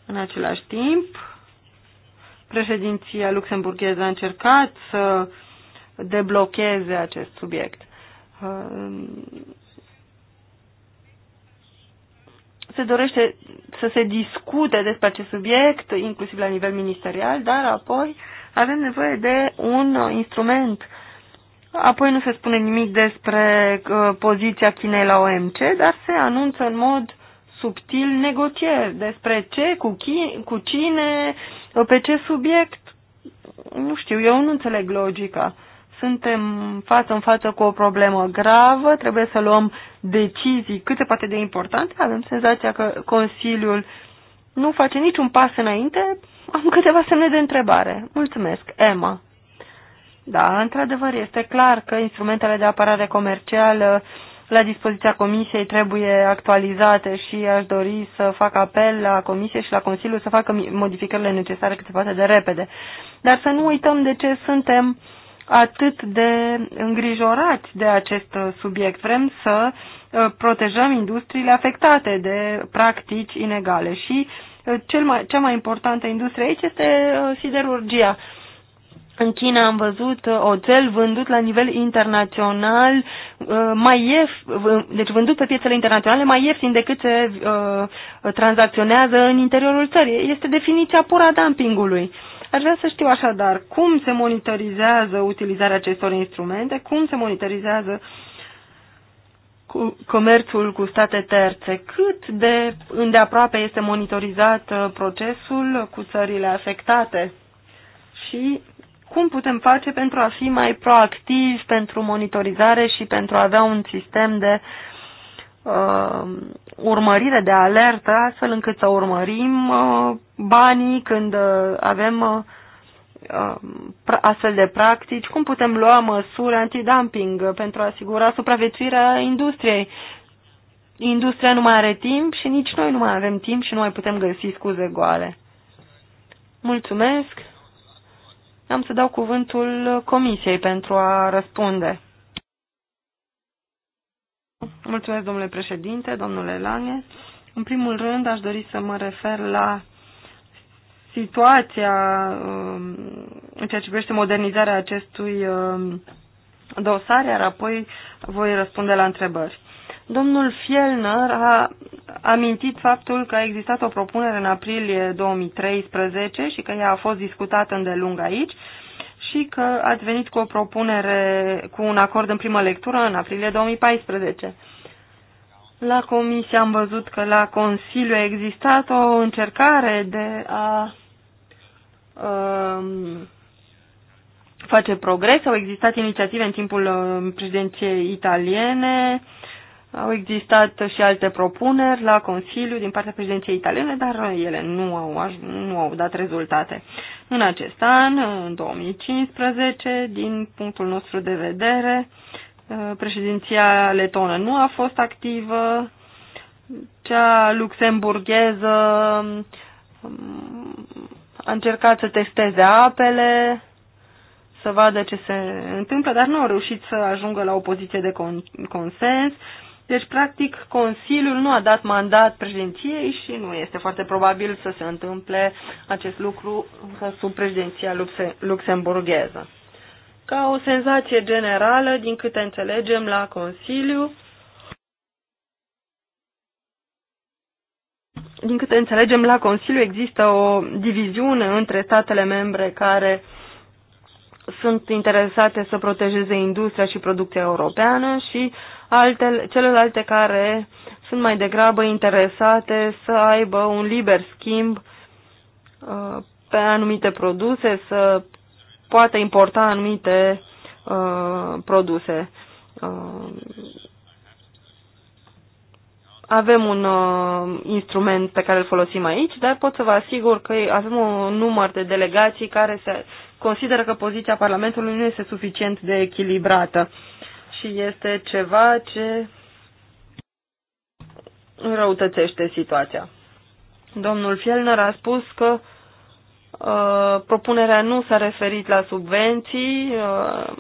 În același timp, președinția luxemburgheză a încercat să deblocheze acest subiect. Se dorește să se discute despre acest subiect, inclusiv la nivel ministerial, dar apoi avem nevoie de un instrument. Apoi nu se spune nimic despre uh, poziția Chinei la OMC, dar se anunță în mod subtil negocier despre ce, cu, chi, cu cine, pe ce subiect. Nu știu, eu nu înțeleg logica. Suntem față în față cu o problemă gravă, trebuie să luăm decizii cât se poate de importante. Avem senzația că Consiliul nu face niciun pas înainte. Am câteva semne de întrebare. Mulțumesc, Emma. Da, într-adevăr, este clar că instrumentele de apărare comercială uh, la dispoziția Comisiei trebuie actualizate și aș dori să fac apel la Comisie și la Consiliu să facă modificările necesare cât se poate de repede. Dar să nu uităm de ce suntem atât de îngrijorați de acest subiect. Vrem să uh, protejăm industriile afectate de practici inegale și uh, cel mai, cea mai importantă industrie aici este uh, siderurgia. În China am văzut uh, oțel vândut la nivel internațional, uh, mai ieftin, deci vândut pe piețele internaționale mai ieftin decât se uh, tranzacționează în interiorul țării. Este definiția pura dumpingului. Aș vrea să știu așadar cum se monitorizează utilizarea acestor instrumente, cum se monitorizează comerțul cu state terțe, cât de îndeaproape este monitorizat procesul cu țările afectate și cum putem face pentru a fi mai proactivi pentru monitorizare și pentru a avea un sistem de uh, urmărire, de alertă, astfel încât să urmărim uh, banii când uh, avem uh, uh, astfel de practici, cum putem lua măsuri antidumping pentru a asigura supraviețuirea industriei. Industria nu mai are timp și nici noi nu mai avem timp și nu mai putem găsi scuze goale. Mulțumesc! Am să dau cuvântul Comisiei pentru a răspunde. Mulțumesc, domnule președinte, domnule Lange. În primul rând, aș dori să mă refer la situația um, în ceea ce privește modernizarea acestui um, dosar, iar apoi voi răspunde la întrebări. Domnul Fielner a amintit faptul că a existat o propunere în aprilie 2013 și că ea a fost discutată îndelung aici și că ați venit cu o propunere, cu un acord în primă lectură în aprilie 2014. La comisie am văzut că la Consiliu a existat o încercare de a um, face progres. Au existat inițiative în timpul um, președinției italiene, uh, au existat și alte propuneri la Consiliu din partea președinției italiene, dar ele nu au, nu au dat rezultate. În acest an, în 2015, din punctul nostru de vedere, uh, președinția letonă nu a fost activă, cea luxemburgheză um, a încercat să testeze apele, să vadă ce se întâmplă, dar nu au reușit să ajungă la o poziție de consens. Deci, practic, Consiliul nu a dat mandat președinției și nu este foarte probabil să se întâmple acest lucru sub președinția luxemburgheză. Ca o senzație generală, din câte înțelegem la Consiliu, din câte înțelegem la Consiliu există o diviziune între statele membre care sunt interesate să protejeze industria și producția europeană și uh, altele, celelalte care sunt mai degrabă interesate să aibă un liber schimb uh, pe anumite produse, să poată importa anumite uh, produse. Uh, avem un uh, instrument pe care îl folosim aici, dar pot să vă asigur că avem un număr de delegații care se consideră că poziția Parlamentului nu este suficient de echilibrată. Uh, și este ceva ce răutățește situația. Domnul Fielner a spus că uh, propunerea nu s-a referit la subvenții uh,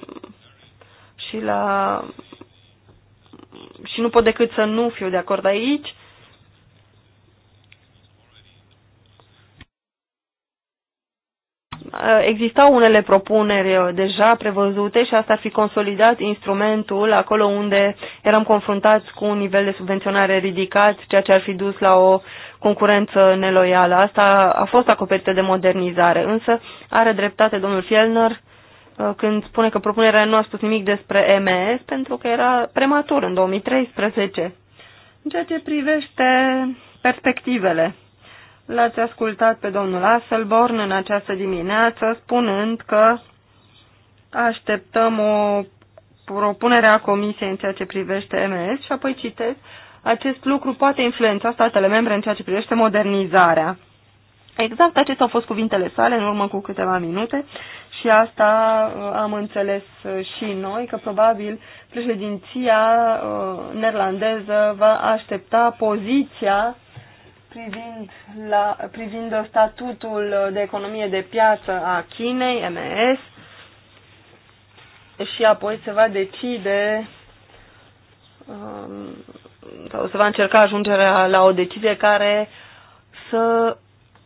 și la și nu pot decât să nu fiu de acord aici. Eh, existau unele propuneri eh, deja prevăzute și asta ar fi consolidat instrumentul acolo unde eram confruntați cu un nivel de subvenționare ridicat, ceea ce ar fi dus la o concurență neloială. Asta a fost acoperită de modernizare, însă are dreptate domnul Fielner eh, când spune că propunerea nu a spus nimic despre MES pentru că era prematur în 2013. În ceea ce privește perspectivele, L-ați ascultat pe domnul Asselborn în această dimineață spunând că așteptăm o propunere a Comisiei în ceea ce privește MS și apoi citesc acest lucru poate influența statele membre în ceea ce privește modernizarea. Exact acestea au fost cuvintele sale în urmă cu câteva minute și asta uh, am înțeles uh, și noi, că probabil președinția uh, neerlandeză va aștepta poziția privind, la, privind statutul de economie de piață a Chinei, MES, și apoi se va decide um, sau se va încerca ajungerea la o decizie care să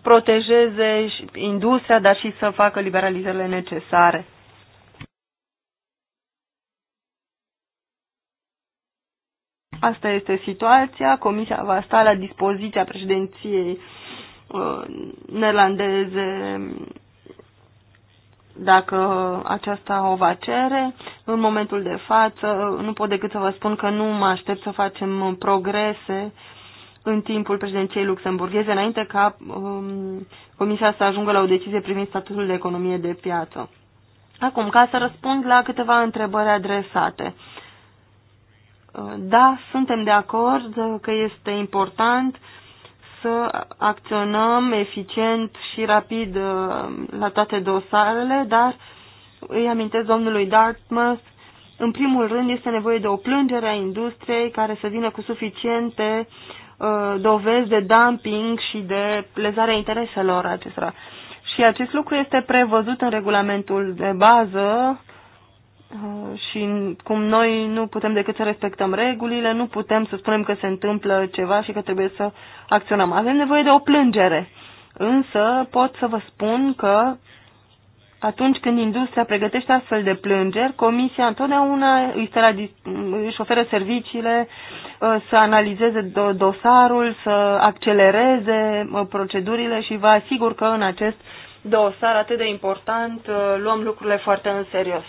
protejeze industria, dar și să facă liberalizările necesare. Asta este situația. Comisia va sta la dispoziția președinției uh, neerlandeze dacă aceasta o va cere. În momentul de față, nu pot decât să vă spun că nu mă aștept să facem progrese în timpul președinției luxemburgheze, înainte ca um, Comisia să ajungă la o decizie privind statutul de economie de piață. Acum, ca să răspund la câteva întrebări adresate. Uh, da, suntem de acord că este important să acționăm eficient și rapid uh, la toate dosarele, dar îi amintesc domnului Dartmouth, în primul rând este nevoie de o plângere a industriei care să vină cu suficiente uh, dovezi de dumping și de lezarea intereselor acestora. Și acest lucru este prevăzut în regulamentul de bază Uh, și cum noi nu putem decât să respectăm regulile, nu putem să spunem că se întâmplă ceva și că trebuie să acționăm. Avem nevoie de o plângere. Însă pot să vă spun că atunci când industria pregătește astfel de plângeri, comisia întotdeauna își oferă serviciile uh, să analizeze dosarul, să accelereze uh, procedurile și vă asigur că în acest dosar atât de important luăm lucrurile foarte în serios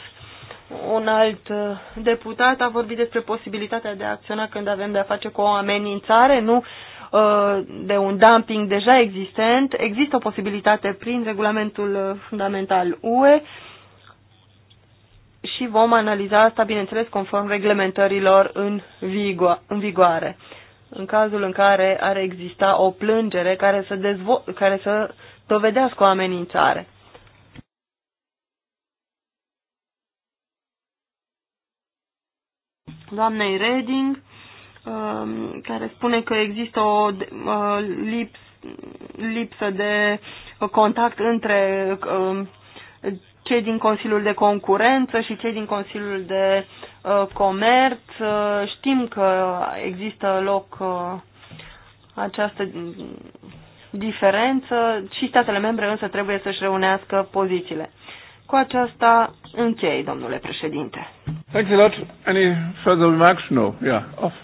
un alt uh, deputat a vorbit despre posibilitatea de a acționa când avem de a face cu o amenințare, nu uh, de un dumping deja existent. Există o posibilitate prin regulamentul uh, fundamental UE și vom analiza asta, bineînțeles, conform reglementărilor în, vigo- în vigoare. În cazul în care ar exista o plângere care să, dezvo- care să dovedească o amenințare. doamnei Reding, um, care spune că există o uh, lipsă de contact între um, cei din Consiliul de Concurență și cei din Consiliul de uh, Comerț. Uh, știm că există loc această diferență și statele membre însă trebuie să-și reunească pozițiile. Cu aceasta închei, domnule președinte. Thanks a lot. Any further remarks? No. Yeah. Off.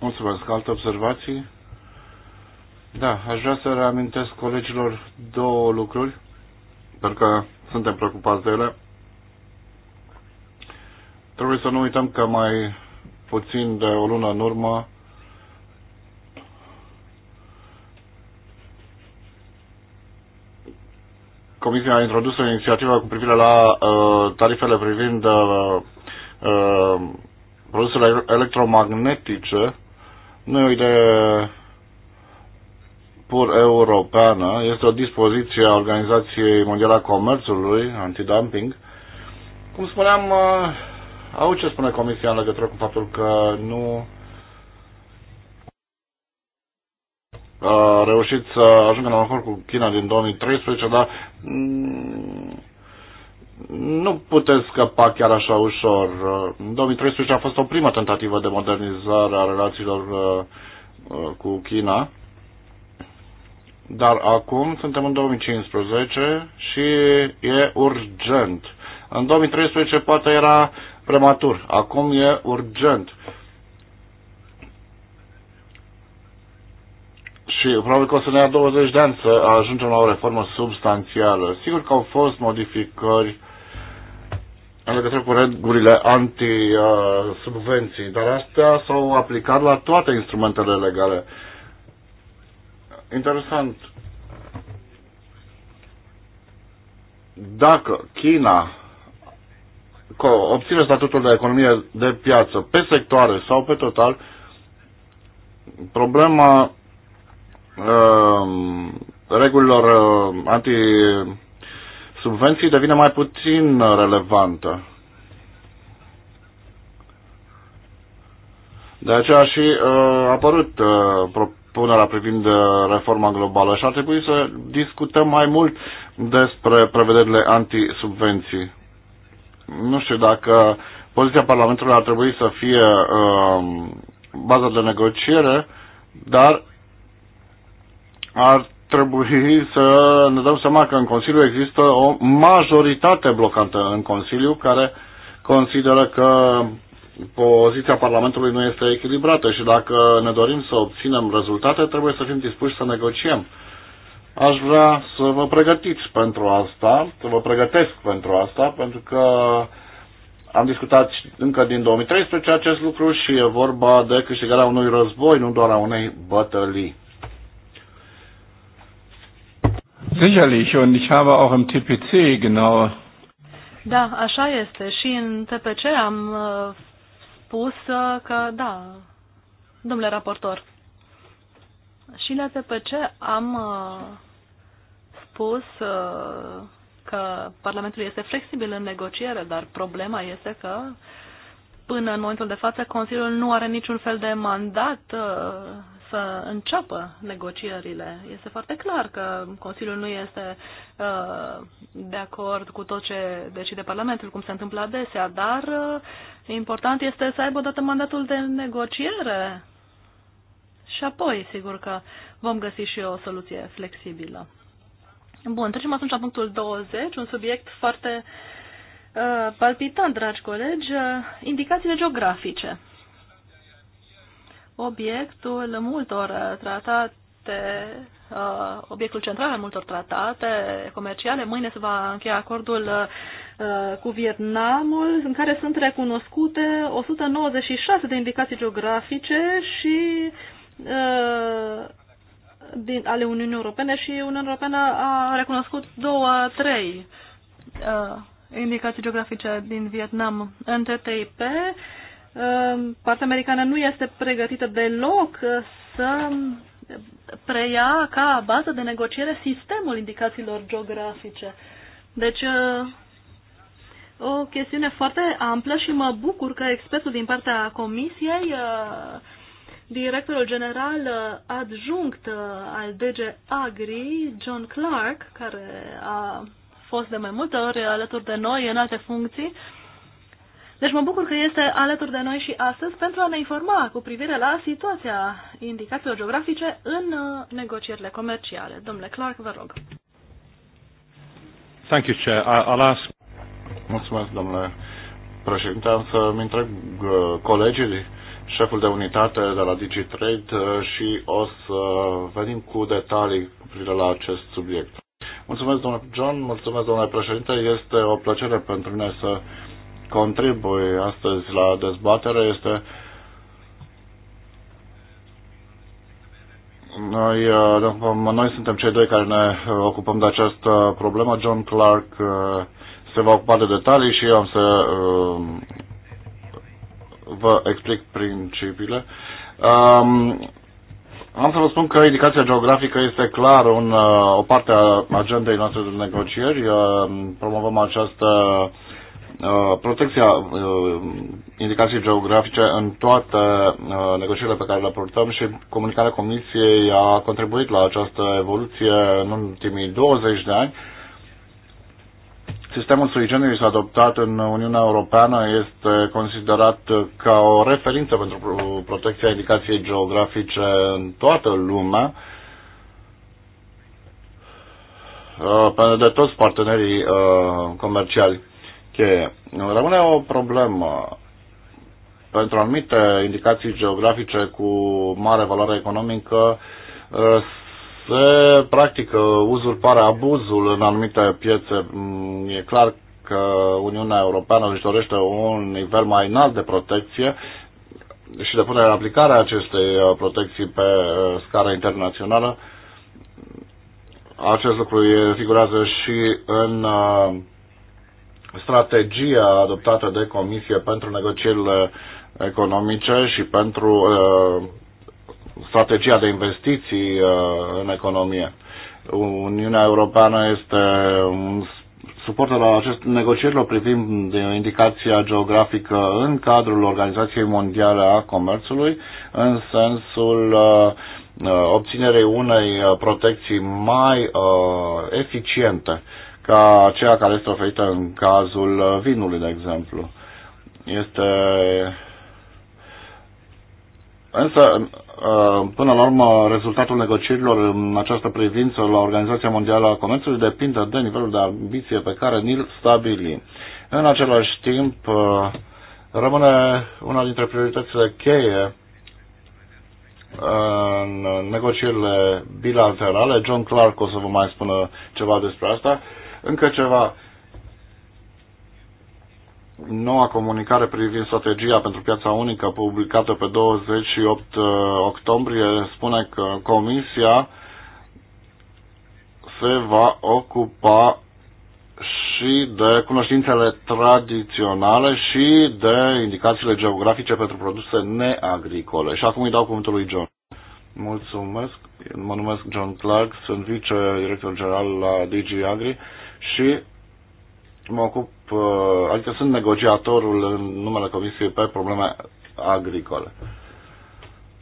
Mulțumesc. Alte observații? Da, aș vrea să reamintesc colegilor două lucruri, pentru că suntem preocupați de ele. Trebuie să nu uităm că mai puțin de o lună în urmă Comisia a introdus o inițiativă cu privire la uh, tarifele privind uh, uh, produsele electromagnetice. Nu e o idee pur europeană, este o dispoziție a Organizației Mondiale a Comerțului, antidumping. Cum spuneam, uh, au ce spune Comisia în legătură cu faptul că nu a reușit să ajungă la un acord cu China din 2013, dar Mm, nu puteți scăpa chiar așa ușor. În 2013 a fost o primă tentativă de modernizare a relațiilor uh, uh, cu China, dar acum suntem în 2015 și e urgent. În 2013 poate era prematur, acum e urgent și probabil că o să ne ia 20 de ani să ajungem la o reformă substanțială. Sigur că au fost modificări în legătură cu regulile anti-subvenții, dar astea s-au aplicat la toate instrumentele legale. Interesant. Dacă China obține statutul de economie de piață pe sectoare sau pe total, problema Ehm, regulilor uh, anti-subvenții devine mai puțin relevantă. De aceea și uh, apărut uh, propunerea privind reforma globală și ar trebui să discutăm mai mult despre prevederile anti subvenții. Nu știu dacă poziția Parlamentului ar trebui să fie uh, baza de negociere, dar ar trebui să ne dăm seama că în Consiliu există o majoritate blocantă în Consiliu care consideră că poziția Parlamentului nu este echilibrată și dacă ne dorim să obținem rezultate, trebuie să fim dispuși să negociem. Aș vrea să vă pregătiți pentru asta, să vă pregătesc pentru asta, pentru că am discutat încă din 2013 acest lucru și e vorba de câștigarea unui război, nu doar a unei bătălii. Sicherlich, und ich habe auch im TPC genau. Da, așa este. Și în TPC am uh, spus uh, că, da, domnule raportor, și la TPC am uh, spus uh, că Parlamentul este flexibil în negociere, dar problema este că până în momentul de față Consiliul nu are niciun fel de mandat uh, să înceapă negocierile. Este foarte clar că Consiliul nu este uh, de acord cu tot ce decide Parlamentul, cum se întâmplă adesea, dar uh, important este să aibă odată mandatul de negociere și apoi, sigur că vom găsi și o soluție flexibilă. Bun, trecem atunci la punctul 20, un subiect foarte uh, palpitant, dragi colegi, uh, indicațiile geografice obiectul multor uh, tratate, uh, obiectul central al multor tratate comerciale. Mâine se va încheia acordul uh, cu Vietnamul, în care sunt recunoscute 196 de indicații geografice și din, ale Uniunii Europene și Uniunea Europeană a recunoscut două, trei uh, indicații geografice din Vietnam în TTIP. Uh, Ehm, partea americană nu este pregătită deloc eh, să preia ca bază de negociere sistemul indicațiilor geografice. Deci, eh, o chestiune foarte amplă și mă bucur că expertul din partea comisiei, eh, directorul general adjunct al DG Agri, John Clark, care a fost de mai multe ori alături de noi în alte funcții, deci mă bucur că este alături de noi și astăzi pentru a ne informa cu privire la situația indicațiilor geografice în uh, negocierile comerciale. Domnule Clark, vă rog. Thank you, Chair. I'll ask... Mulțumesc, domnule președinte. Am să-mi întreb uh, colegii, șeful de unitate de la DigiTrade uh, și o să venim cu detalii cu privire la acest subiect. Mulțumesc, domnule John, mulțumesc, domnule președinte. Este o plăcere pentru noi să contribui astăzi la dezbatere este Noi, uh, noi suntem cei doi care ne ocupăm de această problemă. John Clark uh, se va ocupa de detalii și eu am să uh, vă explic principiile. Um, am să vă spun că indicația geografică este clar un, o parte a agendei noastre de negocieri. Promovăm această Uh, protecția uh, indicației geografice în toate uh, negocierile pe care le purtăm și comunicarea Comisiei a contribuit la această evoluție în ultimii 20 de ani. Sistemul sui generis adoptat în Uniunea Europeană este considerat ca o referință pentru protecția indicației geografice în toată lumea de toți partenerii comerciali cheie. Rămâne o problemă pentru anumite indicații geografice cu mare valoare economică uh, se practică uzurparea, abuzul în anumite piețe. Mm, e clar că Uniunea Europeană își dorește un nivel mai înalt de protecție și de punere în aplicare a acestei uh, protecții pe uh, scară internațională. Acest lucru figurează și în strategia adoptată de Comisie pentru negocierile economice și pentru uh, strategia de investiții uh, în economie. Uniunea Europeană este suportă la acest privim de indicația geografică în cadrul Organizației Mondiale a Comerțului în sensul uh, obținerei unei protecții mai eficiente ca aceea care este oferită în cazul vinului, de exemplu. Este Însă, uh, până la urmă, rezultatul negocierilor în această privință la Organizația Mondială a Comerțului depinde de nivelul de ambiție pe care ni-l stabilim. În același timp, uh, rămâne una dintre prioritățile cheie uh, în negocierile bilaterale. John Clark o să vă mai spună ceva despre asta. Încă ceva. Noua comunicare privind strategia pentru piața unică publicată pe 28 uh, octombrie spune că Comisia se va ocupa și de cunoștințele tradiționale și de indicațiile geografice pentru produse neagricole. Și acum îi dau cuvântul lui John. Mulțumesc. Mă numesc John Clark, sunt vice-director general la DG Agri și mă ocup, uh, adică sunt negociatorul în numele Comisiei pe probleme agricole.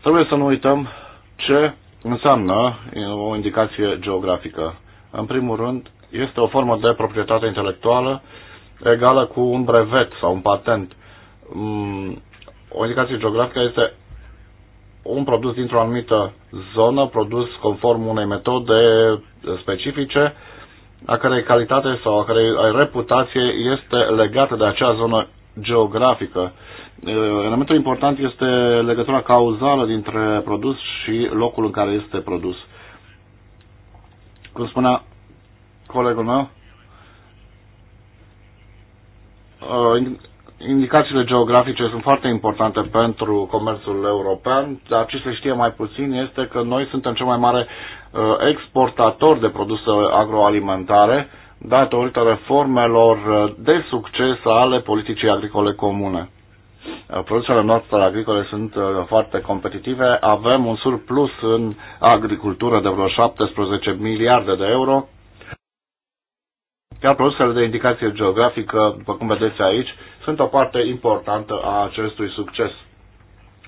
Trebuie să nu uităm ce înseamnă o indicație geografică. În primul rând, este o formă de proprietate intelectuală egală cu un brevet sau un patent. Mm, o indicație geografică este un produs dintr-o anumită zonă, produs conform unei metode specifice, a cărei calitate sau a cărei reputație este legată de acea zonă geografică. Elementul important este legătura cauzală dintre produs și locul în care este produs. Cum spunea colegul meu, uh, indicațiile geografice sunt foarte importante pentru comerțul european, dar ce se știe mai puțin este că noi suntem cel mai mare uh, exportator de produse agroalimentare datorită reformelor uh, de succes ale politicii agricole comune. Uh, produsele noastre agricole sunt foarte competitive, avem un surplus în agricultură de vreo 17 miliarde de euro, iar produsele de indicație geografică, după cum vedeți aici, sunt o parte importantă a acestui succes.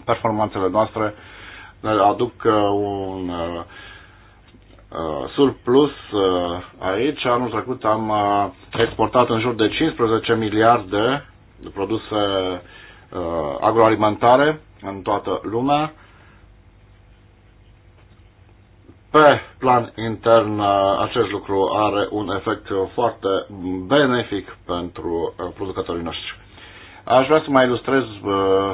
Performanțele noastre ne aduc uh, un uh, uh, surplus aici. Anul trecut am exportat în jur de 15 miliarde de produse agroalimentare în toată lumea. Pe plan intern, acest lucru are un efect foarte benefic pentru producătorii noștri. Aș vrea să mai ilustrez uh,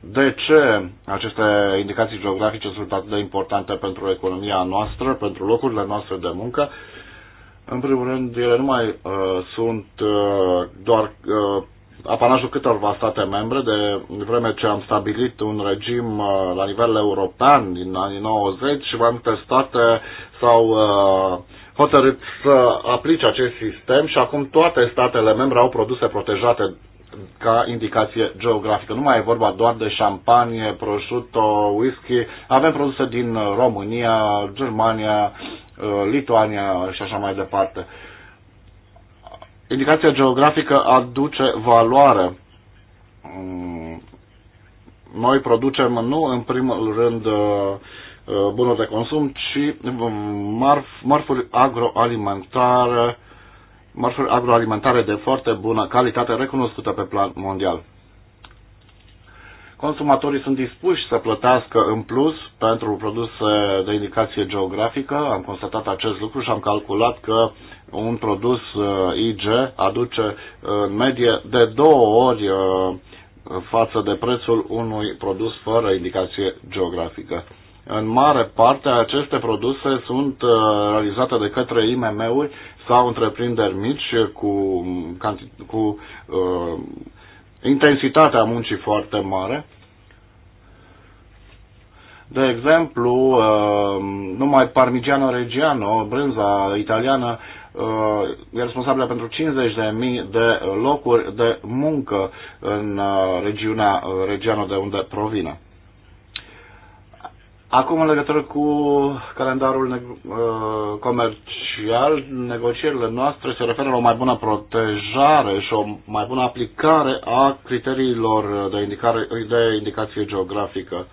de ce aceste indicații geografice sunt atât de importante pentru economia noastră, pentru locurile noastre de muncă. În primul rând, ele nu mai uh, sunt uh, doar uh, apanajul câtorva state membre, de vreme ce am stabilit un regim uh, la nivel european din anii 90 și mai multe state s-au uh, hotărât să aplice acest sistem și acum toate statele membre au produse protejate ca indicație geografică. Nu mai e vorba doar de șampanie, prosciutto, whisky. Avem produse din România, Germania, uh, Lituania și așa mai departe. Indicația geografică aduce valoare. Mm, noi producem nu în primul rând uh, uh, bunuri de consum, ci mm, marf, marfuri agroalimentare, mărfuri agroalimentare de foarte bună calitate recunoscută pe plan mondial. Consumatorii sunt dispuși să plătească în plus pentru produse de indicație geografică. Am constatat acest lucru și am calculat că un produs uh, IG aduce uh, în medie de două ori uh, față de prețul unui produs fără indicație geografică. În mare parte, aceste produse sunt realizate de către IMM-uri sau întreprinderi mici cu, cu uh, intensitatea muncii foarte mare. De exemplu, uh, numai Parmigiano Reggiano, brânza italiană, uh, e responsabilă pentru 50.000 de locuri de muncă în uh, regiunea uh, Reggiano de unde provine. Acum, în legătură cu calendarul ne- uh, comercial, negocierile noastre se referă la o mai bună protejare și o mai bună aplicare a criteriilor de, indicare, de indicație geografică.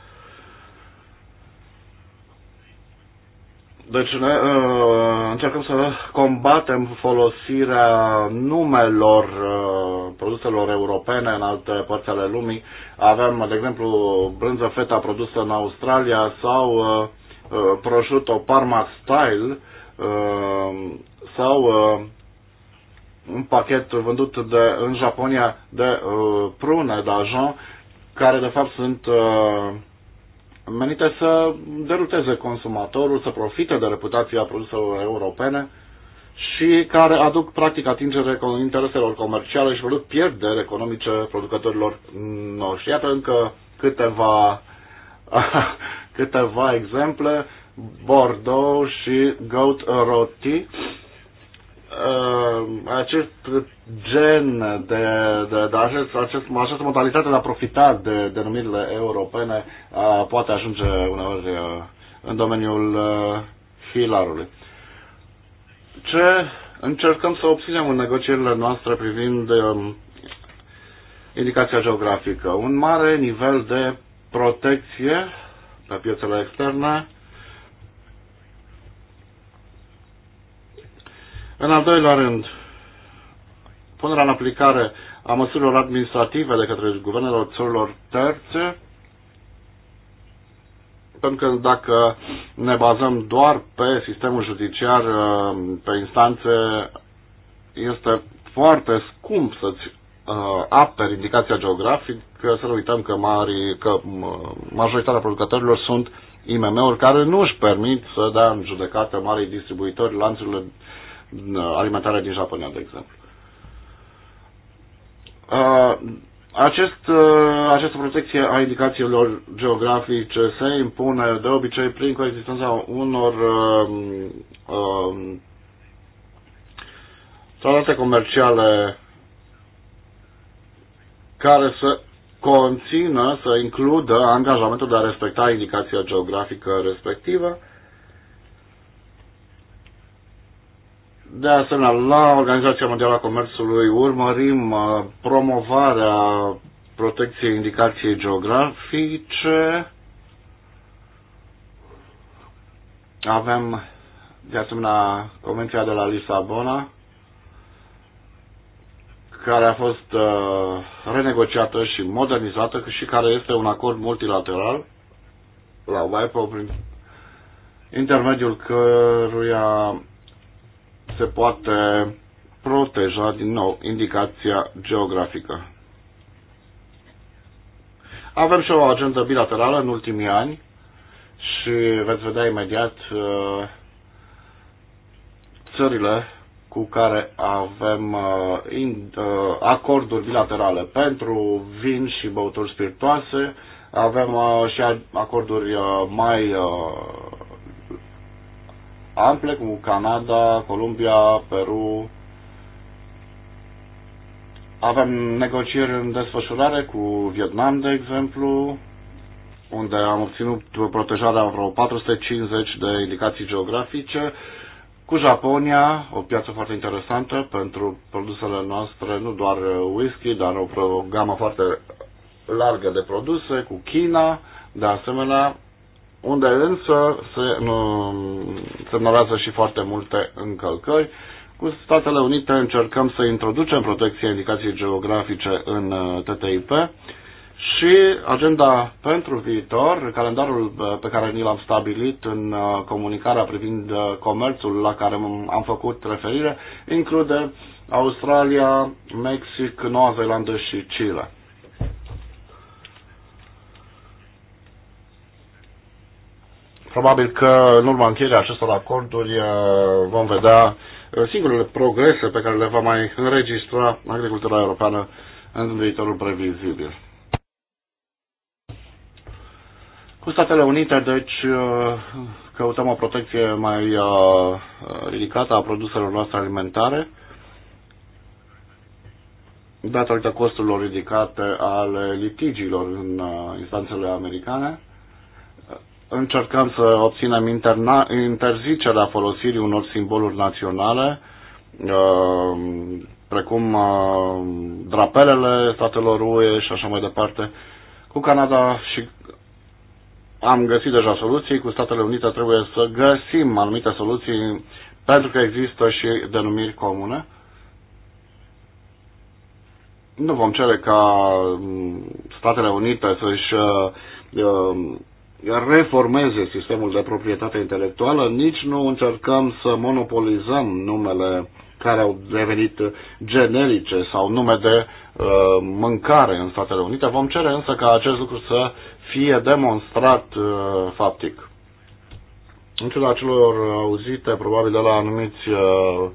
Deci ne, uh, încercăm să combatem folosirea numelor uh, produselor europene în alte părți ale lumii. Avem, de exemplu, brânză feta produsă în Australia sau uh, uh prosciutto Parma Style uh, sau uh, un pachet vândut de, în Japonia de uh, prune d'argent, care de fapt sunt uh, menite să deruteze consumatorul, să profite de reputația produselor europene și care aduc practic atingere intereselor comerciale și produc pierderi economice producătorilor noștri. Iată încă câteva, [laughs] câteva exemple, Bordeaux și Goat Roti Uh, acest gen de, de, de acest, acest, această modalitate de a profita de denumirile europene uh, poate ajunge uneori uh, în domeniul hilarului. Ce încercăm să obținem în negocierile noastre privind um, indicația geografică? Un mare nivel de protecție pe piețele externe, În al doilea rând, punerea în aplicare a măsurilor administrative de către guvernelor țărilor terțe, pentru că dacă ne bazăm doar pe sistemul judiciar, uh, pe instanțe, este foarte scump să-ți uh, aperi indicația geografică, să nu uităm că, mari, că uh, majoritatea producătorilor sunt IMM-uri care nu își permit să dea în judecată mari distribuitori, lanțurile Uh, alimentare din Japonia, de exemplu. Uh, acest, uh, această protecție a indicațiilor geografice se impune de obicei prin coexistența unor um, tratate comerciale care să conțină, să includă angajamentul de a respecta indicația geografică respectivă De asemenea, la Organizația Mondială a Comerțului urmărim uh, promovarea protecției indicației geografice. Avem, de asemenea, Convenția de la Lisabona, care a fost uh, renegociată și modernizată și care este un acord multilateral la WIPO prin intermediul căruia se poate proteja din nou indicația geografică. Avem și o agendă bilaterală în ultimii ani și veți vedea imediat uh, țările cu care avem uh, uh, acorduri bilaterale pentru vin și băuturi spiritoase, avem și acorduri mai ample cu Canada, Columbia, Peru. Avem negocieri în desfășurare cu Vietnam, de exemplu, unde am obținut protejarea vreo 450 de indicații geografice, cu Japonia, o piață foarte interesantă pentru produsele noastre, nu doar whisky, dar o gamă foarte largă de produse, cu China, de asemenea, unde însă se semnalează și foarte multe încălcări. Cu Statele Unite încercăm să introducem protecția indicației geografice în uh, TTIP și agenda pentru viitor, calendarul uh, pe care ni l-am stabilit în uh, comunicarea privind comerțul la care am făcut referire, include Australia, Mexic, Noua Zeelandă și Chile. Probabil că în urma încheierii acestor acorduri uh, vom vedea uh, singurele progrese pe care le va mai înregistra agricultura europeană în viitorul previzibil. Cu Statele Unite, deci, uh, căutăm o protecție mai ridicată a produselor noastre alimentare datorită costurilor ridicate ale litigiilor în instanțele americane încercăm să obținem interna- interzicerea folosirii unor simboluri naționale, uh, precum uh, drapelele statelor UE și așa mai departe. Cu Canada și am găsit deja soluții, cu Statele Unite trebuie să găsim anumite soluții pentru că există și denumiri comune. Nu vom cere ca mm, Statele Unite să-și uh, reformeze sistemul de proprietate intelectuală, nici nu încercăm să monopolizăm numele care au devenit generice sau nume de uh, mâncare în Statele Unite. Vom cere însă ca acest lucru să fie demonstrat uh, faptic. În ciuda celor auzite probabil de la anumiți uh, uh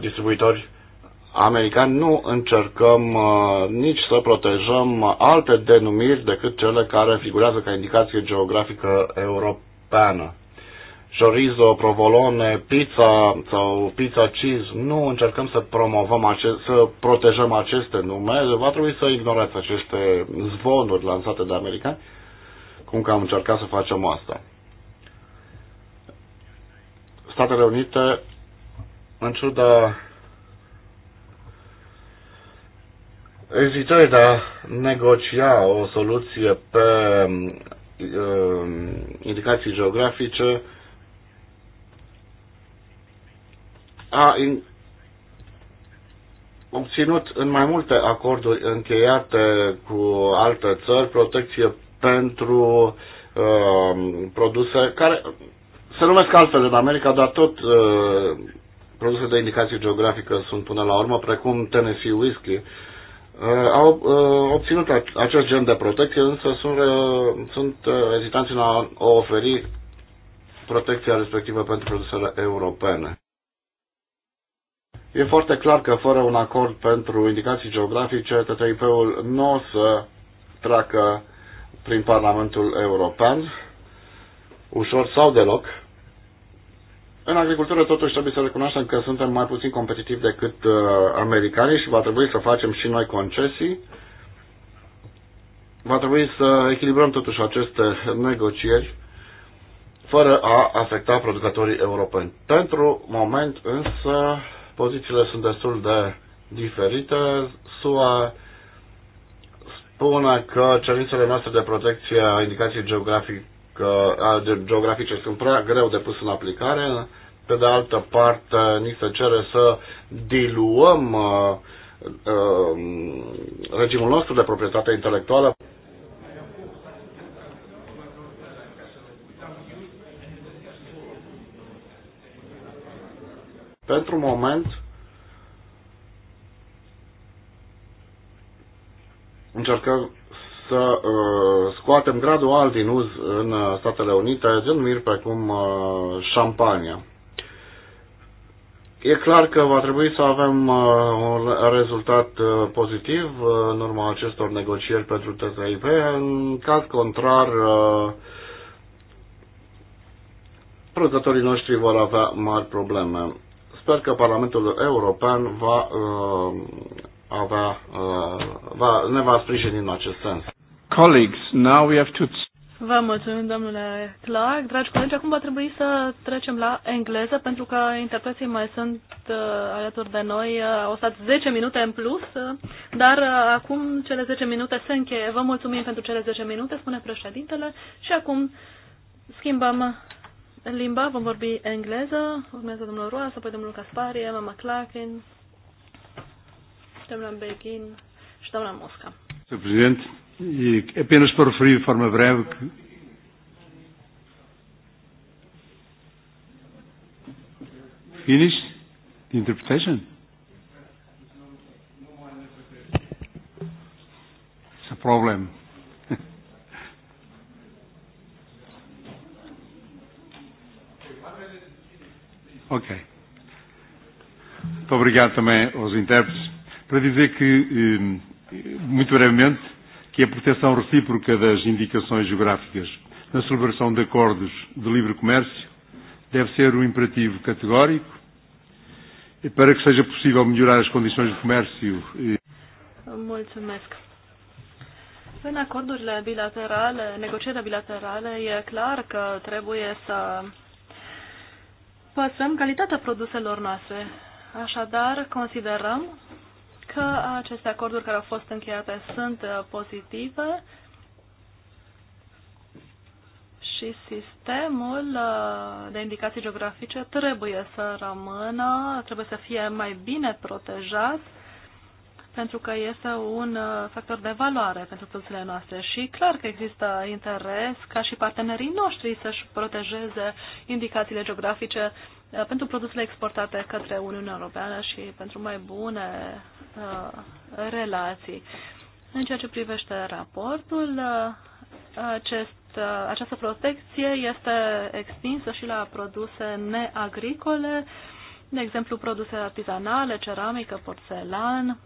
distribuitori americani nu încercăm uh, nici să protejăm alte denumiri decât cele care figurează ca indicație geografică europeană. Chorizo, provolone, pizza sau pizza cheese, nu încercăm să promovăm, acest, să protejăm aceste nume, va trebui să ignorați aceste zvonuri lansate de americani, cum că am încercat să facem asta. Statele Unite, în ciuda ezitări de a negocia o soluție pe uh, indicații geografice a in, obținut în mai multe acorduri încheiate cu alte țări protecție pentru uh, produse care se numesc altfel în America, dar tot uh, produse de indicație geografică sunt până la urmă, precum Tennessee Whiskey, uh, Uh, au uh, obținut acest gen de protecție, însă sunt, uh, sunt ezitanți în a oferi protecția respectivă pentru produsele europene. E foarte clar că fără un acord pentru indicații geografice, TTIP-ul nu o să treacă prin Parlamentul European, ușor sau deloc. În agricultură, totuși, trebuie să recunoaștem că suntem mai puțin competitivi decât uh, americanii și va trebui să facem și noi concesii. Va trebui să echilibrăm, totuși, aceste negocieri fără a afecta producătorii europeni. Pentru moment, însă, pozițiile sunt destul de diferite. SUA spune că cerințele noastre de protecție a indicației geografice că geografice sunt prea greu de pus în aplicare, pe de altă parte ni se cere să diluăm uh, uh, regimul nostru de proprietate intelectuală. Pentru moment, încercăm să uh, scoatem gradual din uz în uh, Statele Unite denumiri precum uh, șampania. E clar că va trebui să avem un rezultat pozitiv în urma acestor negocieri pentru TTIP. În caz contrar, producătorii noștri vor avea mari probleme. Sper că Parlamentul European va avea, uh, va, ne va sprijini în acest sens. Colleagues, now we have to... Vă mulțumim, domnule Clark. Dragi colegi, acum va trebui să trecem la engleză, pentru că interpreții mai sunt uh, alături de noi. Uh, au stat 10 minute în plus, uh, dar uh, acum cele 10 minute se încheie. Vă mulțumim pentru cele 10 minute, spune președintele. Și acum schimbăm limba, vom vorbi engleză. Urmează domnul Roas, apoi domnul Casparie, mama Clarkin doamna Beghin și doamna Mosca. Președinte, apenas para referir de forma breve que Finished the interpretation? It's a problem. [laughs] ok. Muito obrigado também aos intérpretes para dizer que, eh, muito brevemente, que a proteção recíproca das indicações geográficas na celebração de acordos de livre comércio deve ser um imperativo categórico para que seja possível melhorar as condições de comércio. Eh, Mulțumesc. În acordurile bilaterale, negocierile bilaterale, e clar că trebuie să păsăm calitatea produselor noastre. Așadar, considerăm că aceste acorduri care au fost încheiate sunt uh, pozitive și sistemul uh, de indicații geografice trebuie să rămână, trebuie să fie mai bine protejat pentru că este un uh, factor de valoare pentru produsele noastre și clar că există interes ca și partenerii noștri să-și protejeze indicațiile geografice Uh, pentru produsele exportate către Uniunea Europeană și pentru mai bune uh, relații. În ceea ce privește raportul, uh, acest, uh, această protecție este extinsă și la produse neagricole, de exemplu produse artizanale, ceramică, porțelan.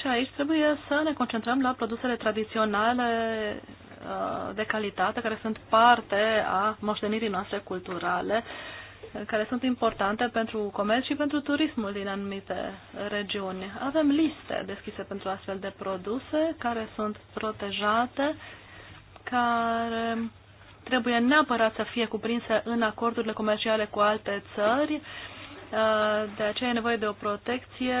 Și aici trebuie să ne concentrăm la produsele tradiționale Uh, de calitate care sunt parte a moștenirii noastre culturale, uh, care sunt importante pentru comerț și pentru turismul din anumite regiuni. Avem liste deschise pentru astfel de produse care sunt protejate, care trebuie neapărat să fie cuprinse în acordurile comerciale cu alte țări. Uh, de aceea e nevoie de o protecție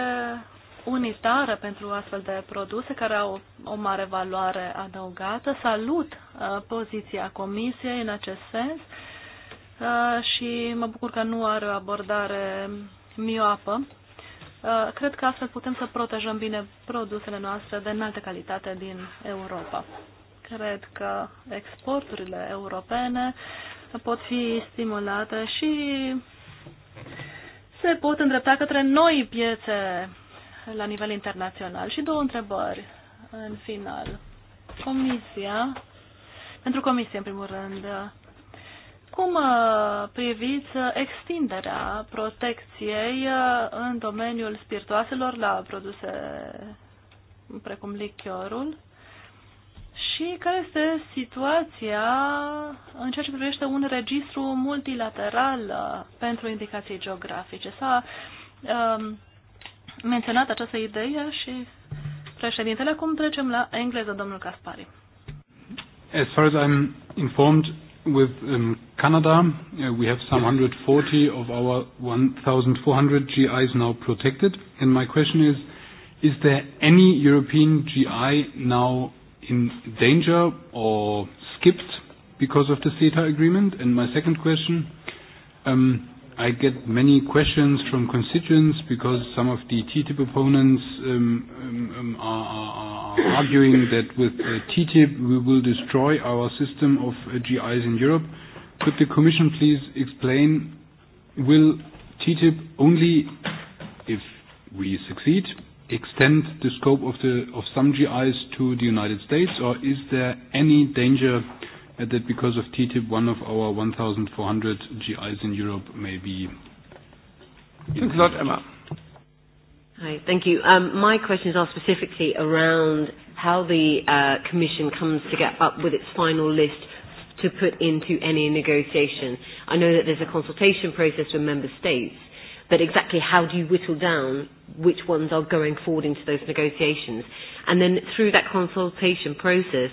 unitară pentru astfel de produse care au o mare valoare adăugată. Salut uh, poziția Comisiei în acest sens uh, și mă bucur că nu are o abordare mioapă. Uh, cred că astfel putem să protejăm bine produsele noastre de înaltă calitate din Europa. Cred că exporturile europene pot fi stimulate și se pot îndrepta către noi piețe la nivel internațional. Și două întrebări în final. Comisia, pentru comisie în primul rând, cum uh, priviți uh, extinderea protecției uh, în domeniul spiritoaselor la produse precum lichiorul? Și care este situația în ceea ce privește un registru multilateral pentru indicații geografice? Sau, um, menționat această idee și președintele. Acum trecem la engleză, domnul Caspari. As far as I'm informed, with um, Canada, uh, we have some 140 of our 1,400 GIs now protected. And my question is, is there any European GI now in danger or skipped because of the CETA agreement? And my second question, um, I get many questions from constituents because some of the TTIP opponents um, um, um are, are arguing that with uh, TTIP we will destroy our system of uh, GIs in Europe. Could the Commission please explain, will TTIP only, if we succeed, extend the scope of, the, of some GIs to the United States or is there any danger that because of TTIP, one of our 1,400 GIs in Europe may be. Thanks a lot, Emma. Hi, thank you. Um, my questions are specifically around how the uh, Commission comes to get up with its final list to put into any negotiation. I know that there's a consultation process with member states, but exactly how do you whittle down which ones are going forward into those negotiations? And then through that consultation process,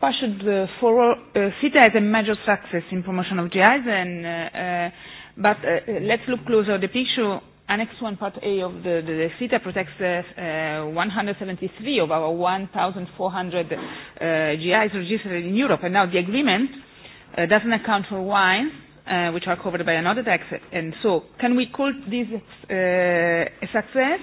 PAS should uh, follow uh, CETA as a major success in promotion of GIs, and, uh, uh, but uh, uh, let's look closer at the picture. Annex 1 Part A of the, the, the CETA protects uh, uh, 173 of our 1,400 uh, GIs registered in Europe, and now the agreement uh, doesn't account for wines, uh, which are covered by another tax. And so, can we call this uh, a success?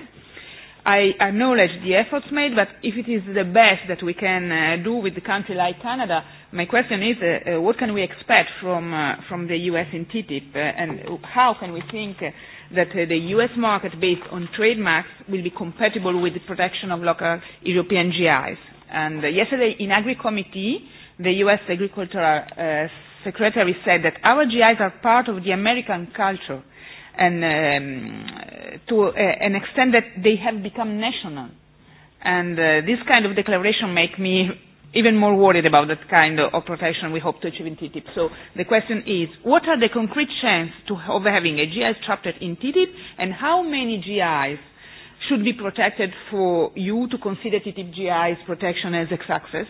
I acknowledge the efforts made, but if it is the best that we can uh, do with a country like Canada, my question is uh, uh, what can we expect from, uh, from the US in TTIP, uh, and how can we think uh, that uh, the US market based on trademarks will be compatible with the protection of local European GIs? And uh, yesterday in Agri Committee, the US Agricultural uh, Secretary said that our GIs are part of the American culture and um, to uh, an extent that they have become national. And uh, this kind of declaration make me even more worried about that kind of protection we hope to achieve in TTIP. So the question is, what are the concrete chances to, of having a GI chapter in TTIP, and how many GIs should be protected for you to consider TTIP GIs protection as a success?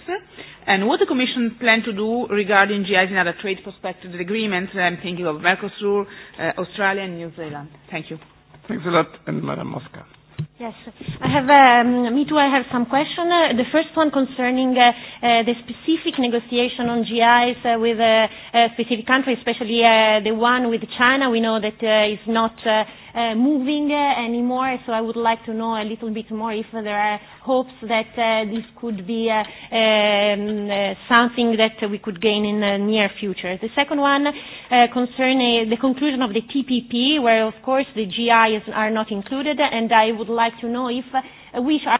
And what the Commission plan to do regarding GIs in other trade prospective agreements? I'm thinking of Mercosur, uh, Australia, and New Zealand. Thank you. Thanks a lot, and Madam Mosca. Yes, I have, um, me too, I have some questions. Uh, the first one concerning uh, uh, the specific negotiation on GIs uh, with a, uh, a uh, specific country, especially uh, the one with China. We know that uh, is not uh, uh, moving uh, anymore. So I would like to know a little bit more if there are hopes that uh, this could be uh, um, uh, something that we could gain in the near future. The second one uh, concerning uh, the conclusion of the TPP, where of course the GIs are not included, and I would like to know if uh, which are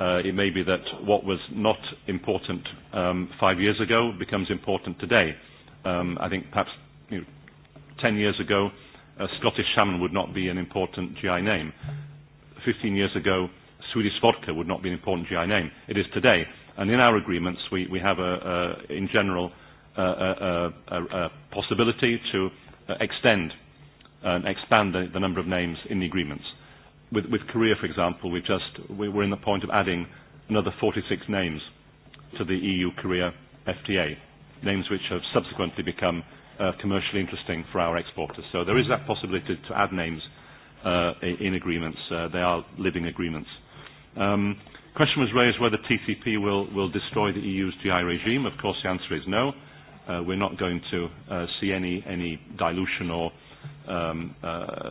Uh, it may be that what was not important um, five years ago becomes important today. Um, I think perhaps you know, ten years ago, a uh, Scottish salmon would not be an important GI name. Fifteen years ago, Swedish vodka would not be an important GI name. It is today. And in our agreements, we, we have, a, a, in general, a, a, a, a possibility to uh, extend uh, and expand the, the number of names in the agreements with, with Korea, for example, we just, we were in the point of adding another 46 names to the EU-Korea FTA, names which have subsequently become uh, commercially interesting for our exporters. So there is that possibility to, to add names uh, in agreements. Uh, they are living agreements. Um, question was raised whether TCP will, will destroy the EU's GI regime. Of course, the answer is no. Uh, we're not going to uh, see any, any dilution or um, uh,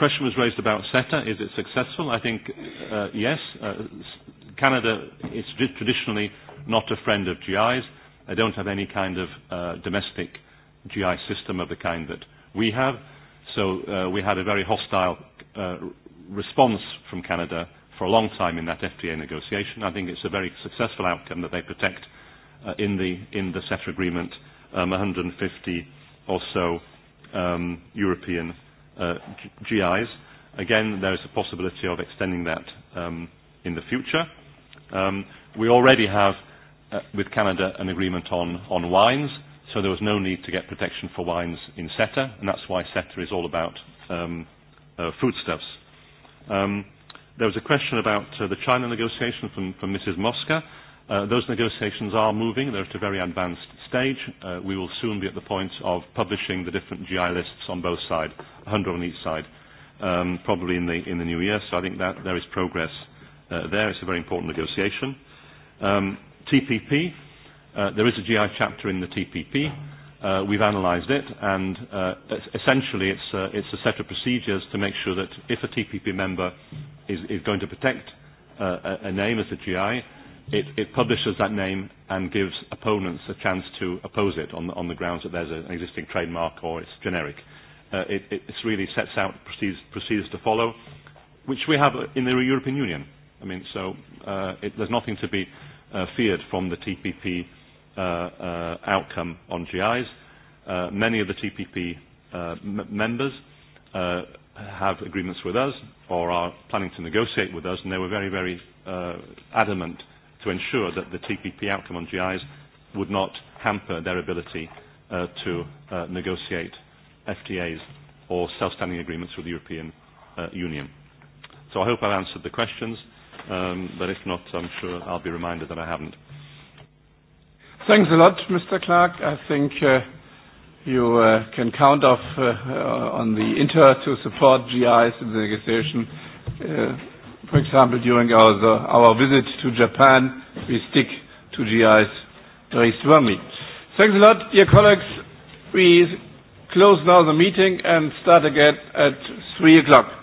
question was raised about CETA. Is it successful? I think uh, yes. Uh, Canada is traditionally not a friend of GIs. They don't have any kind of uh, domestic GI system of the kind that we have. So uh, we had a very hostile uh, response from Canada for a long time in that FTA negotiation. I think it's a very successful outcome that they protect uh, in the in the CETA agreement um, 150 or so um, European uh, GIs. Again, there is a possibility of extending that um, in the future. Um, we already have, uh, with Canada, an agreement on, on wines, so there was no need to get protection for wines in CETA, and that's why CETA is all about um, uh, foodstuffs. Um, there was a question about uh, the China negotiation from, from Mrs. Mosca. Uh, those negotiations are moving. They're at a very advanced stage. Uh, we will soon be at the point of publishing the different GI lists on both sides, 100 on each side, um, probably in the, in the new year. So I think that there is progress uh, there. It's a very important negotiation. Um, TPP, uh, there is a GI chapter in the TPP. Uh, we've analysed it, and uh, essentially it's, uh, it's a set of procedures to make sure that if a TPP member is, is going to protect uh, a, a name as a GI, it, it publishes that name and gives opponents a chance to oppose it on, on the grounds that there's a, an existing trademark or it's generic. Uh, it, it really sets out procedures, procedures to follow, which we have in the European Union. I mean, so uh, it, there's nothing to be uh, feared from the TPP uh, uh, outcome on GIs. Uh, many of the TPP uh, m members uh, have agreements with us or are planning to negotiate with us, and they were very, very uh, adamant to ensure that the TPP outcome on GIs would not hamper their ability uh, to uh, negotiate FTAs or self-standing agreements with the European uh, Union. So I hope I've answered the questions, um, but if not, I'm sure I'll be reminded that I haven't. Thanks a lot, Mr. Clark. I think uh, you uh, can count off uh, on the Inter to support GIs in the negotiation. Uh, For example, during our, the, our visit to Japan, we stick to GIs very strongly. Thanks a lot, dear colleagues. We close now the meeting and start again at 3 o'clock.